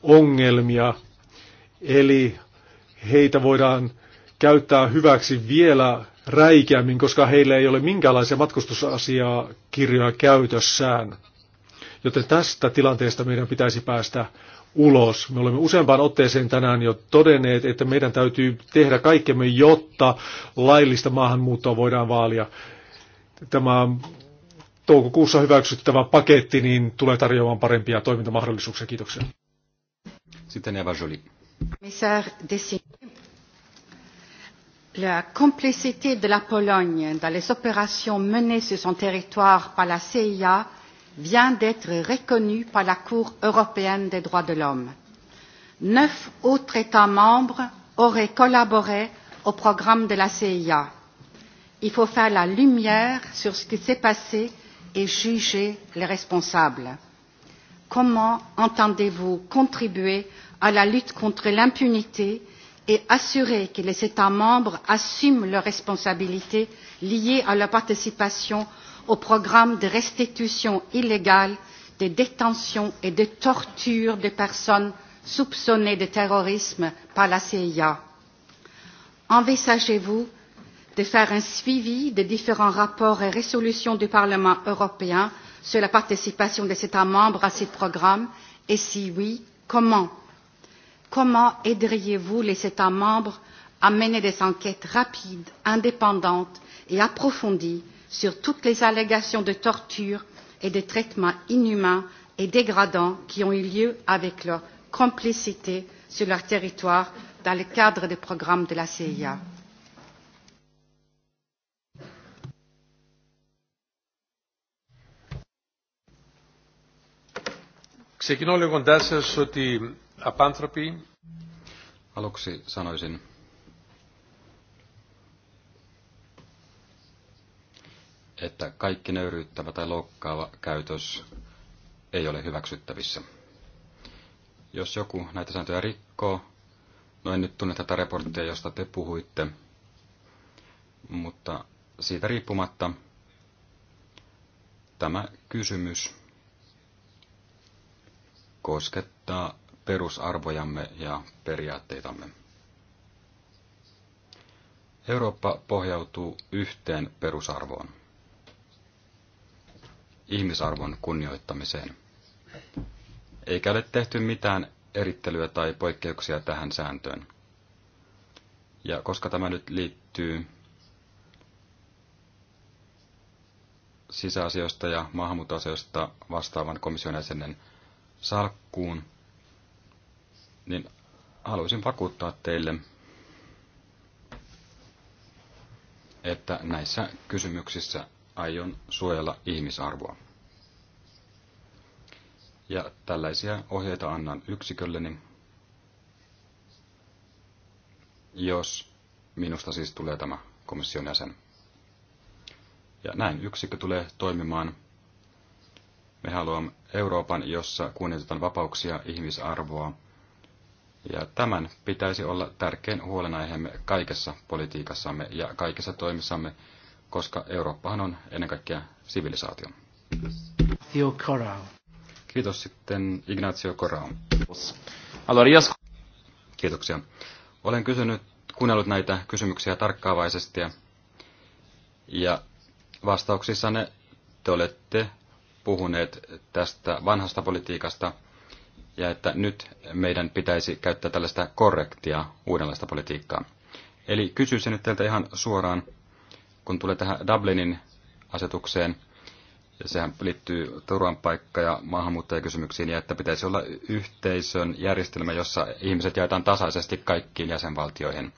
ongelmia. Eli heitä voidaan käyttää hyväksi vielä räikeämmin, koska heillä ei ole minkäänlaisia matkustusasiaa kirjoja käytössään. Joten tästä tilanteesta meidän pitäisi päästä ulos. Me olemme useampaan otteeseen tänään jo todenneet, että meidän täytyy tehdä kaikkemme, jotta laillista maahanmuuttoa voidaan vaalia. Tämä toukokuussa hyväksyttävä paketti niin tulee tarjoamaan parempia toimintamahdollisuuksia. Kiitoksia. Sitten Eva Jolie. La complicité de la Pologne dans les opérations menées sur son territoire par la CIA vient d'être reconnue par la Cour européenne des droits de l'homme. Neuf autres États membres auraient collaboré au programme de la CIA. Il faut faire la lumière sur ce qui s'est passé et juger les responsables. Comment entendez-vous contribuer à la lutte contre l'impunité et assurer que les États membres assument leurs responsabilités liées à leur participation au programme de restitution illégale de détention et de torture des personnes soupçonnées de terrorisme par la CIA. Envisagez vous de faire un suivi des différents rapports et résolutions du Parlement européen sur la participation des États membres à ces programmes et si oui, comment? comment aideriez-vous les États membres à mener des enquêtes rapides, indépendantes et approfondies sur toutes les allégations de torture et de traitements inhumains et dégradants qui ont eu lieu avec leur complicité sur leur territoire dans le cadre des programmes de la CIA. Ξεκινώ λέγοντάς σας ότι apantropiin. Aluksi sanoisin, että kaikki nöyryyttävä tai loukkaava käytös ei ole hyväksyttävissä. Jos joku näitä sääntöjä rikkoo, no en nyt tunne tätä raporttia, josta te puhuitte, mutta siitä riippumatta tämä kysymys koskettaa perusarvojamme ja periaatteitamme. Eurooppa pohjautuu yhteen perusarvoon, ihmisarvon kunnioittamiseen. Eikä ole tehty mitään erittelyä tai poikkeuksia tähän sääntöön. Ja koska tämä nyt liittyy sisäasioista ja maahanmuuttoasioista vastaavan komission jäsenen salkkuun, niin haluaisin vakuuttaa teille, että näissä kysymyksissä aion suojella ihmisarvoa. Ja tällaisia ohjeita annan yksikölleni, jos minusta siis tulee tämä komission jäsen. Ja näin yksikkö tulee toimimaan. Me haluamme Euroopan, jossa kunnioitetaan vapauksia, ihmisarvoa ja tämän pitäisi olla tärkein huolenaiheemme kaikessa politiikassamme ja kaikessa toimissamme, koska Eurooppahan on ennen kaikkea sivilisaatio. Kiitos sitten Ignacio Corao. Kiitoksia. Olen kysynyt, kuunnellut näitä kysymyksiä tarkkaavaisesti ja, ja vastauksissanne te olette puhuneet tästä vanhasta politiikasta – ja että nyt meidän pitäisi käyttää tällaista korrektia uudenlaista politiikkaa. Eli kysyisin nyt teiltä ihan suoraan, kun tulee tähän Dublinin asetukseen, ja sehän liittyy paikka ja maahanmuuttajakysymyksiin, ja että pitäisi olla yhteisön järjestelmä, jossa ihmiset jaetaan tasaisesti kaikkiin jäsenvaltioihin.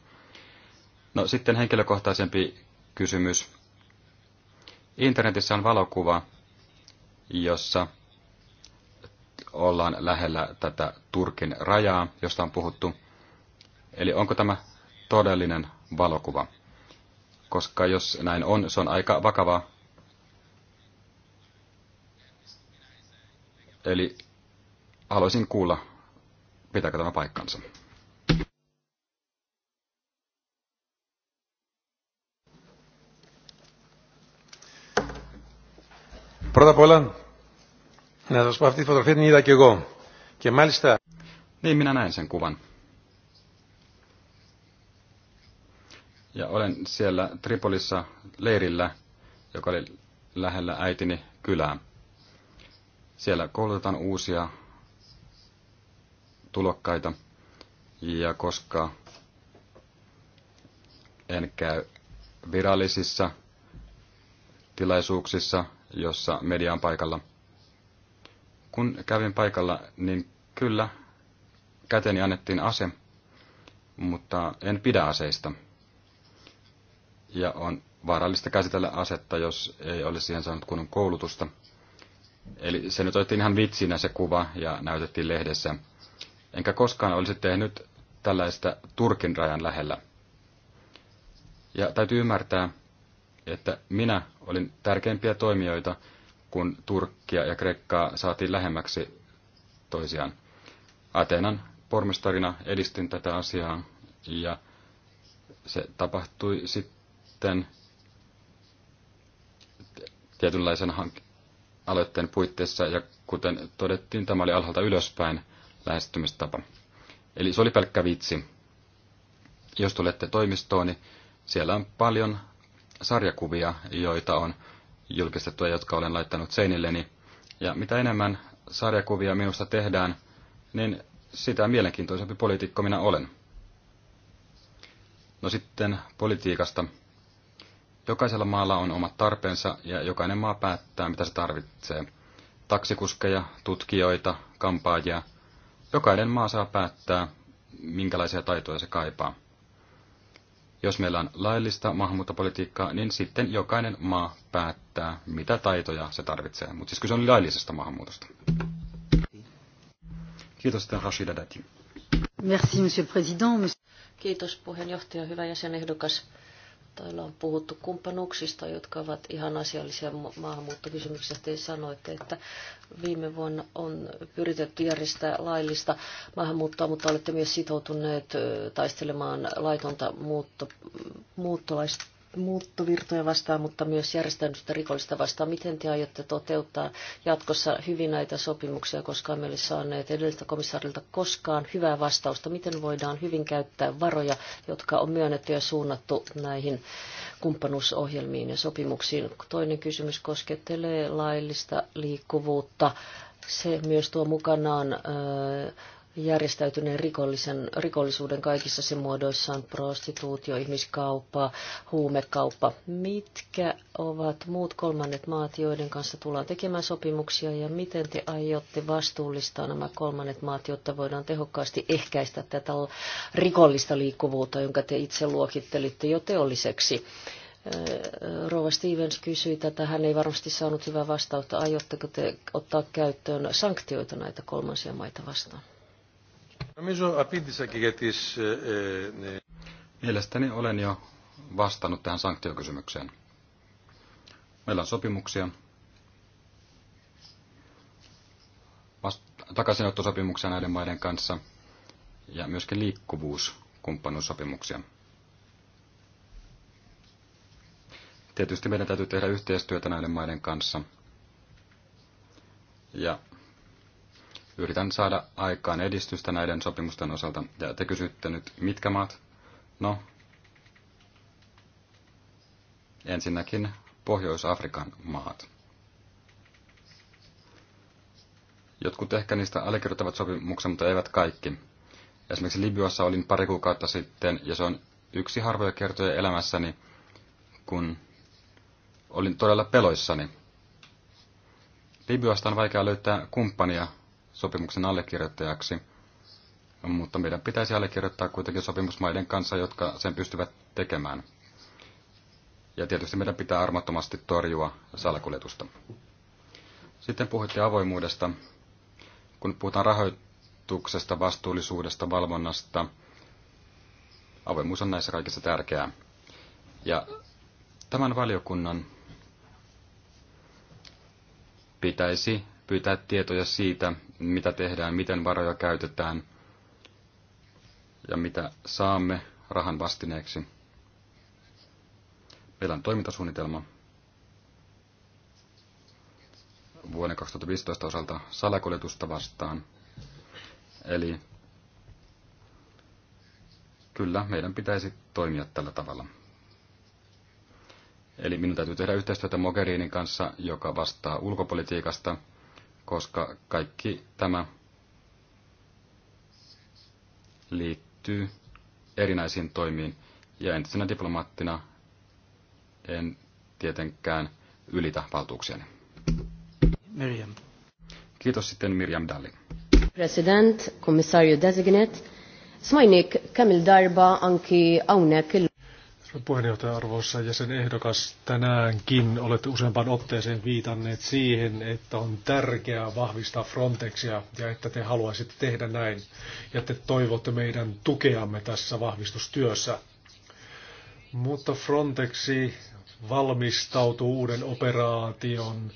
No sitten henkilökohtaisempi kysymys. Internetissä on valokuva, jossa ollaan lähellä tätä Turkin rajaa, josta on puhuttu. Eli onko tämä todellinen valokuva? Koska jos näin on, se on aika vakavaa. Eli haluaisin kuulla, pitääkö tämä paikkansa. Πρώτα απ' όλα minä tuossa πω αυτή τη φωτογραφία την είδα και εγώ. Και μάλιστα... Niin, minä näin sen kuvan. Ja olen siellä Tripolissa leirillä, joka oli lähellä äitini kylää. Siellä koulutetaan uusia tulokkaita. Ja koska en käy virallisissa tilaisuuksissa, jossa media on paikalla – kun kävin paikalla, niin kyllä, käteni annettiin ase, mutta en pidä aseista. Ja on vaarallista käsitellä asetta, jos ei ole siihen saanut kunnon koulutusta. Eli se nyt otettiin ihan vitsinä se kuva ja näytettiin lehdessä. Enkä koskaan olisi tehnyt tällaista Turkin rajan lähellä. Ja täytyy ymmärtää, että minä olin tärkeimpiä toimijoita, kun Turkkia ja Kreikkaa saatiin lähemmäksi toisiaan. Atenan pormestarina edistin tätä asiaa ja se tapahtui sitten tietynlaisen hank- aloitteen puitteissa ja kuten todettiin, tämä oli alhaalta ylöspäin lähestymistapa. Eli se oli pelkkä vitsi. Jos tulette toimistoon, niin siellä on paljon sarjakuvia, joita on julkistettuja, jotka olen laittanut seinilleni. Ja mitä enemmän sarjakuvia minusta tehdään, niin sitä mielenkiintoisempi poliitikko minä olen. No sitten politiikasta. Jokaisella maalla on omat tarpeensa ja jokainen maa päättää, mitä se tarvitsee. Taksikuskeja, tutkijoita, kampaajia. Jokainen maa saa päättää, minkälaisia taitoja se kaipaa. Jos meillä on laillista maahanmuuttopolitiikkaa, niin sitten jokainen maa päättää, mitä taitoja se tarvitsee. Mutta siis kyse on laillisesta maahanmuutosta. Kiitos sitten Rashida Dati. Merci, monsieur président. Kiitos puheenjohtaja, hyvä jäsenehdokas. Täällä on puhuttu kumppanuuksista, jotka ovat ihan asiallisia maahanmuuttokysymyksiä. Te sanoitte, että viime vuonna on pyritetty järjestää laillista maahanmuuttoa, mutta olette myös sitoutuneet taistelemaan laitonta muutto, muuttolaista muuttovirtoja vastaan, mutta myös järjestäytynyttä rikollista vastaan. Miten te aiotte toteuttaa jatkossa hyvin näitä sopimuksia, koska emme ole saaneet edelliseltä komissaarilta koskaan hyvää vastausta, miten voidaan hyvin käyttää varoja, jotka on myönnetty ja suunnattu näihin kumppanuusohjelmiin ja sopimuksiin. Toinen kysymys koskettelee laillista liikkuvuutta. Se myös tuo mukanaan järjestäytyneen rikollisen, rikollisuuden kaikissa sen muodoissaan, prostituutio, ihmiskauppa, huumekauppa. Mitkä ovat muut kolmannet maat, joiden kanssa tullaan tekemään sopimuksia ja miten te aiotte vastuullistaa nämä kolmannet maat, jotta voidaan tehokkaasti ehkäistä tätä rikollista liikkuvuutta, jonka te itse luokittelitte jo teolliseksi? Äh, Rova Stevens kysyi tätä, hän ei varmasti saanut hyvää vastausta. Aiotteko te ottaa käyttöön sanktioita näitä kolmansia maita vastaan? Mielestäni olen jo vastannut tähän sanktiokysymykseen. Meillä on sopimuksia. Vast- takaisinottosopimuksia näiden maiden kanssa ja myöskin liikkuvuuskumppanuussopimuksia. Tietysti meidän täytyy tehdä yhteistyötä näiden maiden kanssa. Ja Yritän saada aikaan edistystä näiden sopimusten osalta. Ja te kysytte nyt, mitkä maat? No, ensinnäkin Pohjois-Afrikan maat. Jotkut ehkä niistä allekirjoittavat sopimuksen, mutta eivät kaikki. Esimerkiksi Libyassa olin pari kuukautta sitten, ja se on yksi harvoja kertoja elämässäni, kun olin todella peloissani. Libyasta on vaikea löytää kumppania, sopimuksen allekirjoittajaksi, mutta meidän pitäisi allekirjoittaa kuitenkin sopimusmaiden kanssa, jotka sen pystyvät tekemään. Ja tietysti meidän pitää armottomasti torjua salakuljetusta. Sitten puhuttiin avoimuudesta. Kun puhutaan rahoituksesta, vastuullisuudesta, valvonnasta, avoimuus on näissä kaikissa tärkeää. Ja tämän valiokunnan pitäisi pyytää tietoja siitä, mitä tehdään, miten varoja käytetään ja mitä saamme rahan vastineeksi. Meillä on toimintasuunnitelma vuoden 2015 osalta salakuljetusta vastaan. Eli kyllä, meidän pitäisi toimia tällä tavalla. Eli minun täytyy tehdä yhteistyötä Mogherinin kanssa, joka vastaa ulkopolitiikasta – koska kaikki tämä liittyy erinäisiin toimiin. Ja entisenä diplomaattina en tietenkään ylitä valtuuksiani. Miriam. Kiitos sitten Miriam Dalli. President, komissario designate, smainik Kamil darba anki hawnhekk Puheenjohtaja arvoissa jäsen ehdokas tänäänkin olette useampaan otteeseen viitanneet siihen, että on tärkeää vahvistaa Frontexia ja että te haluaisitte tehdä näin ja te toivotte meidän tukeamme tässä vahvistustyössä. Mutta Frontexi valmistautuu uuden operaation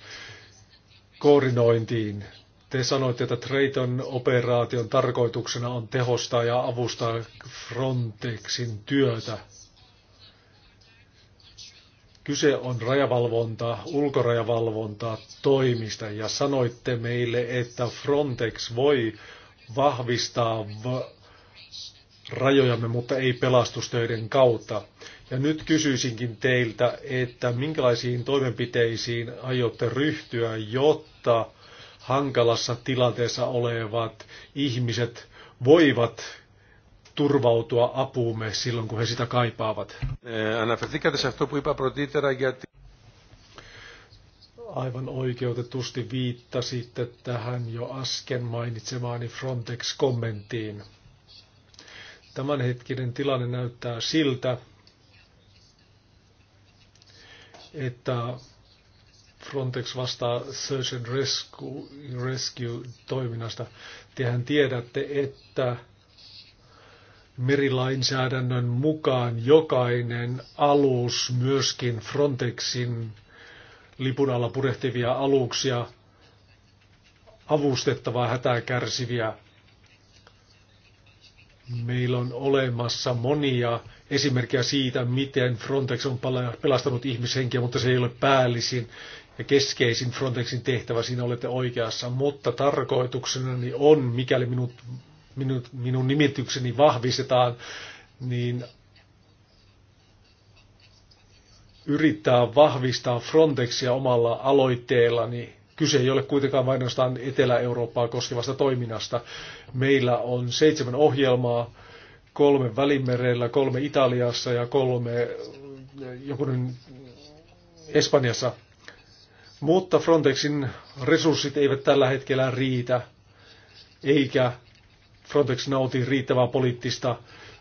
koordinointiin. Te sanoitte, että Trayton operaation tarkoituksena on tehostaa ja avustaa Frontexin työtä Kyse on rajavalvonta, ulkorajavalvonta toimista ja sanoitte meille, että Frontex voi vahvistaa rajojamme, mutta ei pelastustöiden kautta. Ja nyt kysyisinkin teiltä, että minkälaisiin toimenpiteisiin aiotte ryhtyä, jotta hankalassa tilanteessa olevat ihmiset voivat turvautua apuumme silloin, kun he sitä kaipaavat. Aivan oikeutetusti viittasitte tähän jo äsken mainitsemaani Frontex-kommenttiin. Tämänhetkinen tilanne näyttää siltä, että Frontex vastaa Search and Rescue, Rescue toiminnasta. Tehän tiedätte, että merilainsäädännön mukaan jokainen alus, myöskin Frontexin lipun alla purehtivia aluksia, avustettavaa hätää kärsiviä. Meillä on olemassa monia esimerkkejä siitä, miten Frontex on pelastanut ihmishenkiä, mutta se ei ole päällisin ja keskeisin Frontexin tehtävä, siinä olette oikeassa, mutta tarkoituksena on, mikäli minut minun, minun nimitykseni vahvistetaan, niin yrittää vahvistaa Frontexia omalla aloitteellani. Kyse ei ole kuitenkaan vain ainoastaan Etelä-Eurooppaa koskevasta toiminnasta. Meillä on seitsemän ohjelmaa, kolme Välimerellä, kolme Italiassa ja kolme eh, jokunen Espanjassa. Mutta Frontexin resurssit eivät tällä hetkellä riitä, eikä Frontex nauti riittävää poliittista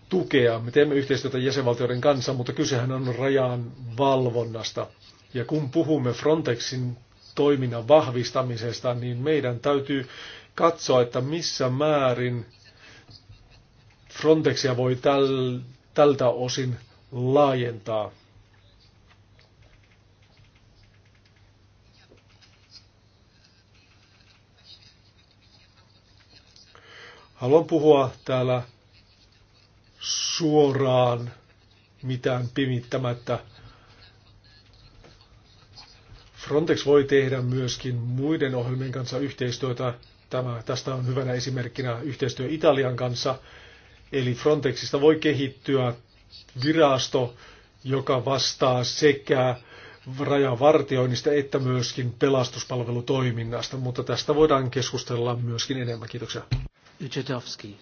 tukea. Me teemme yhteistyötä jäsenvaltioiden kanssa, mutta kysehän on rajan valvonnasta. Ja kun puhumme Frontexin toiminnan vahvistamisesta, niin meidän täytyy katsoa, että missä määrin Frontexia voi tältä osin laajentaa. Haluan puhua täällä suoraan mitään pimittämättä. Frontex voi tehdä myöskin muiden ohjelmien kanssa yhteistyötä. Tämä, tästä on hyvänä esimerkkinä yhteistyö Italian kanssa. Eli Frontexista voi kehittyä virasto, joka vastaa sekä rajavartioinnista että myöskin pelastuspalvelutoiminnasta, mutta tästä voidaan keskustella myöskin enemmän. Kiitoksia. Ujadowski.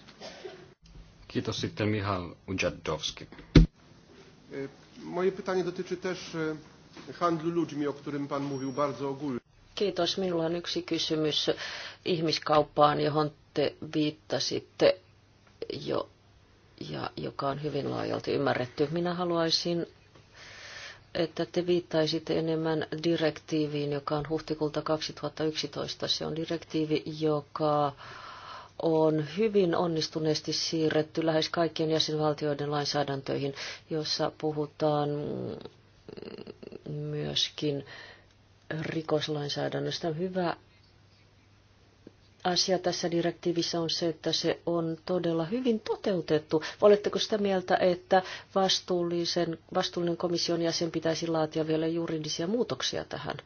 Kiitos sitten Mihal Ujadowski. E, moje pytanie dotyczy też e, handlu ludźmi, o którym Pan mówił bardzo ogólnie. Kiitos. Minulla on yksi kysymys ihmiskauppaan, johon te viittasitte jo, ja joka on hyvin laajalti ymmärretty. Minä haluaisin, että te viittaisitte enemmän direktiiviin, joka on huhtikuulta 2011. Se on direktiivi, joka on hyvin onnistuneesti siirretty lähes kaikkien jäsenvaltioiden lainsäädäntöihin, jossa puhutaan myöskin rikoslainsäädännöstä. Hyvä asia tässä direktiivissä on se, että se on todella hyvin toteutettu. Oletteko sitä mieltä, että vastuullisen, vastuullinen komission jäsen pitäisi laatia vielä juridisia muutoksia tähän?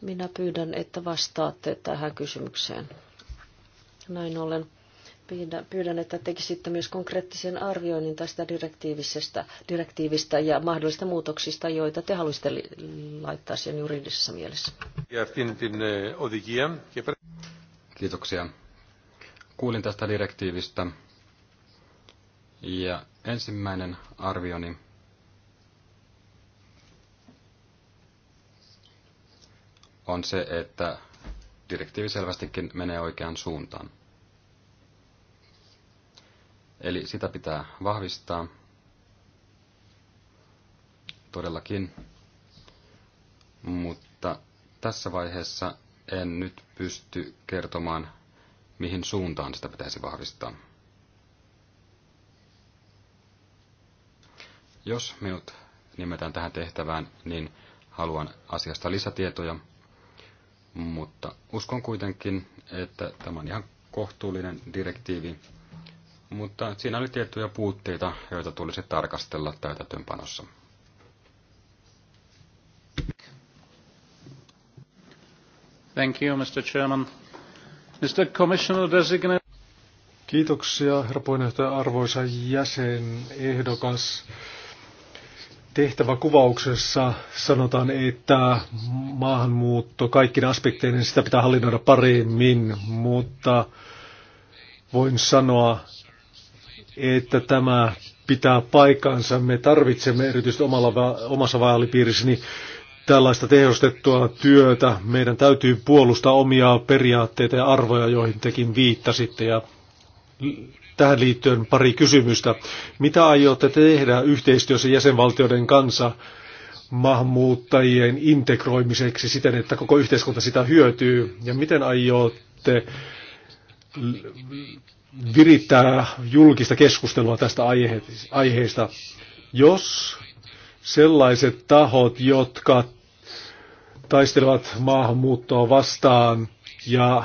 Minä pyydän, että vastaatte tähän kysymykseen. Näin ollen pyydän, että tekisitte myös konkreettisen arvioinnin tästä direktiivisestä, direktiivistä ja mahdollisista muutoksista, joita te haluaisitte laittaa sen juridisessa mielessä. Eh, Kiitoksia. Kuulin tästä direktiivistä ja ensimmäinen arvioni on se, että direktiivi selvästikin menee oikeaan suuntaan. Eli sitä pitää vahvistaa. Todellakin. Mutta tässä vaiheessa en nyt pysty kertomaan, mihin suuntaan sitä pitäisi vahvistaa. Jos minut nimetään tähän tehtävään, niin haluan asiasta lisätietoja – mutta uskon kuitenkin, että tämä on ihan kohtuullinen direktiivi, mutta siinä oli tiettyjä puutteita, joita tulisi tarkastella täytäntöönpanossa. Thank you, Mr. Chairman. Mr. Commissioner designate. Kiitoksia, herra puheenjohtaja, arvoisa jäsen, ehdokas tehtäväkuvauksessa sanotaan, että maahanmuutto kaikkina aspekteina niin sitä pitää hallinnoida paremmin, mutta voin sanoa, että tämä pitää paikansa, Me tarvitsemme erityisesti omalla, omassa vaalipiirissäni tällaista tehostettua työtä. Meidän täytyy puolustaa omia periaatteita ja arvoja, joihin tekin viittasitte ja tähän liittyen pari kysymystä. Mitä aiotte tehdä yhteistyössä jäsenvaltioiden kanssa maahanmuuttajien integroimiseksi siten, että koko yhteiskunta sitä hyötyy? Ja miten aiotte virittää julkista keskustelua tästä aiheesta? Jos sellaiset tahot, jotka taistelevat maahanmuuttoa vastaan ja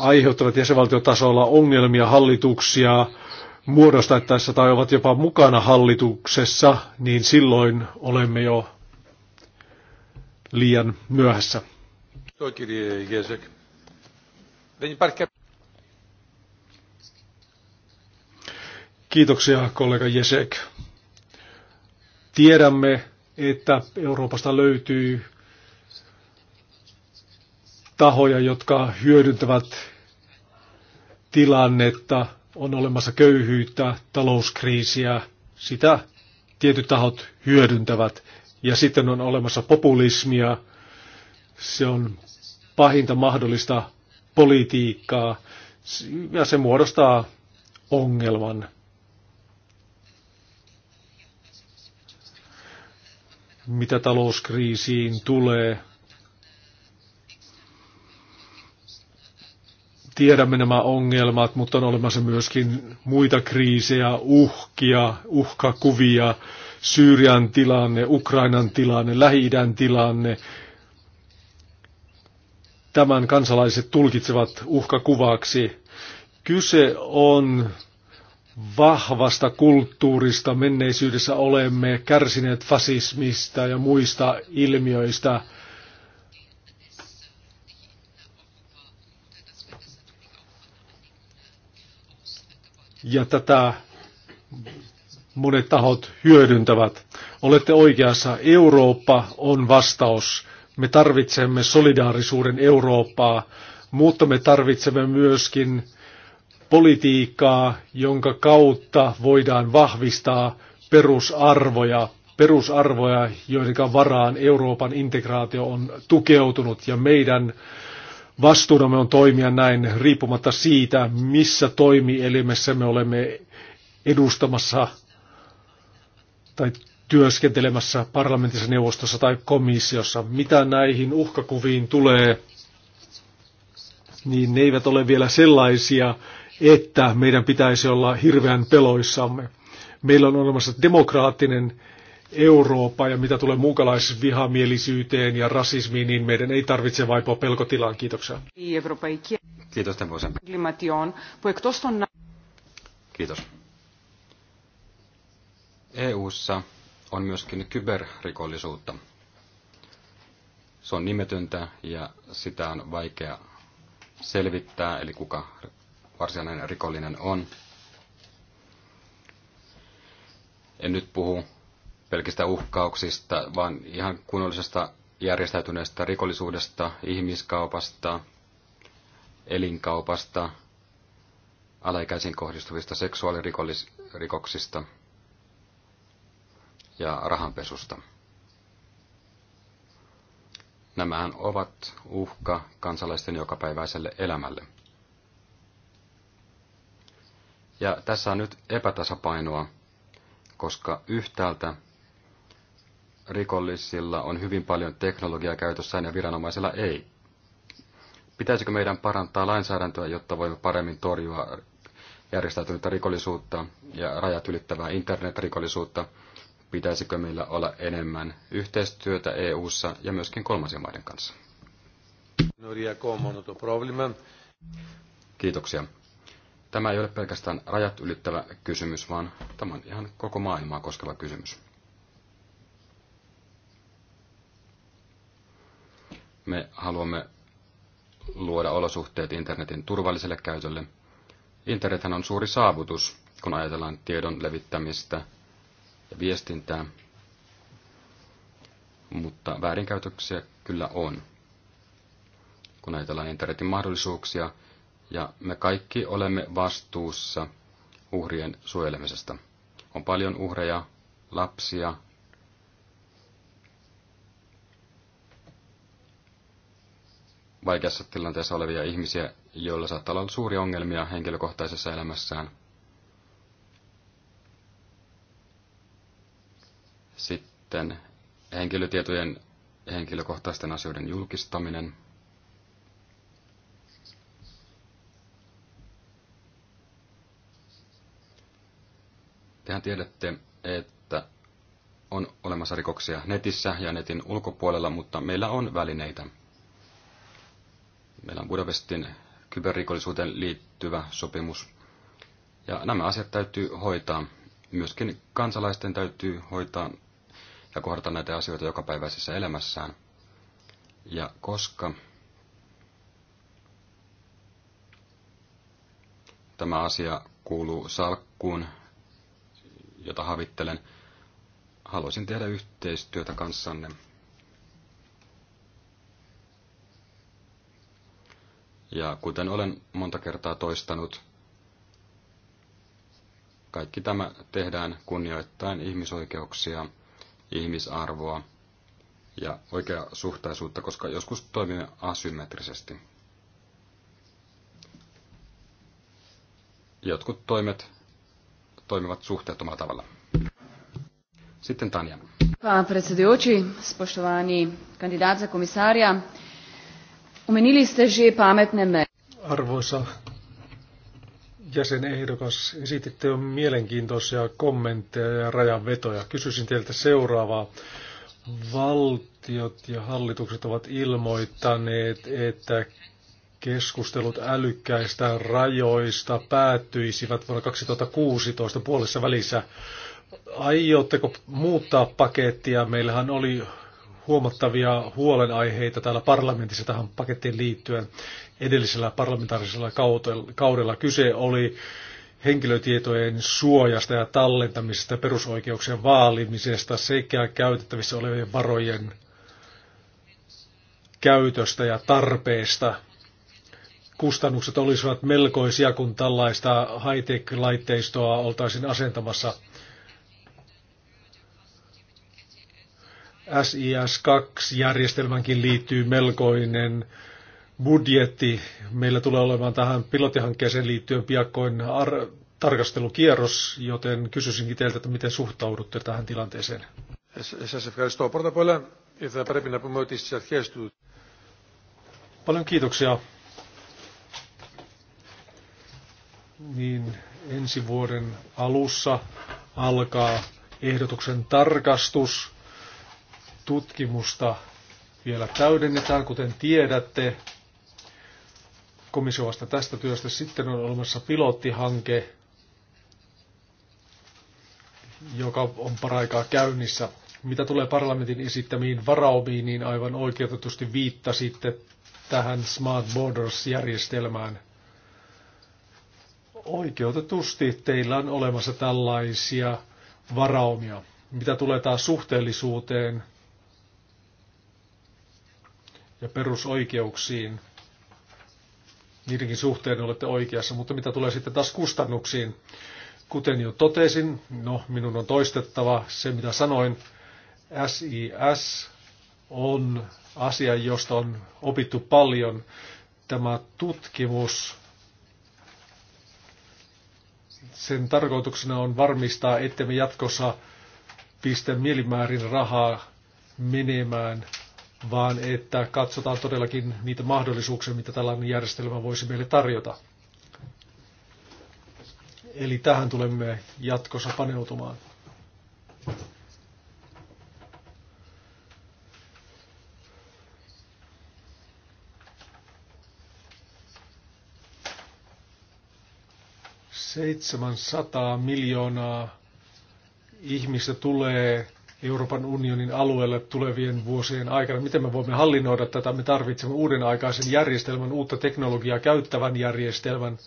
aiheuttavat jäsenvaltiotasolla ongelmia hallituksia muodostettaessa tai ovat jopa mukana hallituksessa, niin silloin olemme jo liian myöhässä. Kiitoksia kollega Jesek. Tiedämme, että Euroopasta löytyy tahoja, jotka hyödyntävät tilannetta, on olemassa köyhyyttä, talouskriisiä, sitä tietyt tahot hyödyntävät. Ja sitten on olemassa populismia, se on pahinta mahdollista politiikkaa ja se muodostaa ongelman. Mitä talouskriisiin tulee, tiedämme nämä ongelmat, mutta on olemassa myöskin muita kriisejä, uhkia, uhkakuvia, Syyrian tilanne, Ukrainan tilanne, lähi tilanne. Tämän kansalaiset tulkitsevat uhkakuvaksi. Kyse on vahvasta kulttuurista. Menneisyydessä olemme kärsineet fasismista ja muista ilmiöistä – ja tätä monet tahot hyödyntävät. Olette oikeassa, Eurooppa on vastaus. Me tarvitsemme solidaarisuuden Eurooppaa, mutta me tarvitsemme myöskin politiikkaa, jonka kautta voidaan vahvistaa perusarvoja, perusarvoja, joiden varaan Euroopan integraatio on tukeutunut ja meidän Vastuunamme on toimia näin riippumatta siitä, missä toimielimessä me olemme edustamassa tai työskentelemässä parlamentissa, neuvostossa tai komissiossa. Mitä näihin uhkakuviin tulee, niin ne eivät ole vielä sellaisia, että meidän pitäisi olla hirveän peloissamme. Meillä on olemassa demokraattinen Eurooppaan ja mitä tulee muukalaisvihamielisyyteen ja rasismiin, niin meidän ei tarvitse vaipua pelkotilaan. Kiitoksia. Kiitos, Temposen. Kiitos. EU:ssa on myöskin kyberrikollisuutta. Se on nimetöntä ja sitä on vaikea selvittää, eli kuka varsinainen rikollinen on. En nyt puhu pelkistä uhkauksista, vaan ihan kunnollisesta järjestäytyneestä rikollisuudesta, ihmiskaupasta, elinkaupasta, alaikäisiin kohdistuvista seksuaalirikoksista ja rahanpesusta. Nämähän ovat uhka kansalaisten jokapäiväiselle elämälle. Ja tässä on nyt epätasapainoa, koska yhtäältä rikollisilla on hyvin paljon teknologiaa käytössään ja viranomaisilla ei. Pitäisikö meidän parantaa lainsäädäntöä, jotta voimme paremmin torjua järjestäytynyttä rikollisuutta ja rajat ylittävää internetrikollisuutta? Pitäisikö meillä olla enemmän yhteistyötä EU-ssa ja myöskin kolmansien maiden kanssa? Kiitoksia. Tämä ei ole pelkästään rajat ylittävä kysymys, vaan tämä on ihan koko maailmaa koskeva kysymys. Me haluamme luoda olosuhteet internetin turvalliselle käytölle. Internethän on suuri saavutus, kun ajatellaan tiedon levittämistä ja viestintää, mutta väärinkäytöksiä kyllä on. Kun ajatellaan internetin mahdollisuuksia, ja me kaikki olemme vastuussa uhrien suojelemisesta. On paljon uhreja, lapsia, vaikeassa tilanteessa olevia ihmisiä, joilla saattaa olla suuria ongelmia henkilökohtaisessa elämässään. Sitten henkilötietojen henkilökohtaisten asioiden julkistaminen. Tehän tiedätte, että on olemassa rikoksia netissä ja netin ulkopuolella, mutta meillä on välineitä Meillä on Budapestin kyberrikollisuuteen liittyvä sopimus. Ja nämä asiat täytyy hoitaa. Myöskin kansalaisten täytyy hoitaa ja kohdata näitä asioita jokapäiväisessä elämässään. Ja koska tämä asia kuuluu salkkuun, jota havittelen, haluaisin tehdä yhteistyötä kanssanne Ja kuten olen monta kertaa toistanut, kaikki tämä tehdään kunnioittain ihmisoikeuksia, ihmisarvoa ja oikea suhtaisuutta, koska joskus toimimme asymmetrisesti. Jotkut toimet toimivat suhteettomalla tavalla. Sitten Tanja. Hvala predsjedujući, spoštovani kandidat za Omenili ste že pametne meje. Arvoisa jäsenehdokas, esititte jo mielenkiintoisia kommentteja ja rajanvetoja. Kysyisin teiltä seuraavaa. Valtiot ja hallitukset ovat ilmoittaneet, että keskustelut älykkäistä rajoista päättyisivät vuonna 2016 puolessa välissä. Aiotteko muuttaa pakettia? Meillähän oli huomattavia huolenaiheita täällä parlamentissa tähän pakettiin liittyen. Edellisellä parlamentaarisella kaudella kyse oli henkilötietojen suojasta ja tallentamisesta, perusoikeuksien vaalimisesta sekä käytettävissä olevien varojen käytöstä ja tarpeesta. Kustannukset olisivat melkoisia, kun tällaista high-tech-laitteistoa oltaisiin asentamassa – SIS-2-järjestelmänkin liittyy melkoinen budjetti. Meillä tulee olemaan tähän pilottihankkeeseen liittyen piakkoin ar- tarkastelukierros, joten kysyisinkin teiltä, että miten suhtaudutte tähän tilanteeseen. Paljon kiitoksia. Niin ensi vuoden alussa alkaa ehdotuksen tarkastus tutkimusta vielä täydennetään, kuten tiedätte. Komissio vasta tästä työstä sitten on olemassa pilottihanke, joka on paraikaa käynnissä. Mitä tulee parlamentin esittämiin varaumiin, niin aivan oikeutetusti viittasitte tähän Smart Borders-järjestelmään. Oikeutetusti teillä on olemassa tällaisia varaumia. Mitä tulee taas suhteellisuuteen, ja perusoikeuksiin. Niidenkin suhteen olette oikeassa, mutta mitä tulee sitten taas kustannuksiin? Kuten jo totesin, no minun on toistettava se, mitä sanoin. SIS on asia, josta on opittu paljon. Tämä tutkimus, sen tarkoituksena on varmistaa, että me jatkossa pistä mielimäärin rahaa menemään vaan että katsotaan todellakin niitä mahdollisuuksia, mitä tällainen järjestelmä voisi meille tarjota. Eli tähän tulemme jatkossa paneutumaan. Seitsemänsataa miljoonaa ihmistä tulee Euroopan unionin alueelle tulevien vuosien aikana. Miten me voimme hallinnoida tätä? Me tarvitsemme uuden aikaisen järjestelmän, uutta teknologiaa käyttävän järjestelmän.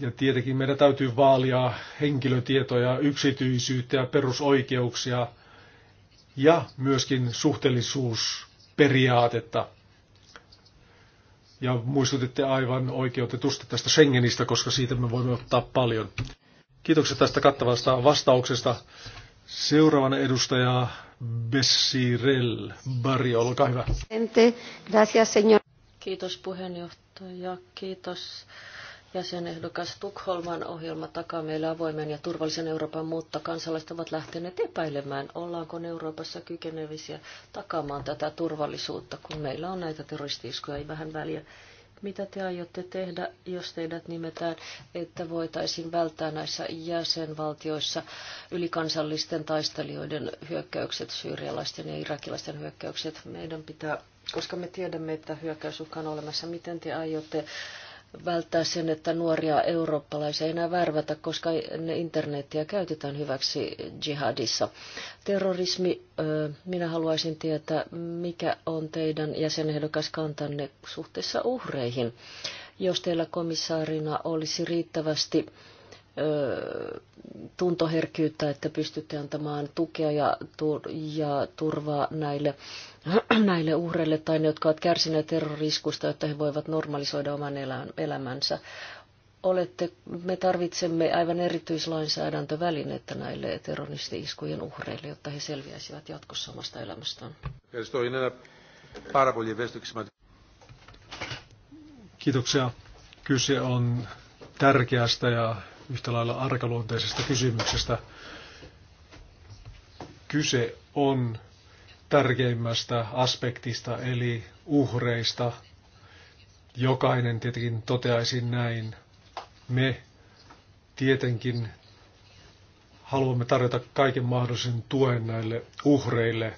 Ja tietenkin meidän täytyy vaalia henkilötietoja, yksityisyyttä ja perusoikeuksia ja myöskin suhteellisuusperiaatetta. Ja muistutitte aivan oikeutetusti tästä Schengenistä, koska siitä me voimme ottaa paljon. Kiitokset tästä kattavasta vastauksesta. Seuraavana edustaja Bessirel Bari, olkaa hyvä. Kiitos puheenjohtaja, kiitos jäsenehdokas Tukholman ohjelma takaa meille avoimen ja turvallisen Euroopan, mutta kansalaiset ovat lähteneet epäilemään, ollaanko Euroopassa kykenevisiä takaamaan tätä turvallisuutta, kun meillä on näitä terroristiiskuja, ei vähän väliä. Mitä te aiotte tehdä, jos teidät nimetään, että voitaisiin välttää näissä jäsenvaltioissa ylikansallisten taistelijoiden hyökkäykset, syyrialaisten ja irakilaisten hyökkäykset? Meidän pitää, koska me tiedämme, että hyökkäys on olemassa, miten te aiotte välttää sen, että nuoria eurooppalaisia ei enää värvätä, koska ne internetiä käytetään hyväksi jihadissa. Terrorismi, minä haluaisin tietää, mikä on teidän jäsenehdokas kantanne suhteessa uhreihin. Jos teillä komissaarina olisi riittävästi tuntoherkkyyttä, että pystytte antamaan tukea ja, turvaa näille näille uhreille tai ne, jotka ovat kärsineet terroriskusta, jotta he voivat normalisoida oman elämänsä. Olette, me tarvitsemme aivan erityislainsäädäntövälinettä näille terroristi-iskujen uhreille, jotta he selviäisivät jatkossa omasta elämästään. Kiitoksia. Kyse on tärkeästä ja yhtä lailla arkaluonteisesta kysymyksestä. Kyse on tärkeimmästä aspektista, eli uhreista. Jokainen tietenkin toteaisi näin. Me tietenkin haluamme tarjota kaiken mahdollisen tuen näille uhreille.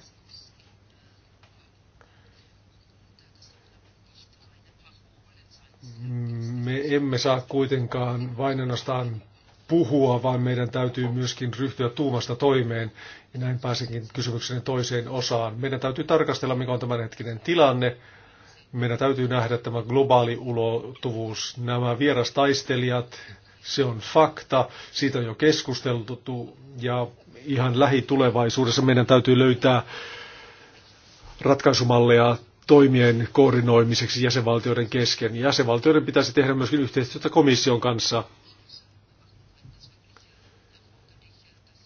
Me emme saa kuitenkaan vain ainoastaan puhua, vaan meidän täytyy myöskin ryhtyä tuumasta toimeen. Ja näin pääsenkin kysymyksen toiseen osaan. Meidän täytyy tarkastella, mikä on tämänhetkinen tilanne. Meidän täytyy nähdä tämä globaali ulottuvuus. Nämä vierastaistelijat, se on fakta, siitä on jo keskusteltu ja ihan lähitulevaisuudessa meidän täytyy löytää ratkaisumalleja toimien koordinoimiseksi jäsenvaltioiden kesken. Jäsenvaltioiden pitäisi tehdä myöskin yhteistyötä komission kanssa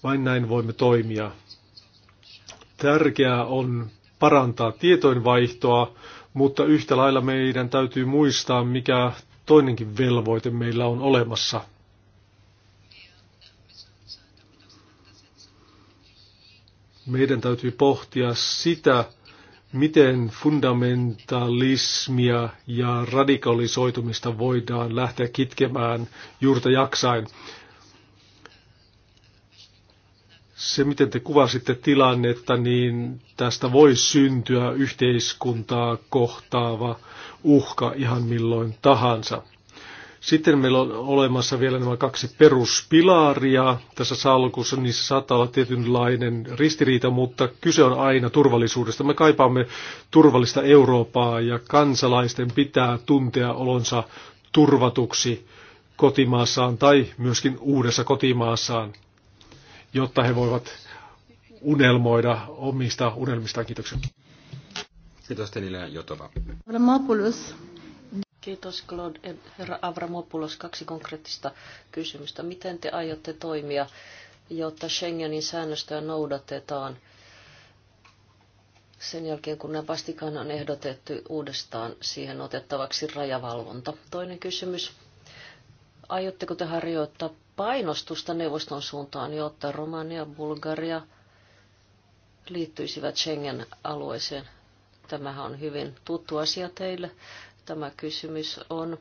Vain näin voimme toimia. Tärkeää on parantaa tietoinvaihtoa, mutta yhtä lailla meidän täytyy muistaa, mikä toinenkin velvoite meillä on olemassa. Meidän täytyy pohtia sitä, miten fundamentalismia ja radikalisoitumista voidaan lähteä kitkemään juurta jaksain se, miten te kuvasitte tilannetta, niin tästä voi syntyä yhteiskuntaa kohtaava uhka ihan milloin tahansa. Sitten meillä on olemassa vielä nämä kaksi peruspilaria tässä salkussa. Niissä saattaa olla tietynlainen ristiriita, mutta kyse on aina turvallisuudesta. Me kaipaamme turvallista Eurooppaa ja kansalaisten pitää tuntea olonsa turvatuksi kotimaassaan tai myöskin uudessa kotimaassaan jotta he voivat unelmoida omista unelmistaan. Kiitoksia. Kiitos Tenille Jotova. Avramopoulos. Kiitos Claude. Herra Avramopoulos, kaksi konkreettista kysymystä. Miten te aiotte toimia, jotta Schengenin säännöstöä noudatetaan sen jälkeen, kun nämä vastikaan on ehdotettu uudestaan siihen otettavaksi rajavalvonta? Toinen kysymys. Aiotteko te harjoittaa painostusta neuvoston suuntaan, jotta Romania ja Bulgaria liittyisivät Schengen-alueeseen. Tämähän on hyvin tuttu asia teille. Tämä kysymys on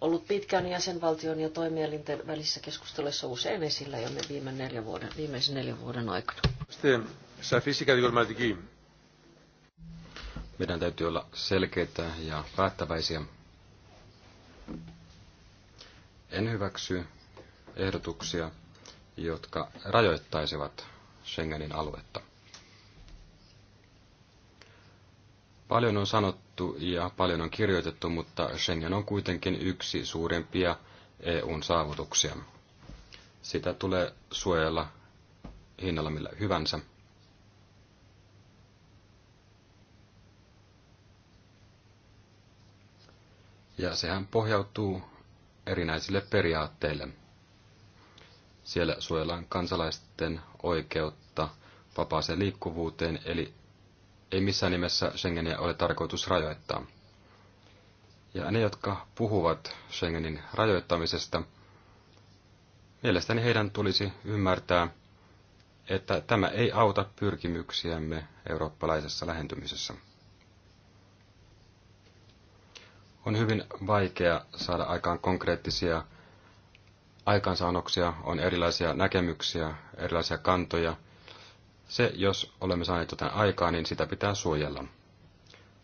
ollut pitkään jäsenvaltion ja toimielinten välissä keskustelussa usein esillä jo me viime neljä vuoden, viimeisen neljän vuoden aikana. Meidän täytyy olla selkeitä ja päättäväisiä en hyväksy ehdotuksia, jotka rajoittaisivat Schengenin aluetta. Paljon on sanottu ja paljon on kirjoitettu, mutta Schengen on kuitenkin yksi suurimpia EUn saavutuksia. Sitä tulee suojella hinnalla millä hyvänsä. Ja sehän pohjautuu erinäisille periaatteille. Siellä suojellaan kansalaisten oikeutta vapaaseen liikkuvuuteen, eli ei missään nimessä Schengeniä ole tarkoitus rajoittaa. Ja ne, jotka puhuvat Schengenin rajoittamisesta, mielestäni heidän tulisi ymmärtää, että tämä ei auta pyrkimyksiämme eurooppalaisessa lähentymisessä. On hyvin vaikea saada aikaan konkreettisia aikansaannoksia, on erilaisia näkemyksiä, erilaisia kantoja. Se, jos olemme saaneet jotain aikaa, niin sitä pitää suojella.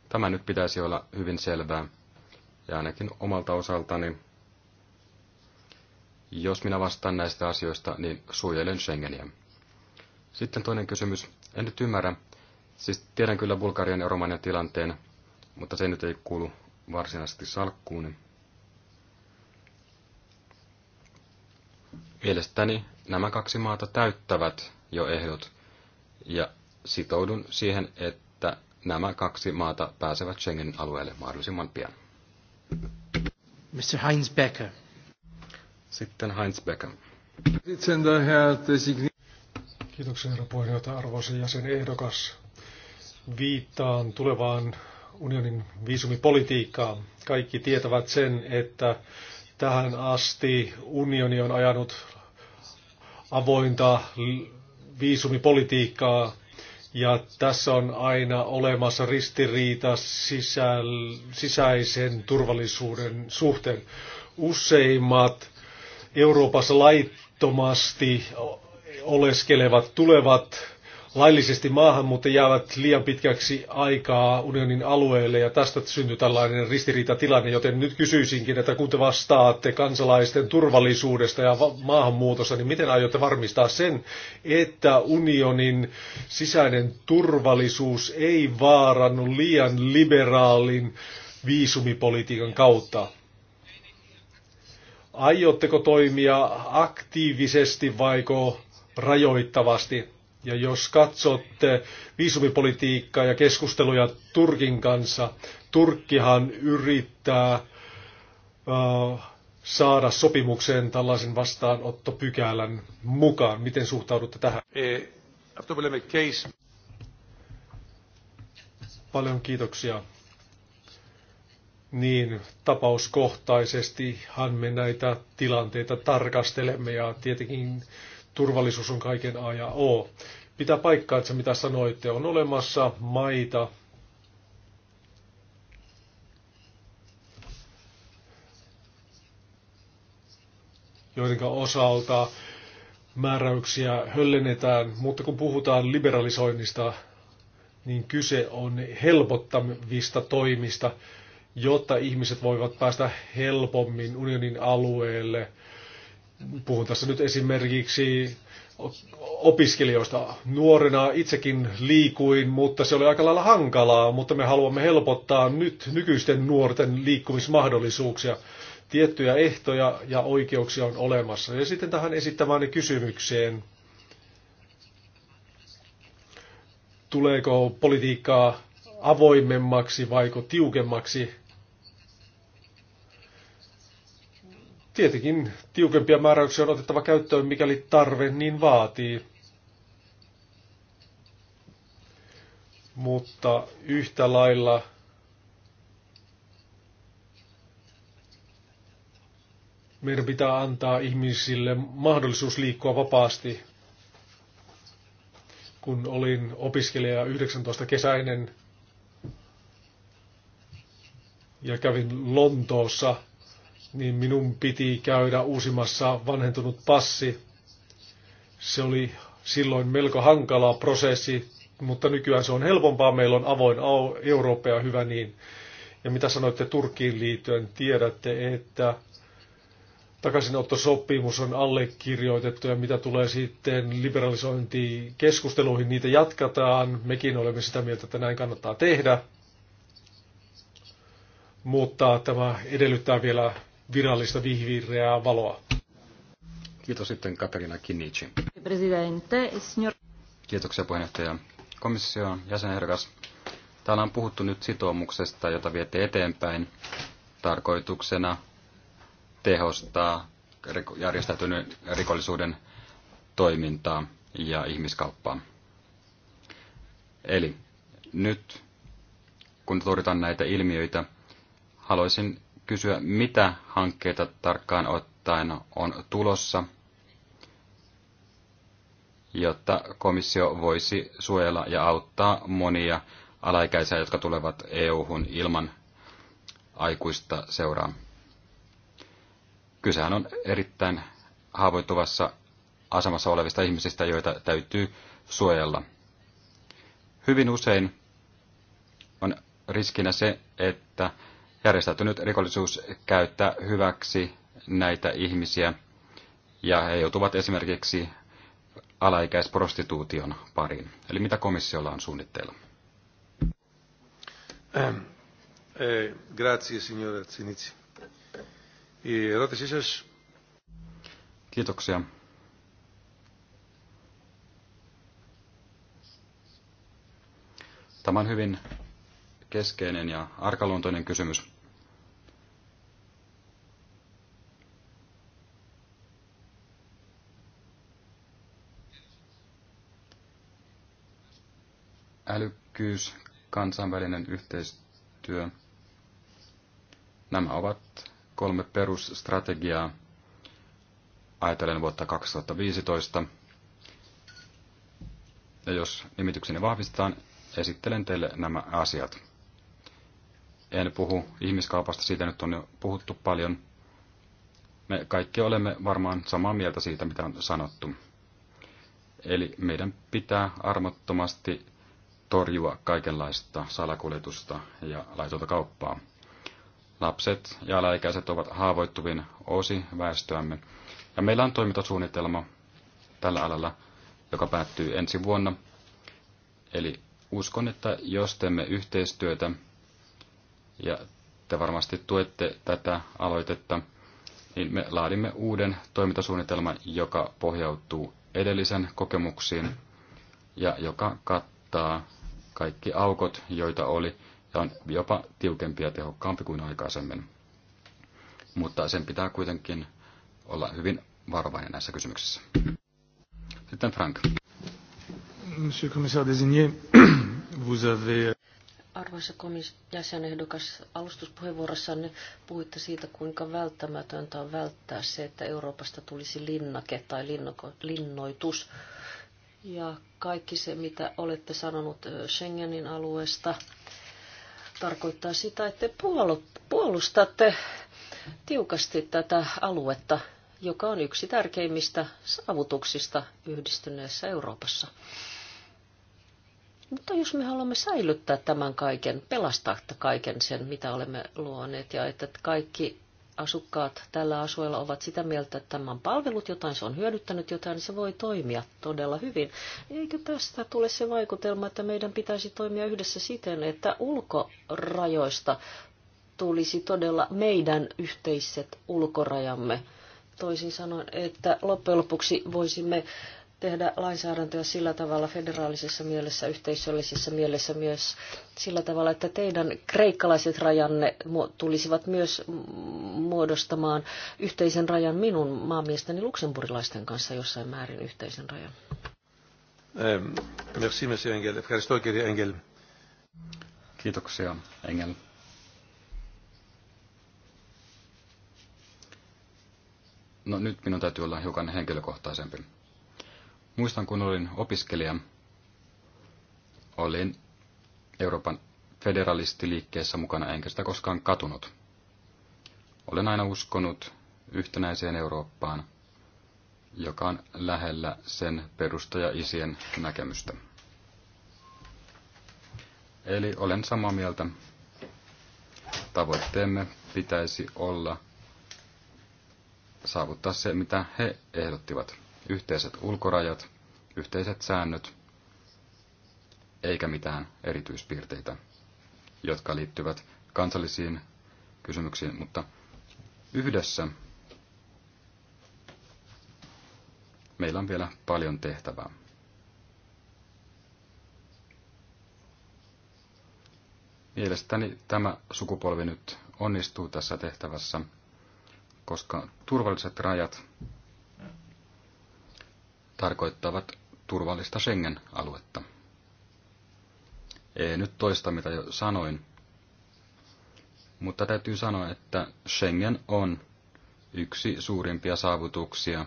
Tämä nyt pitäisi olla hyvin selvää. Ja ainakin omalta osaltani, jos minä vastaan näistä asioista, niin suojelen Schengeniä. Sitten toinen kysymys. En nyt ymmärrä. Siis tiedän kyllä Bulgarian ja Romanian tilanteen, mutta se nyt ei kuulu varsinaisesti salkkuuni. Mielestäni nämä kaksi maata täyttävät jo ehdot ja sitoudun siihen, että nämä kaksi maata pääsevät Schengenin alueelle mahdollisimman pian. Mr. Heinz Becker. Sitten Heinz Becker. Kiitoksia herra puheenjohtaja, arvoisen jäsen ehdokas. Viittaan tulevaan unionin viisumipolitiikkaa. Kaikki tietävät sen, että tähän asti unioni on ajanut avointa viisumipolitiikkaa ja tässä on aina olemassa ristiriita sisäisen turvallisuuden suhteen. Useimmat Euroopassa laittomasti oleskelevat tulevat laillisesti maahan, mutta jäävät liian pitkäksi aikaa unionin alueelle ja tästä syntyy tällainen ristiriitatilanne, joten nyt kysyisinkin, että kun te vastaatte kansalaisten turvallisuudesta ja maahanmuutosta, niin miten aiotte varmistaa sen, että unionin sisäinen turvallisuus ei vaarannu liian liberaalin viisumipolitiikan kautta? Aiotteko toimia aktiivisesti vaiko rajoittavasti? Ja jos katsotte viisumipolitiikkaa ja keskusteluja Turkin kanssa, Turkkihan yrittää uh, saada sopimukseen tällaisen vastaanottopykälän mukaan. Miten suhtaudutte tähän? E, Paljon kiitoksia. Niin, tapauskohtaisestihan me näitä tilanteita tarkastelemme ja tietenkin turvallisuus on kaiken A ja O. Pitää paikkaa, että se mitä sanoitte, on olemassa maita, joiden osalta määräyksiä höllennetään, mutta kun puhutaan liberalisoinnista, niin kyse on helpottavista toimista, jotta ihmiset voivat päästä helpommin unionin alueelle – Puhun tässä nyt esimerkiksi opiskelijoista. Nuorena itsekin liikuin, mutta se oli aika lailla hankalaa, mutta me haluamme helpottaa nyt nykyisten nuorten liikkumismahdollisuuksia. Tiettyjä ehtoja ja oikeuksia on olemassa. Ja sitten tähän esittämään kysymykseen. Tuleeko politiikkaa avoimemmaksi vaiko tiukemmaksi? Tietenkin tiukempia määräyksiä on otettava käyttöön, mikäli tarve niin vaatii. Mutta yhtä lailla meidän pitää antaa ihmisille mahdollisuus liikkua vapaasti. Kun olin opiskelija 19 kesäinen ja kävin Lontoossa niin minun piti käydä uusimassa vanhentunut passi. Se oli silloin melko hankala prosessi, mutta nykyään se on helpompaa. Meillä on avoin Eurooppa ja hyvä niin. Ja mitä sanoitte Turkkiin liittyen, tiedätte, että takaisinottosopimus on allekirjoitettu ja mitä tulee sitten liberalisointikeskusteluihin, niitä jatkataan. Mekin olemme sitä mieltä, että näin kannattaa tehdä. Mutta tämä edellyttää vielä virallista vihreää valoa. Kiitos sitten Katerina Kinici. Presidente, signor... Kiitoksia puheenjohtaja. Komission jäsenehdokas. Täällä on puhuttu nyt sitoumuksesta, jota viette eteenpäin tarkoituksena tehostaa järjestäytyneen rikollisuuden toimintaa ja ihmiskauppaa. Eli nyt, kun torjutaan näitä ilmiöitä, haluaisin kysyä, mitä hankkeita tarkkaan ottaen on tulossa, jotta komissio voisi suojella ja auttaa monia alaikäisiä, jotka tulevat EU-hun ilman aikuista seuraa. Kysehän on erittäin haavoittuvassa asemassa olevista ihmisistä, joita täytyy suojella. Hyvin usein on riskinä se, että järjestäytynyt rikollisuus käyttää hyväksi näitä ihmisiä ja he joutuvat esimerkiksi alaikäisprostituution pariin. Eli mitä komissiolla on suunnitteilla? Ehm, eh, grazie, Kiitoksia. Tämä on hyvin keskeinen ja arkaluontoinen kysymys. älykkyys, kansainvälinen yhteistyö. Nämä ovat kolme perusstrategiaa ajatellen vuotta 2015. Ja jos nimitykseni vahvistetaan, esittelen teille nämä asiat. En puhu ihmiskaupasta, siitä nyt on jo puhuttu paljon. Me kaikki olemme varmaan samaa mieltä siitä, mitä on sanottu. Eli meidän pitää armottomasti torjua kaikenlaista salakuljetusta ja laitonta kauppaa. Lapset ja alaikäiset ovat haavoittuvin osi väestöämme, ja meillä on toimintasuunnitelma tällä alalla, joka päättyy ensi vuonna. Eli uskon, että jos teemme yhteistyötä, ja te varmasti tuette tätä aloitetta, niin me laadimme uuden toimintasuunnitelman, joka pohjautuu edellisen kokemuksiin ja joka kattaa kaikki aukot, joita oli, ja on jopa tiukempi ja tehokkaampi kuin aikaisemmin. Mutta sen pitää kuitenkin olla hyvin varovainen näissä kysymyksissä. Sitten Frank. Monsieur commissaire désigné, vous avez euh, arvoisa komission alustuspuheenvuorossanne puhuitte siitä, kuinka välttämätöntä on välttää se, että Euroopasta tulisi linnake tai linnoitus ja kaikki se, mitä olette sanonut Schengenin alueesta, tarkoittaa sitä, että puolustatte tiukasti tätä aluetta, joka on yksi tärkeimmistä saavutuksista yhdistyneessä Euroopassa. Mutta jos me haluamme säilyttää tämän kaiken, pelastaa kaiken sen, mitä olemme luoneet, ja että kaikki asukkaat tällä asuella ovat sitä mieltä, että tämän palvelut jotain, se on hyödyttänyt jotain, niin se voi toimia todella hyvin. Eikö tästä tule se vaikutelma, että meidän pitäisi toimia yhdessä siten, että ulkorajoista tulisi todella meidän yhteiset ulkorajamme? Toisin sanoen, että loppujen lopuksi voisimme tehdä lainsäädäntöä sillä tavalla federaalisessa mielessä, yhteisöllisessä mielessä myös sillä tavalla, että teidän kreikkalaiset rajanne tulisivat myös muodostamaan yhteisen rajan minun maamiestäni luksemburilaisten kanssa jossain määrin yhteisen rajan. Ähm, merci, monsieur Engel. Engel. Kiitoksia, Engel. No nyt minun täytyy olla hiukan henkilökohtaisempi. Muistan, kun olin opiskelija, olin Euroopan federalistiliikkeessä mukana, enkä sitä koskaan katunut. Olen aina uskonut yhtenäiseen Eurooppaan, joka on lähellä sen perustaja-isien näkemystä. Eli olen samaa mieltä. Tavoitteemme pitäisi olla saavuttaa se, mitä he ehdottivat yhteiset ulkorajat, yhteiset säännöt, eikä mitään erityispiirteitä, jotka liittyvät kansallisiin kysymyksiin, mutta yhdessä meillä on vielä paljon tehtävää. Mielestäni tämä sukupolvi nyt onnistuu tässä tehtävässä, koska turvalliset rajat tarkoittavat turvallista Schengen-aluetta. Ei nyt toista, mitä jo sanoin, mutta täytyy sanoa, että Schengen on yksi suurimpia saavutuksia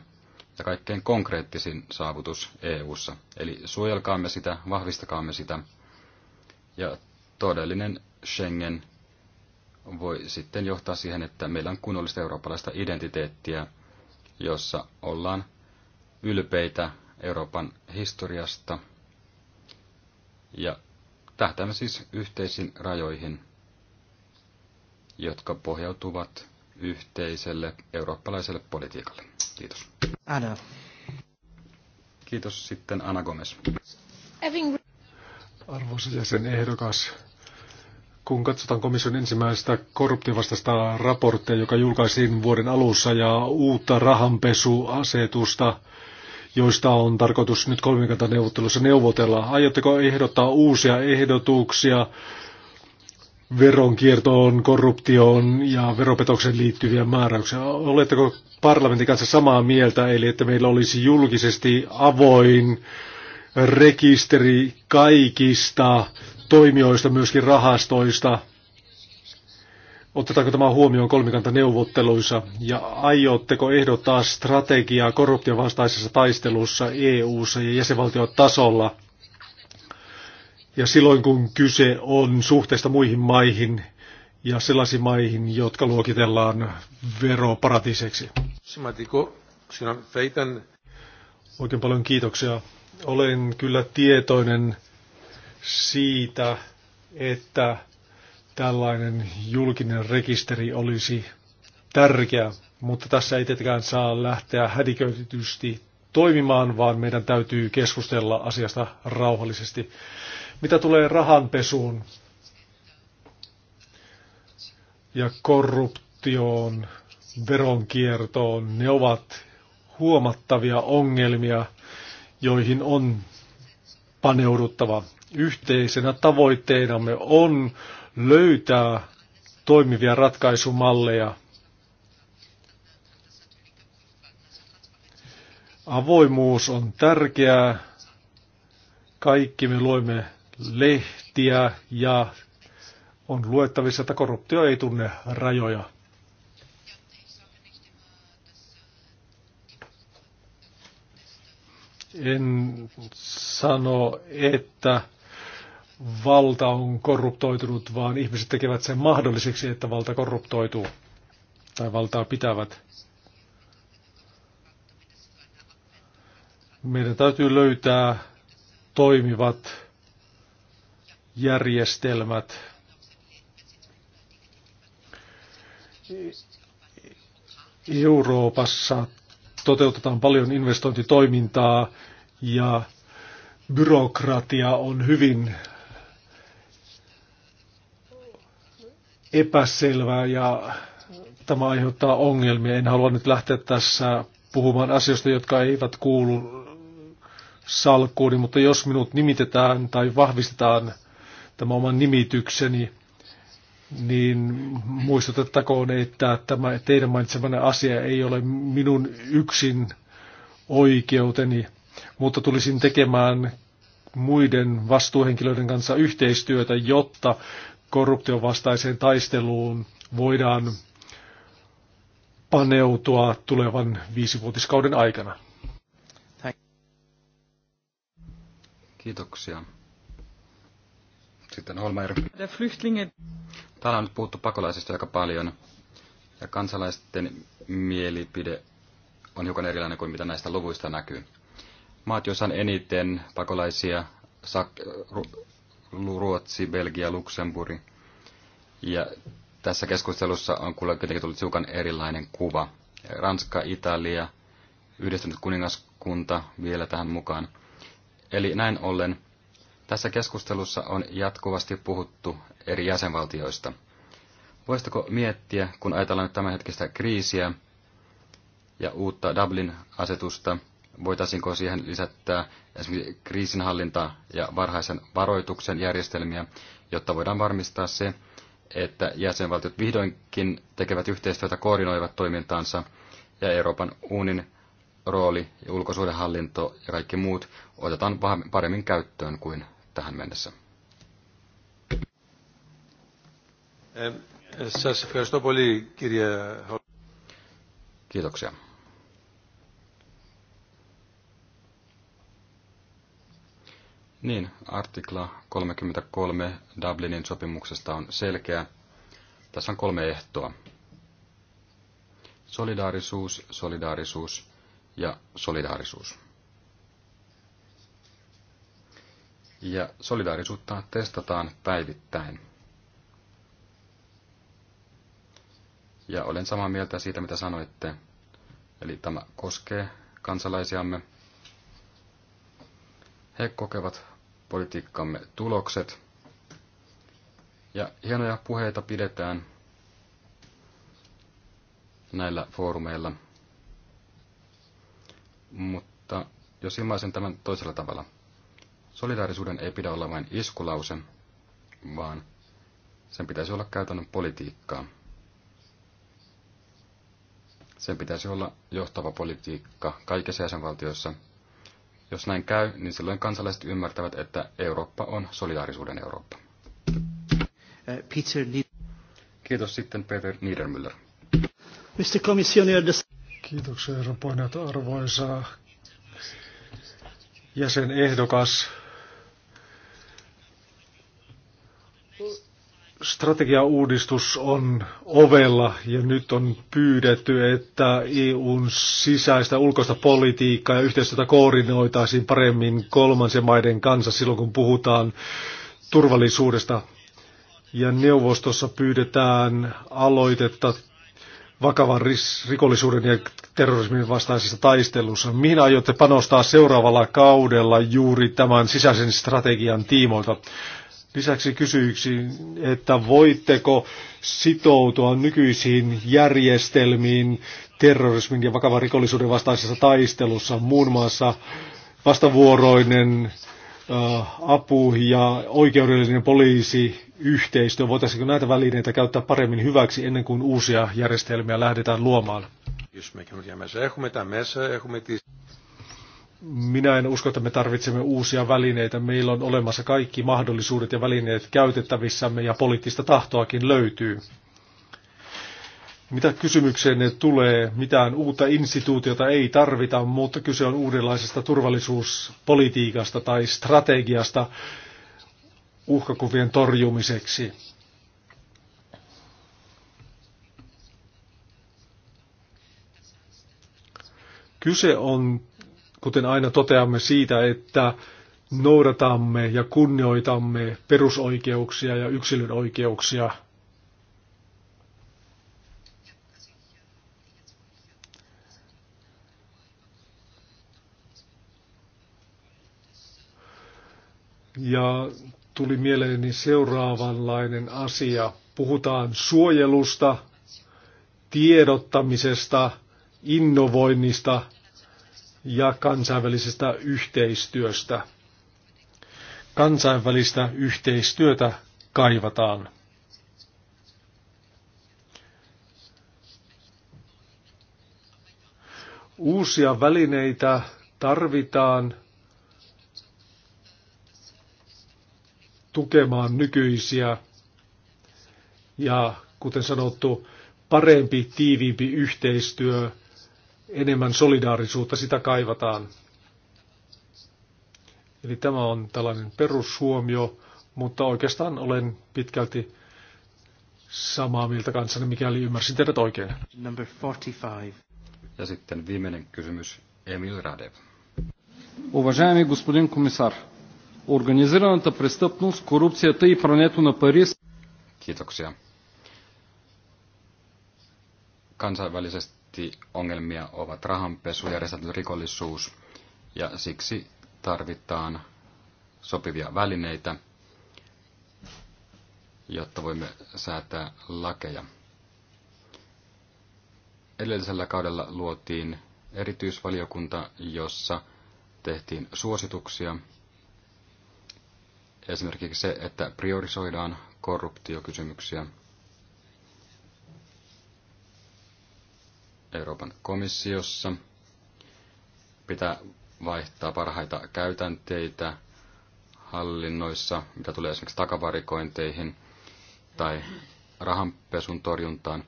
ja kaikkein konkreettisin saavutus EU:ssa. Eli suojelkaamme sitä, vahvistakaamme sitä. Ja todellinen Schengen voi sitten johtaa siihen, että meillä on kunnollista eurooppalaista identiteettiä, jossa ollaan ylpeitä Euroopan historiasta ja tähtäämme siis yhteisiin rajoihin, jotka pohjautuvat yhteiselle eurooppalaiselle politiikalle. Kiitos. Anna. Kiitos sitten Anna Gomes. Arvoisa jäsen ehdokas, kun katsotaan komission ensimmäistä korruptiovastaista raporttia, joka julkaisiin vuoden alussa, ja uutta rahanpesuasetusta, joista on tarkoitus nyt kolmikantaneuvottelussa neuvotella. Aiotteko ehdottaa uusia ehdotuksia veronkiertoon, korruptioon ja veropetokseen liittyviä määräyksiä? Oletteko parlamentin kanssa samaa mieltä, eli että meillä olisi julkisesti avoin rekisteri kaikista toimijoista, myöskin rahastoista. Otetaanko tämä huomioon kolmikantaneuvotteluissa ja aiotteko ehdottaa strategiaa korruption vastaisessa taistelussa EU-ssa ja jäsenvaltiotasolla? Ja silloin kun kyse on suhteesta muihin maihin ja sellaisiin maihin, jotka luokitellaan veroparatiiseksi. Oikein paljon kiitoksia. Olen kyllä tietoinen siitä, että tällainen julkinen rekisteri olisi tärkeä, mutta tässä ei tietenkään saa lähteä hädiköitysti toimimaan, vaan meidän täytyy keskustella asiasta rauhallisesti. Mitä tulee rahanpesuun ja korruptioon, veronkiertoon, ne ovat huomattavia ongelmia, joihin on paneuduttava yhteisenä tavoitteenamme on löytää toimivia ratkaisumalleja. Avoimuus on tärkeää. Kaikki me luemme lehtiä ja on luettavissa, että korruptio ei tunne rajoja. En sano, että valta on korruptoitunut, vaan ihmiset tekevät sen mahdolliseksi, että valta korruptoituu tai valtaa pitävät. Meidän täytyy löytää toimivat järjestelmät. Euroopassa toteutetaan paljon investointitoimintaa ja byrokratia on hyvin epäselvää ja tämä aiheuttaa ongelmia. En halua nyt lähteä tässä puhumaan asioista, jotka eivät kuulu salkkuuni, mutta jos minut nimitetään tai vahvistetaan tämä oman nimitykseni, niin muistutettakoon, että tämä teidän mainitsemanne asia ei ole minun yksin oikeuteni, mutta tulisin tekemään muiden vastuuhenkilöiden kanssa yhteistyötä, jotta korruption vastaiseen taisteluun voidaan paneutua tulevan viisivuotiskauden aikana. Kiitoksia. Sitten Holmeier. Täällä on nyt puhuttu pakolaisista aika paljon ja kansalaisten mielipide on hiukan erilainen kuin mitä näistä luvuista näkyy. Maat, joissa on eniten pakolaisia, Ruotsi, Belgia, Luxemburg. Ja tässä keskustelussa on kuitenkin tullut hiukan erilainen kuva. Ranska, Italia, yhdistynyt kuningaskunta vielä tähän mukaan. Eli näin ollen tässä keskustelussa on jatkuvasti puhuttu eri jäsenvaltioista. Voisitko miettiä, kun ajatellaan nyt tämänhetkistä kriisiä ja uutta Dublin-asetusta – voitaisiinko siihen lisättää esimerkiksi kriisinhallinta ja varhaisen varoituksen järjestelmiä, jotta voidaan varmistaa se, että jäsenvaltiot vihdoinkin tekevät yhteistyötä, koordinoivat toimintaansa ja Euroopan unionin rooli ja ulkosuhdehallinto ja kaikki muut otetaan paremmin käyttöön kuin tähän mennessä. Kiitoksia. Niin, artikla 33 Dublinin sopimuksesta on selkeä. Tässä on kolme ehtoa. Solidaarisuus, solidaarisuus ja solidaarisuus. Ja solidaarisuutta testataan päivittäin. Ja olen samaa mieltä siitä, mitä sanoitte. Eli tämä koskee kansalaisiamme, he kokevat politiikkamme tulokset. Ja hienoja puheita pidetään näillä foorumeilla. Mutta jos ilmaisen tämän toisella tavalla, solidaarisuuden ei pidä olla vain iskulause, vaan sen pitäisi olla käytännön politiikkaa. Sen pitäisi olla johtava politiikka kaikissa jäsenvaltioissa, jos näin käy, niin silloin kansalaiset ymmärtävät, että Eurooppa on solidaarisuuden Eurooppa. Eh, Peter Kiitos sitten Peter Niedermüller. Mr. Kiitoksia herra puheenjohtaja, arvoisa jäsenehdokas. Strategiauudistus on ovella ja nyt on pyydetty, että EUn sisäistä ulkoista politiikkaa ja yhteistyötä koordinoitaisiin paremmin kolmansien maiden kanssa silloin, kun puhutaan turvallisuudesta. Ja neuvostossa pyydetään aloitetta vakavan rikollisuuden ja terrorismin vastaisessa taistelussa. Mihin aiotte panostaa seuraavalla kaudella juuri tämän sisäisen strategian tiimoilta? Lisäksi kysyyksin, että voitteko sitoutua nykyisiin järjestelmiin terrorismin ja vakavan rikollisuuden vastaisessa taistelussa, muun muassa vastavuoroinen äh, apu ja oikeudellinen poliisi yhteistyö. Voitaisiinko näitä välineitä käyttää paremmin hyväksi ennen kuin uusia järjestelmiä lähdetään luomaan? Minä en usko, että me tarvitsemme uusia välineitä. Meillä on olemassa kaikki mahdollisuudet ja välineet käytettävissämme ja poliittista tahtoakin löytyy. Mitä kysymykseen tulee, mitään uutta instituutiota ei tarvita, mutta kyse on uudenlaisesta turvallisuuspolitiikasta tai strategiasta uhkakuvien torjumiseksi. Kyse on kuten aina toteamme siitä, että noudatamme ja kunnioitamme perusoikeuksia ja yksilön oikeuksia. Ja tuli mieleeni seuraavanlainen asia. Puhutaan suojelusta, tiedottamisesta, innovoinnista – ja kansainvälisestä yhteistyöstä. Kansainvälistä yhteistyötä kaivataan. Uusia välineitä tarvitaan tukemaan nykyisiä ja kuten sanottu, parempi, tiiviimpi yhteistyö enemmän solidaarisuutta, sitä kaivataan. Eli tämä on tällainen perushuomio, mutta oikeastaan olen pitkälti samaa mieltä kanssani, mikäli ymmärsin teidät oikein. Number 45. Ja sitten viimeinen kysymys, Emil Radev. Уважаеми господин комисар, организираната престъпност, корупцията и прането на пари... Kiitoksia. Kansainvälisestä budjettiongelmia ovat rahanpesu ja järjestäytynyt rikollisuus, ja siksi tarvitaan sopivia välineitä, jotta voimme säätää lakeja. Edellisellä kaudella luotiin erityisvaliokunta, jossa tehtiin suosituksia. Esimerkiksi se, että priorisoidaan korruptiokysymyksiä Euroopan komissiossa. Pitää vaihtaa parhaita käytänteitä hallinnoissa, mitä tulee esimerkiksi takavarikointeihin tai rahanpesun torjuntaan.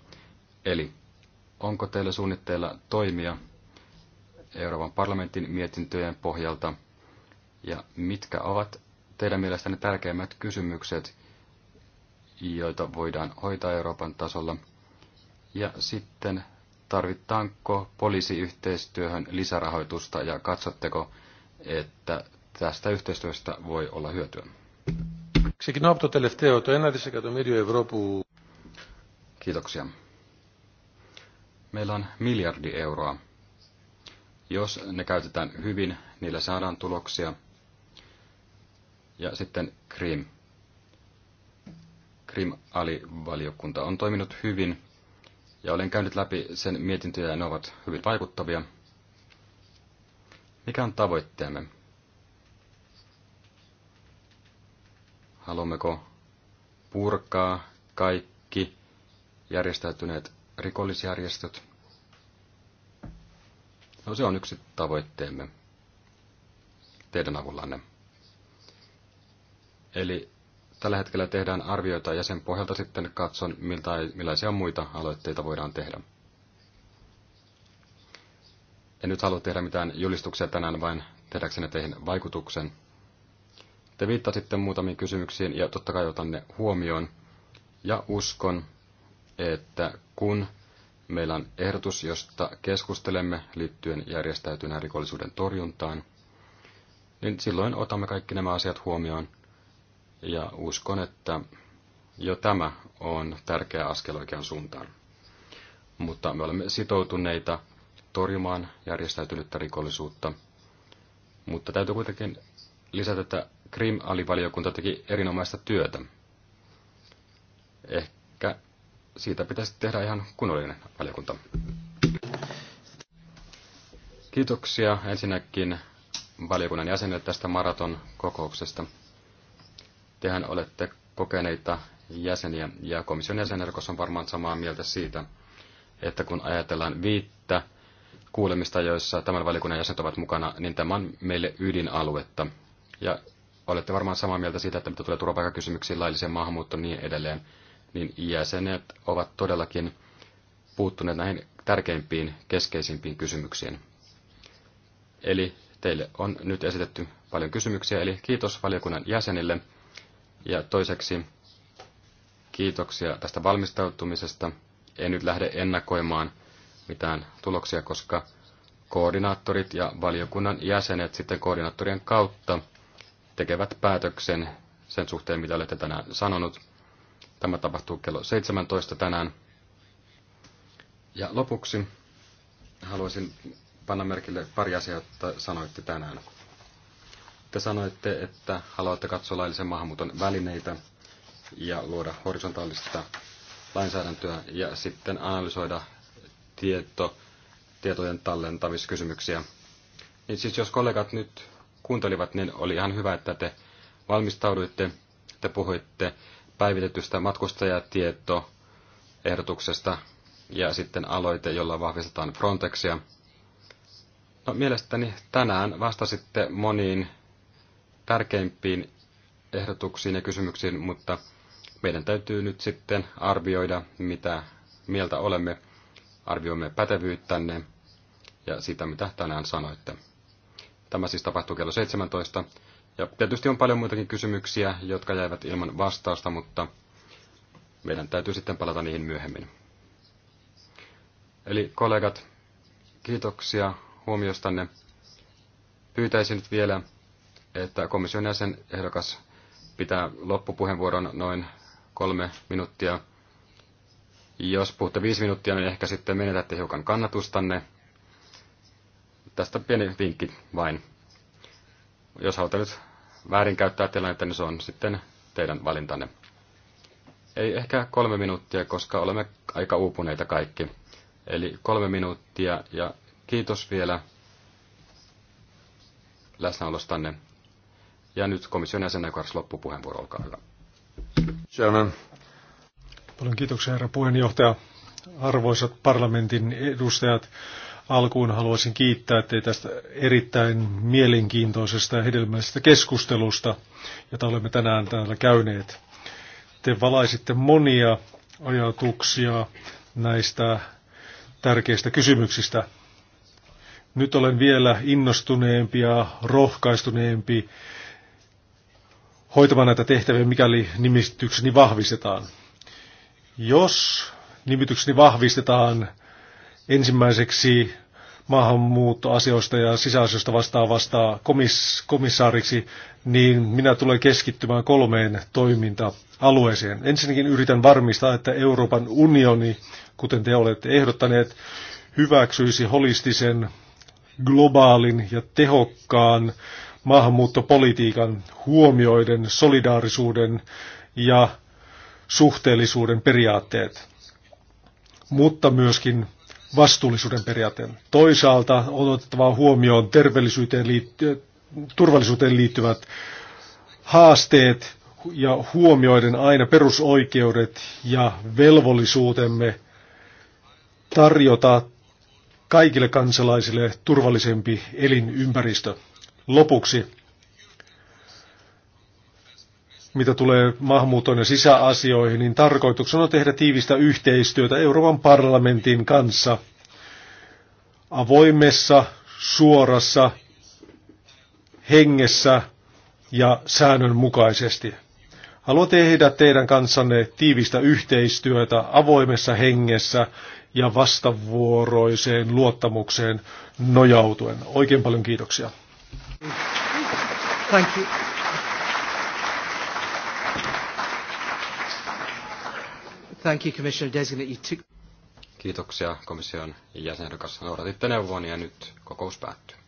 Eli onko teillä suunnitteilla toimia Euroopan parlamentin mietintöjen pohjalta ja mitkä ovat teidän mielestänne tärkeimmät kysymykset, joita voidaan hoitaa Euroopan tasolla. Ja sitten tarvitaanko poliisiyhteistyöhön lisärahoitusta ja katsotteko, että tästä yhteistyöstä voi olla hyötyä? Kiitoksia. Meillä on miljardi euroa. Jos ne käytetään hyvin, niillä saadaan tuloksia. Ja sitten Krim. Krim-alivaliokunta on toiminut hyvin ja olen käynyt läpi sen mietintöjä ja ne ovat hyvin vaikuttavia. Mikä on tavoitteemme? Haluammeko purkaa kaikki järjestäytyneet rikollisjärjestöt? No se on yksi tavoitteemme teidän avullanne. Eli Tällä hetkellä tehdään arvioita ja sen pohjalta sitten katson, miltä, millaisia muita aloitteita voidaan tehdä. En nyt halua tehdä mitään julistuksia tänään, vain tehdäkseni teihin vaikutuksen. Te viittasitte muutamiin kysymyksiin ja totta kai otan ne huomioon. Ja uskon, että kun meillä on ehdotus, josta keskustelemme liittyen järjestäytyneen rikollisuuden torjuntaan, niin silloin otamme kaikki nämä asiat huomioon – ja uskon, että jo tämä on tärkeä askel oikean suuntaan. Mutta me olemme sitoutuneita torjumaan järjestäytynyttä rikollisuutta. Mutta täytyy kuitenkin lisätä, että Krim-alivaliokunta teki erinomaista työtä. Ehkä siitä pitäisi tehdä ihan kunnollinen valiokunta. Kiitoksia ensinnäkin valiokunnan jäsenille tästä maraton kokouksesta. Tehän olette kokeneita jäseniä ja komission jäsenerkos on varmaan samaa mieltä siitä, että kun ajatellaan viittä kuulemista, joissa tämän valikunnan jäsenet ovat mukana, niin tämä on meille ydinaluetta. Ja olette varmaan samaa mieltä siitä, että mitä tulee turvapaikkakysymyksiin, lailliseen maahanmuuttoon ja niin edelleen, niin jäsenet ovat todellakin puuttuneet näihin tärkeimpiin, keskeisimpiin kysymyksiin. Eli teille on nyt esitetty paljon kysymyksiä, eli kiitos valiokunnan jäsenille. Ja toiseksi kiitoksia tästä valmistautumisesta. En nyt lähde ennakoimaan mitään tuloksia, koska koordinaattorit ja valiokunnan jäsenet sitten koordinaattorien kautta tekevät päätöksen sen suhteen, mitä olette tänään sanonut. Tämä tapahtuu kello 17 tänään. Ja lopuksi haluaisin panna merkille pari asiaa, jotta sanoitte tänään. Te sanoitte, että haluatte katsoa laillisen maahanmuuton välineitä ja luoda horisontaalista lainsäädäntöä ja sitten analysoida tieto, tietojen tallentamiskysymyksiä. Niin siis jos kollegat nyt kuuntelivat, niin oli ihan hyvä, että te valmistauduitte, te puhuitte päivitetystä matkustajatieto ja sitten aloite, jolla vahvistetaan Frontexia. No, mielestäni tänään vastasitte moniin tärkeimpiin ehdotuksiin ja kysymyksiin, mutta meidän täytyy nyt sitten arvioida, mitä mieltä olemme. Arvioimme pätevyyttänne ja sitä, mitä tänään sanoitte. Tämä siis tapahtuu kello 17. Ja tietysti on paljon muitakin kysymyksiä, jotka jäivät ilman vastausta, mutta meidän täytyy sitten palata niihin myöhemmin. Eli kollegat, kiitoksia huomiostanne. Pyytäisin nyt vielä että komission jäsen ehdokas pitää loppupuheenvuoron noin kolme minuuttia. Jos puhutte viisi minuuttia, niin ehkä sitten menetätte hiukan kannatustanne. Tästä pieni vinkki vain. Jos haluatte nyt väärinkäyttää tilannetta, niin se on sitten teidän valintanne. Ei ehkä kolme minuuttia, koska olemme aika uupuneita kaikki. Eli kolme minuuttia ja kiitos vielä läsnäolostanne. Ja nyt komission jäsenä Ekars loppupuheenvuoro, olkaa hyvä. Chairman. Paljon kiitoksia herra puheenjohtaja. Arvoisat parlamentin edustajat, alkuun haluaisin kiittää teitä tästä erittäin mielenkiintoisesta ja hedelmällisestä keskustelusta, jota olemme tänään täällä käyneet. Te valaisitte monia ajatuksia näistä tärkeistä kysymyksistä. Nyt olen vielä innostuneempi ja rohkaistuneempi hoitamaan näitä tehtäviä, mikäli nimitykseni vahvistetaan. Jos nimitykseni vahvistetaan ensimmäiseksi maahanmuuttoasioista ja sisäasioista vastaavasta komis- komissaariksi, niin minä tulen keskittymään kolmeen toiminta-alueeseen. Ensinnäkin yritän varmistaa, että Euroopan unioni, kuten te olette ehdottaneet, hyväksyisi holistisen, globaalin ja tehokkaan maahanmuuttopolitiikan huomioiden solidaarisuuden ja suhteellisuuden periaatteet, mutta myöskin vastuullisuuden periaatteen. Toisaalta on otettava huomioon terveellisyyteen liitty- turvallisuuteen liittyvät haasteet ja huomioiden aina perusoikeudet ja velvollisuutemme tarjota kaikille kansalaisille turvallisempi elinympäristö lopuksi, mitä tulee maahanmuuton ja sisäasioihin, niin tarkoituksena on tehdä tiivistä yhteistyötä Euroopan parlamentin kanssa avoimessa, suorassa hengessä ja säännönmukaisesti. Haluan tehdä teidän kanssanne tiivistä yhteistyötä avoimessa hengessä ja vastavuoroiseen luottamukseen nojautuen. Oikein paljon kiitoksia. Thank you. Thank you, Commissioner Designate. You took... Kiitoksia komission jäsenehdokas. Noudatitte neuvon ja nyt kokous päättyy.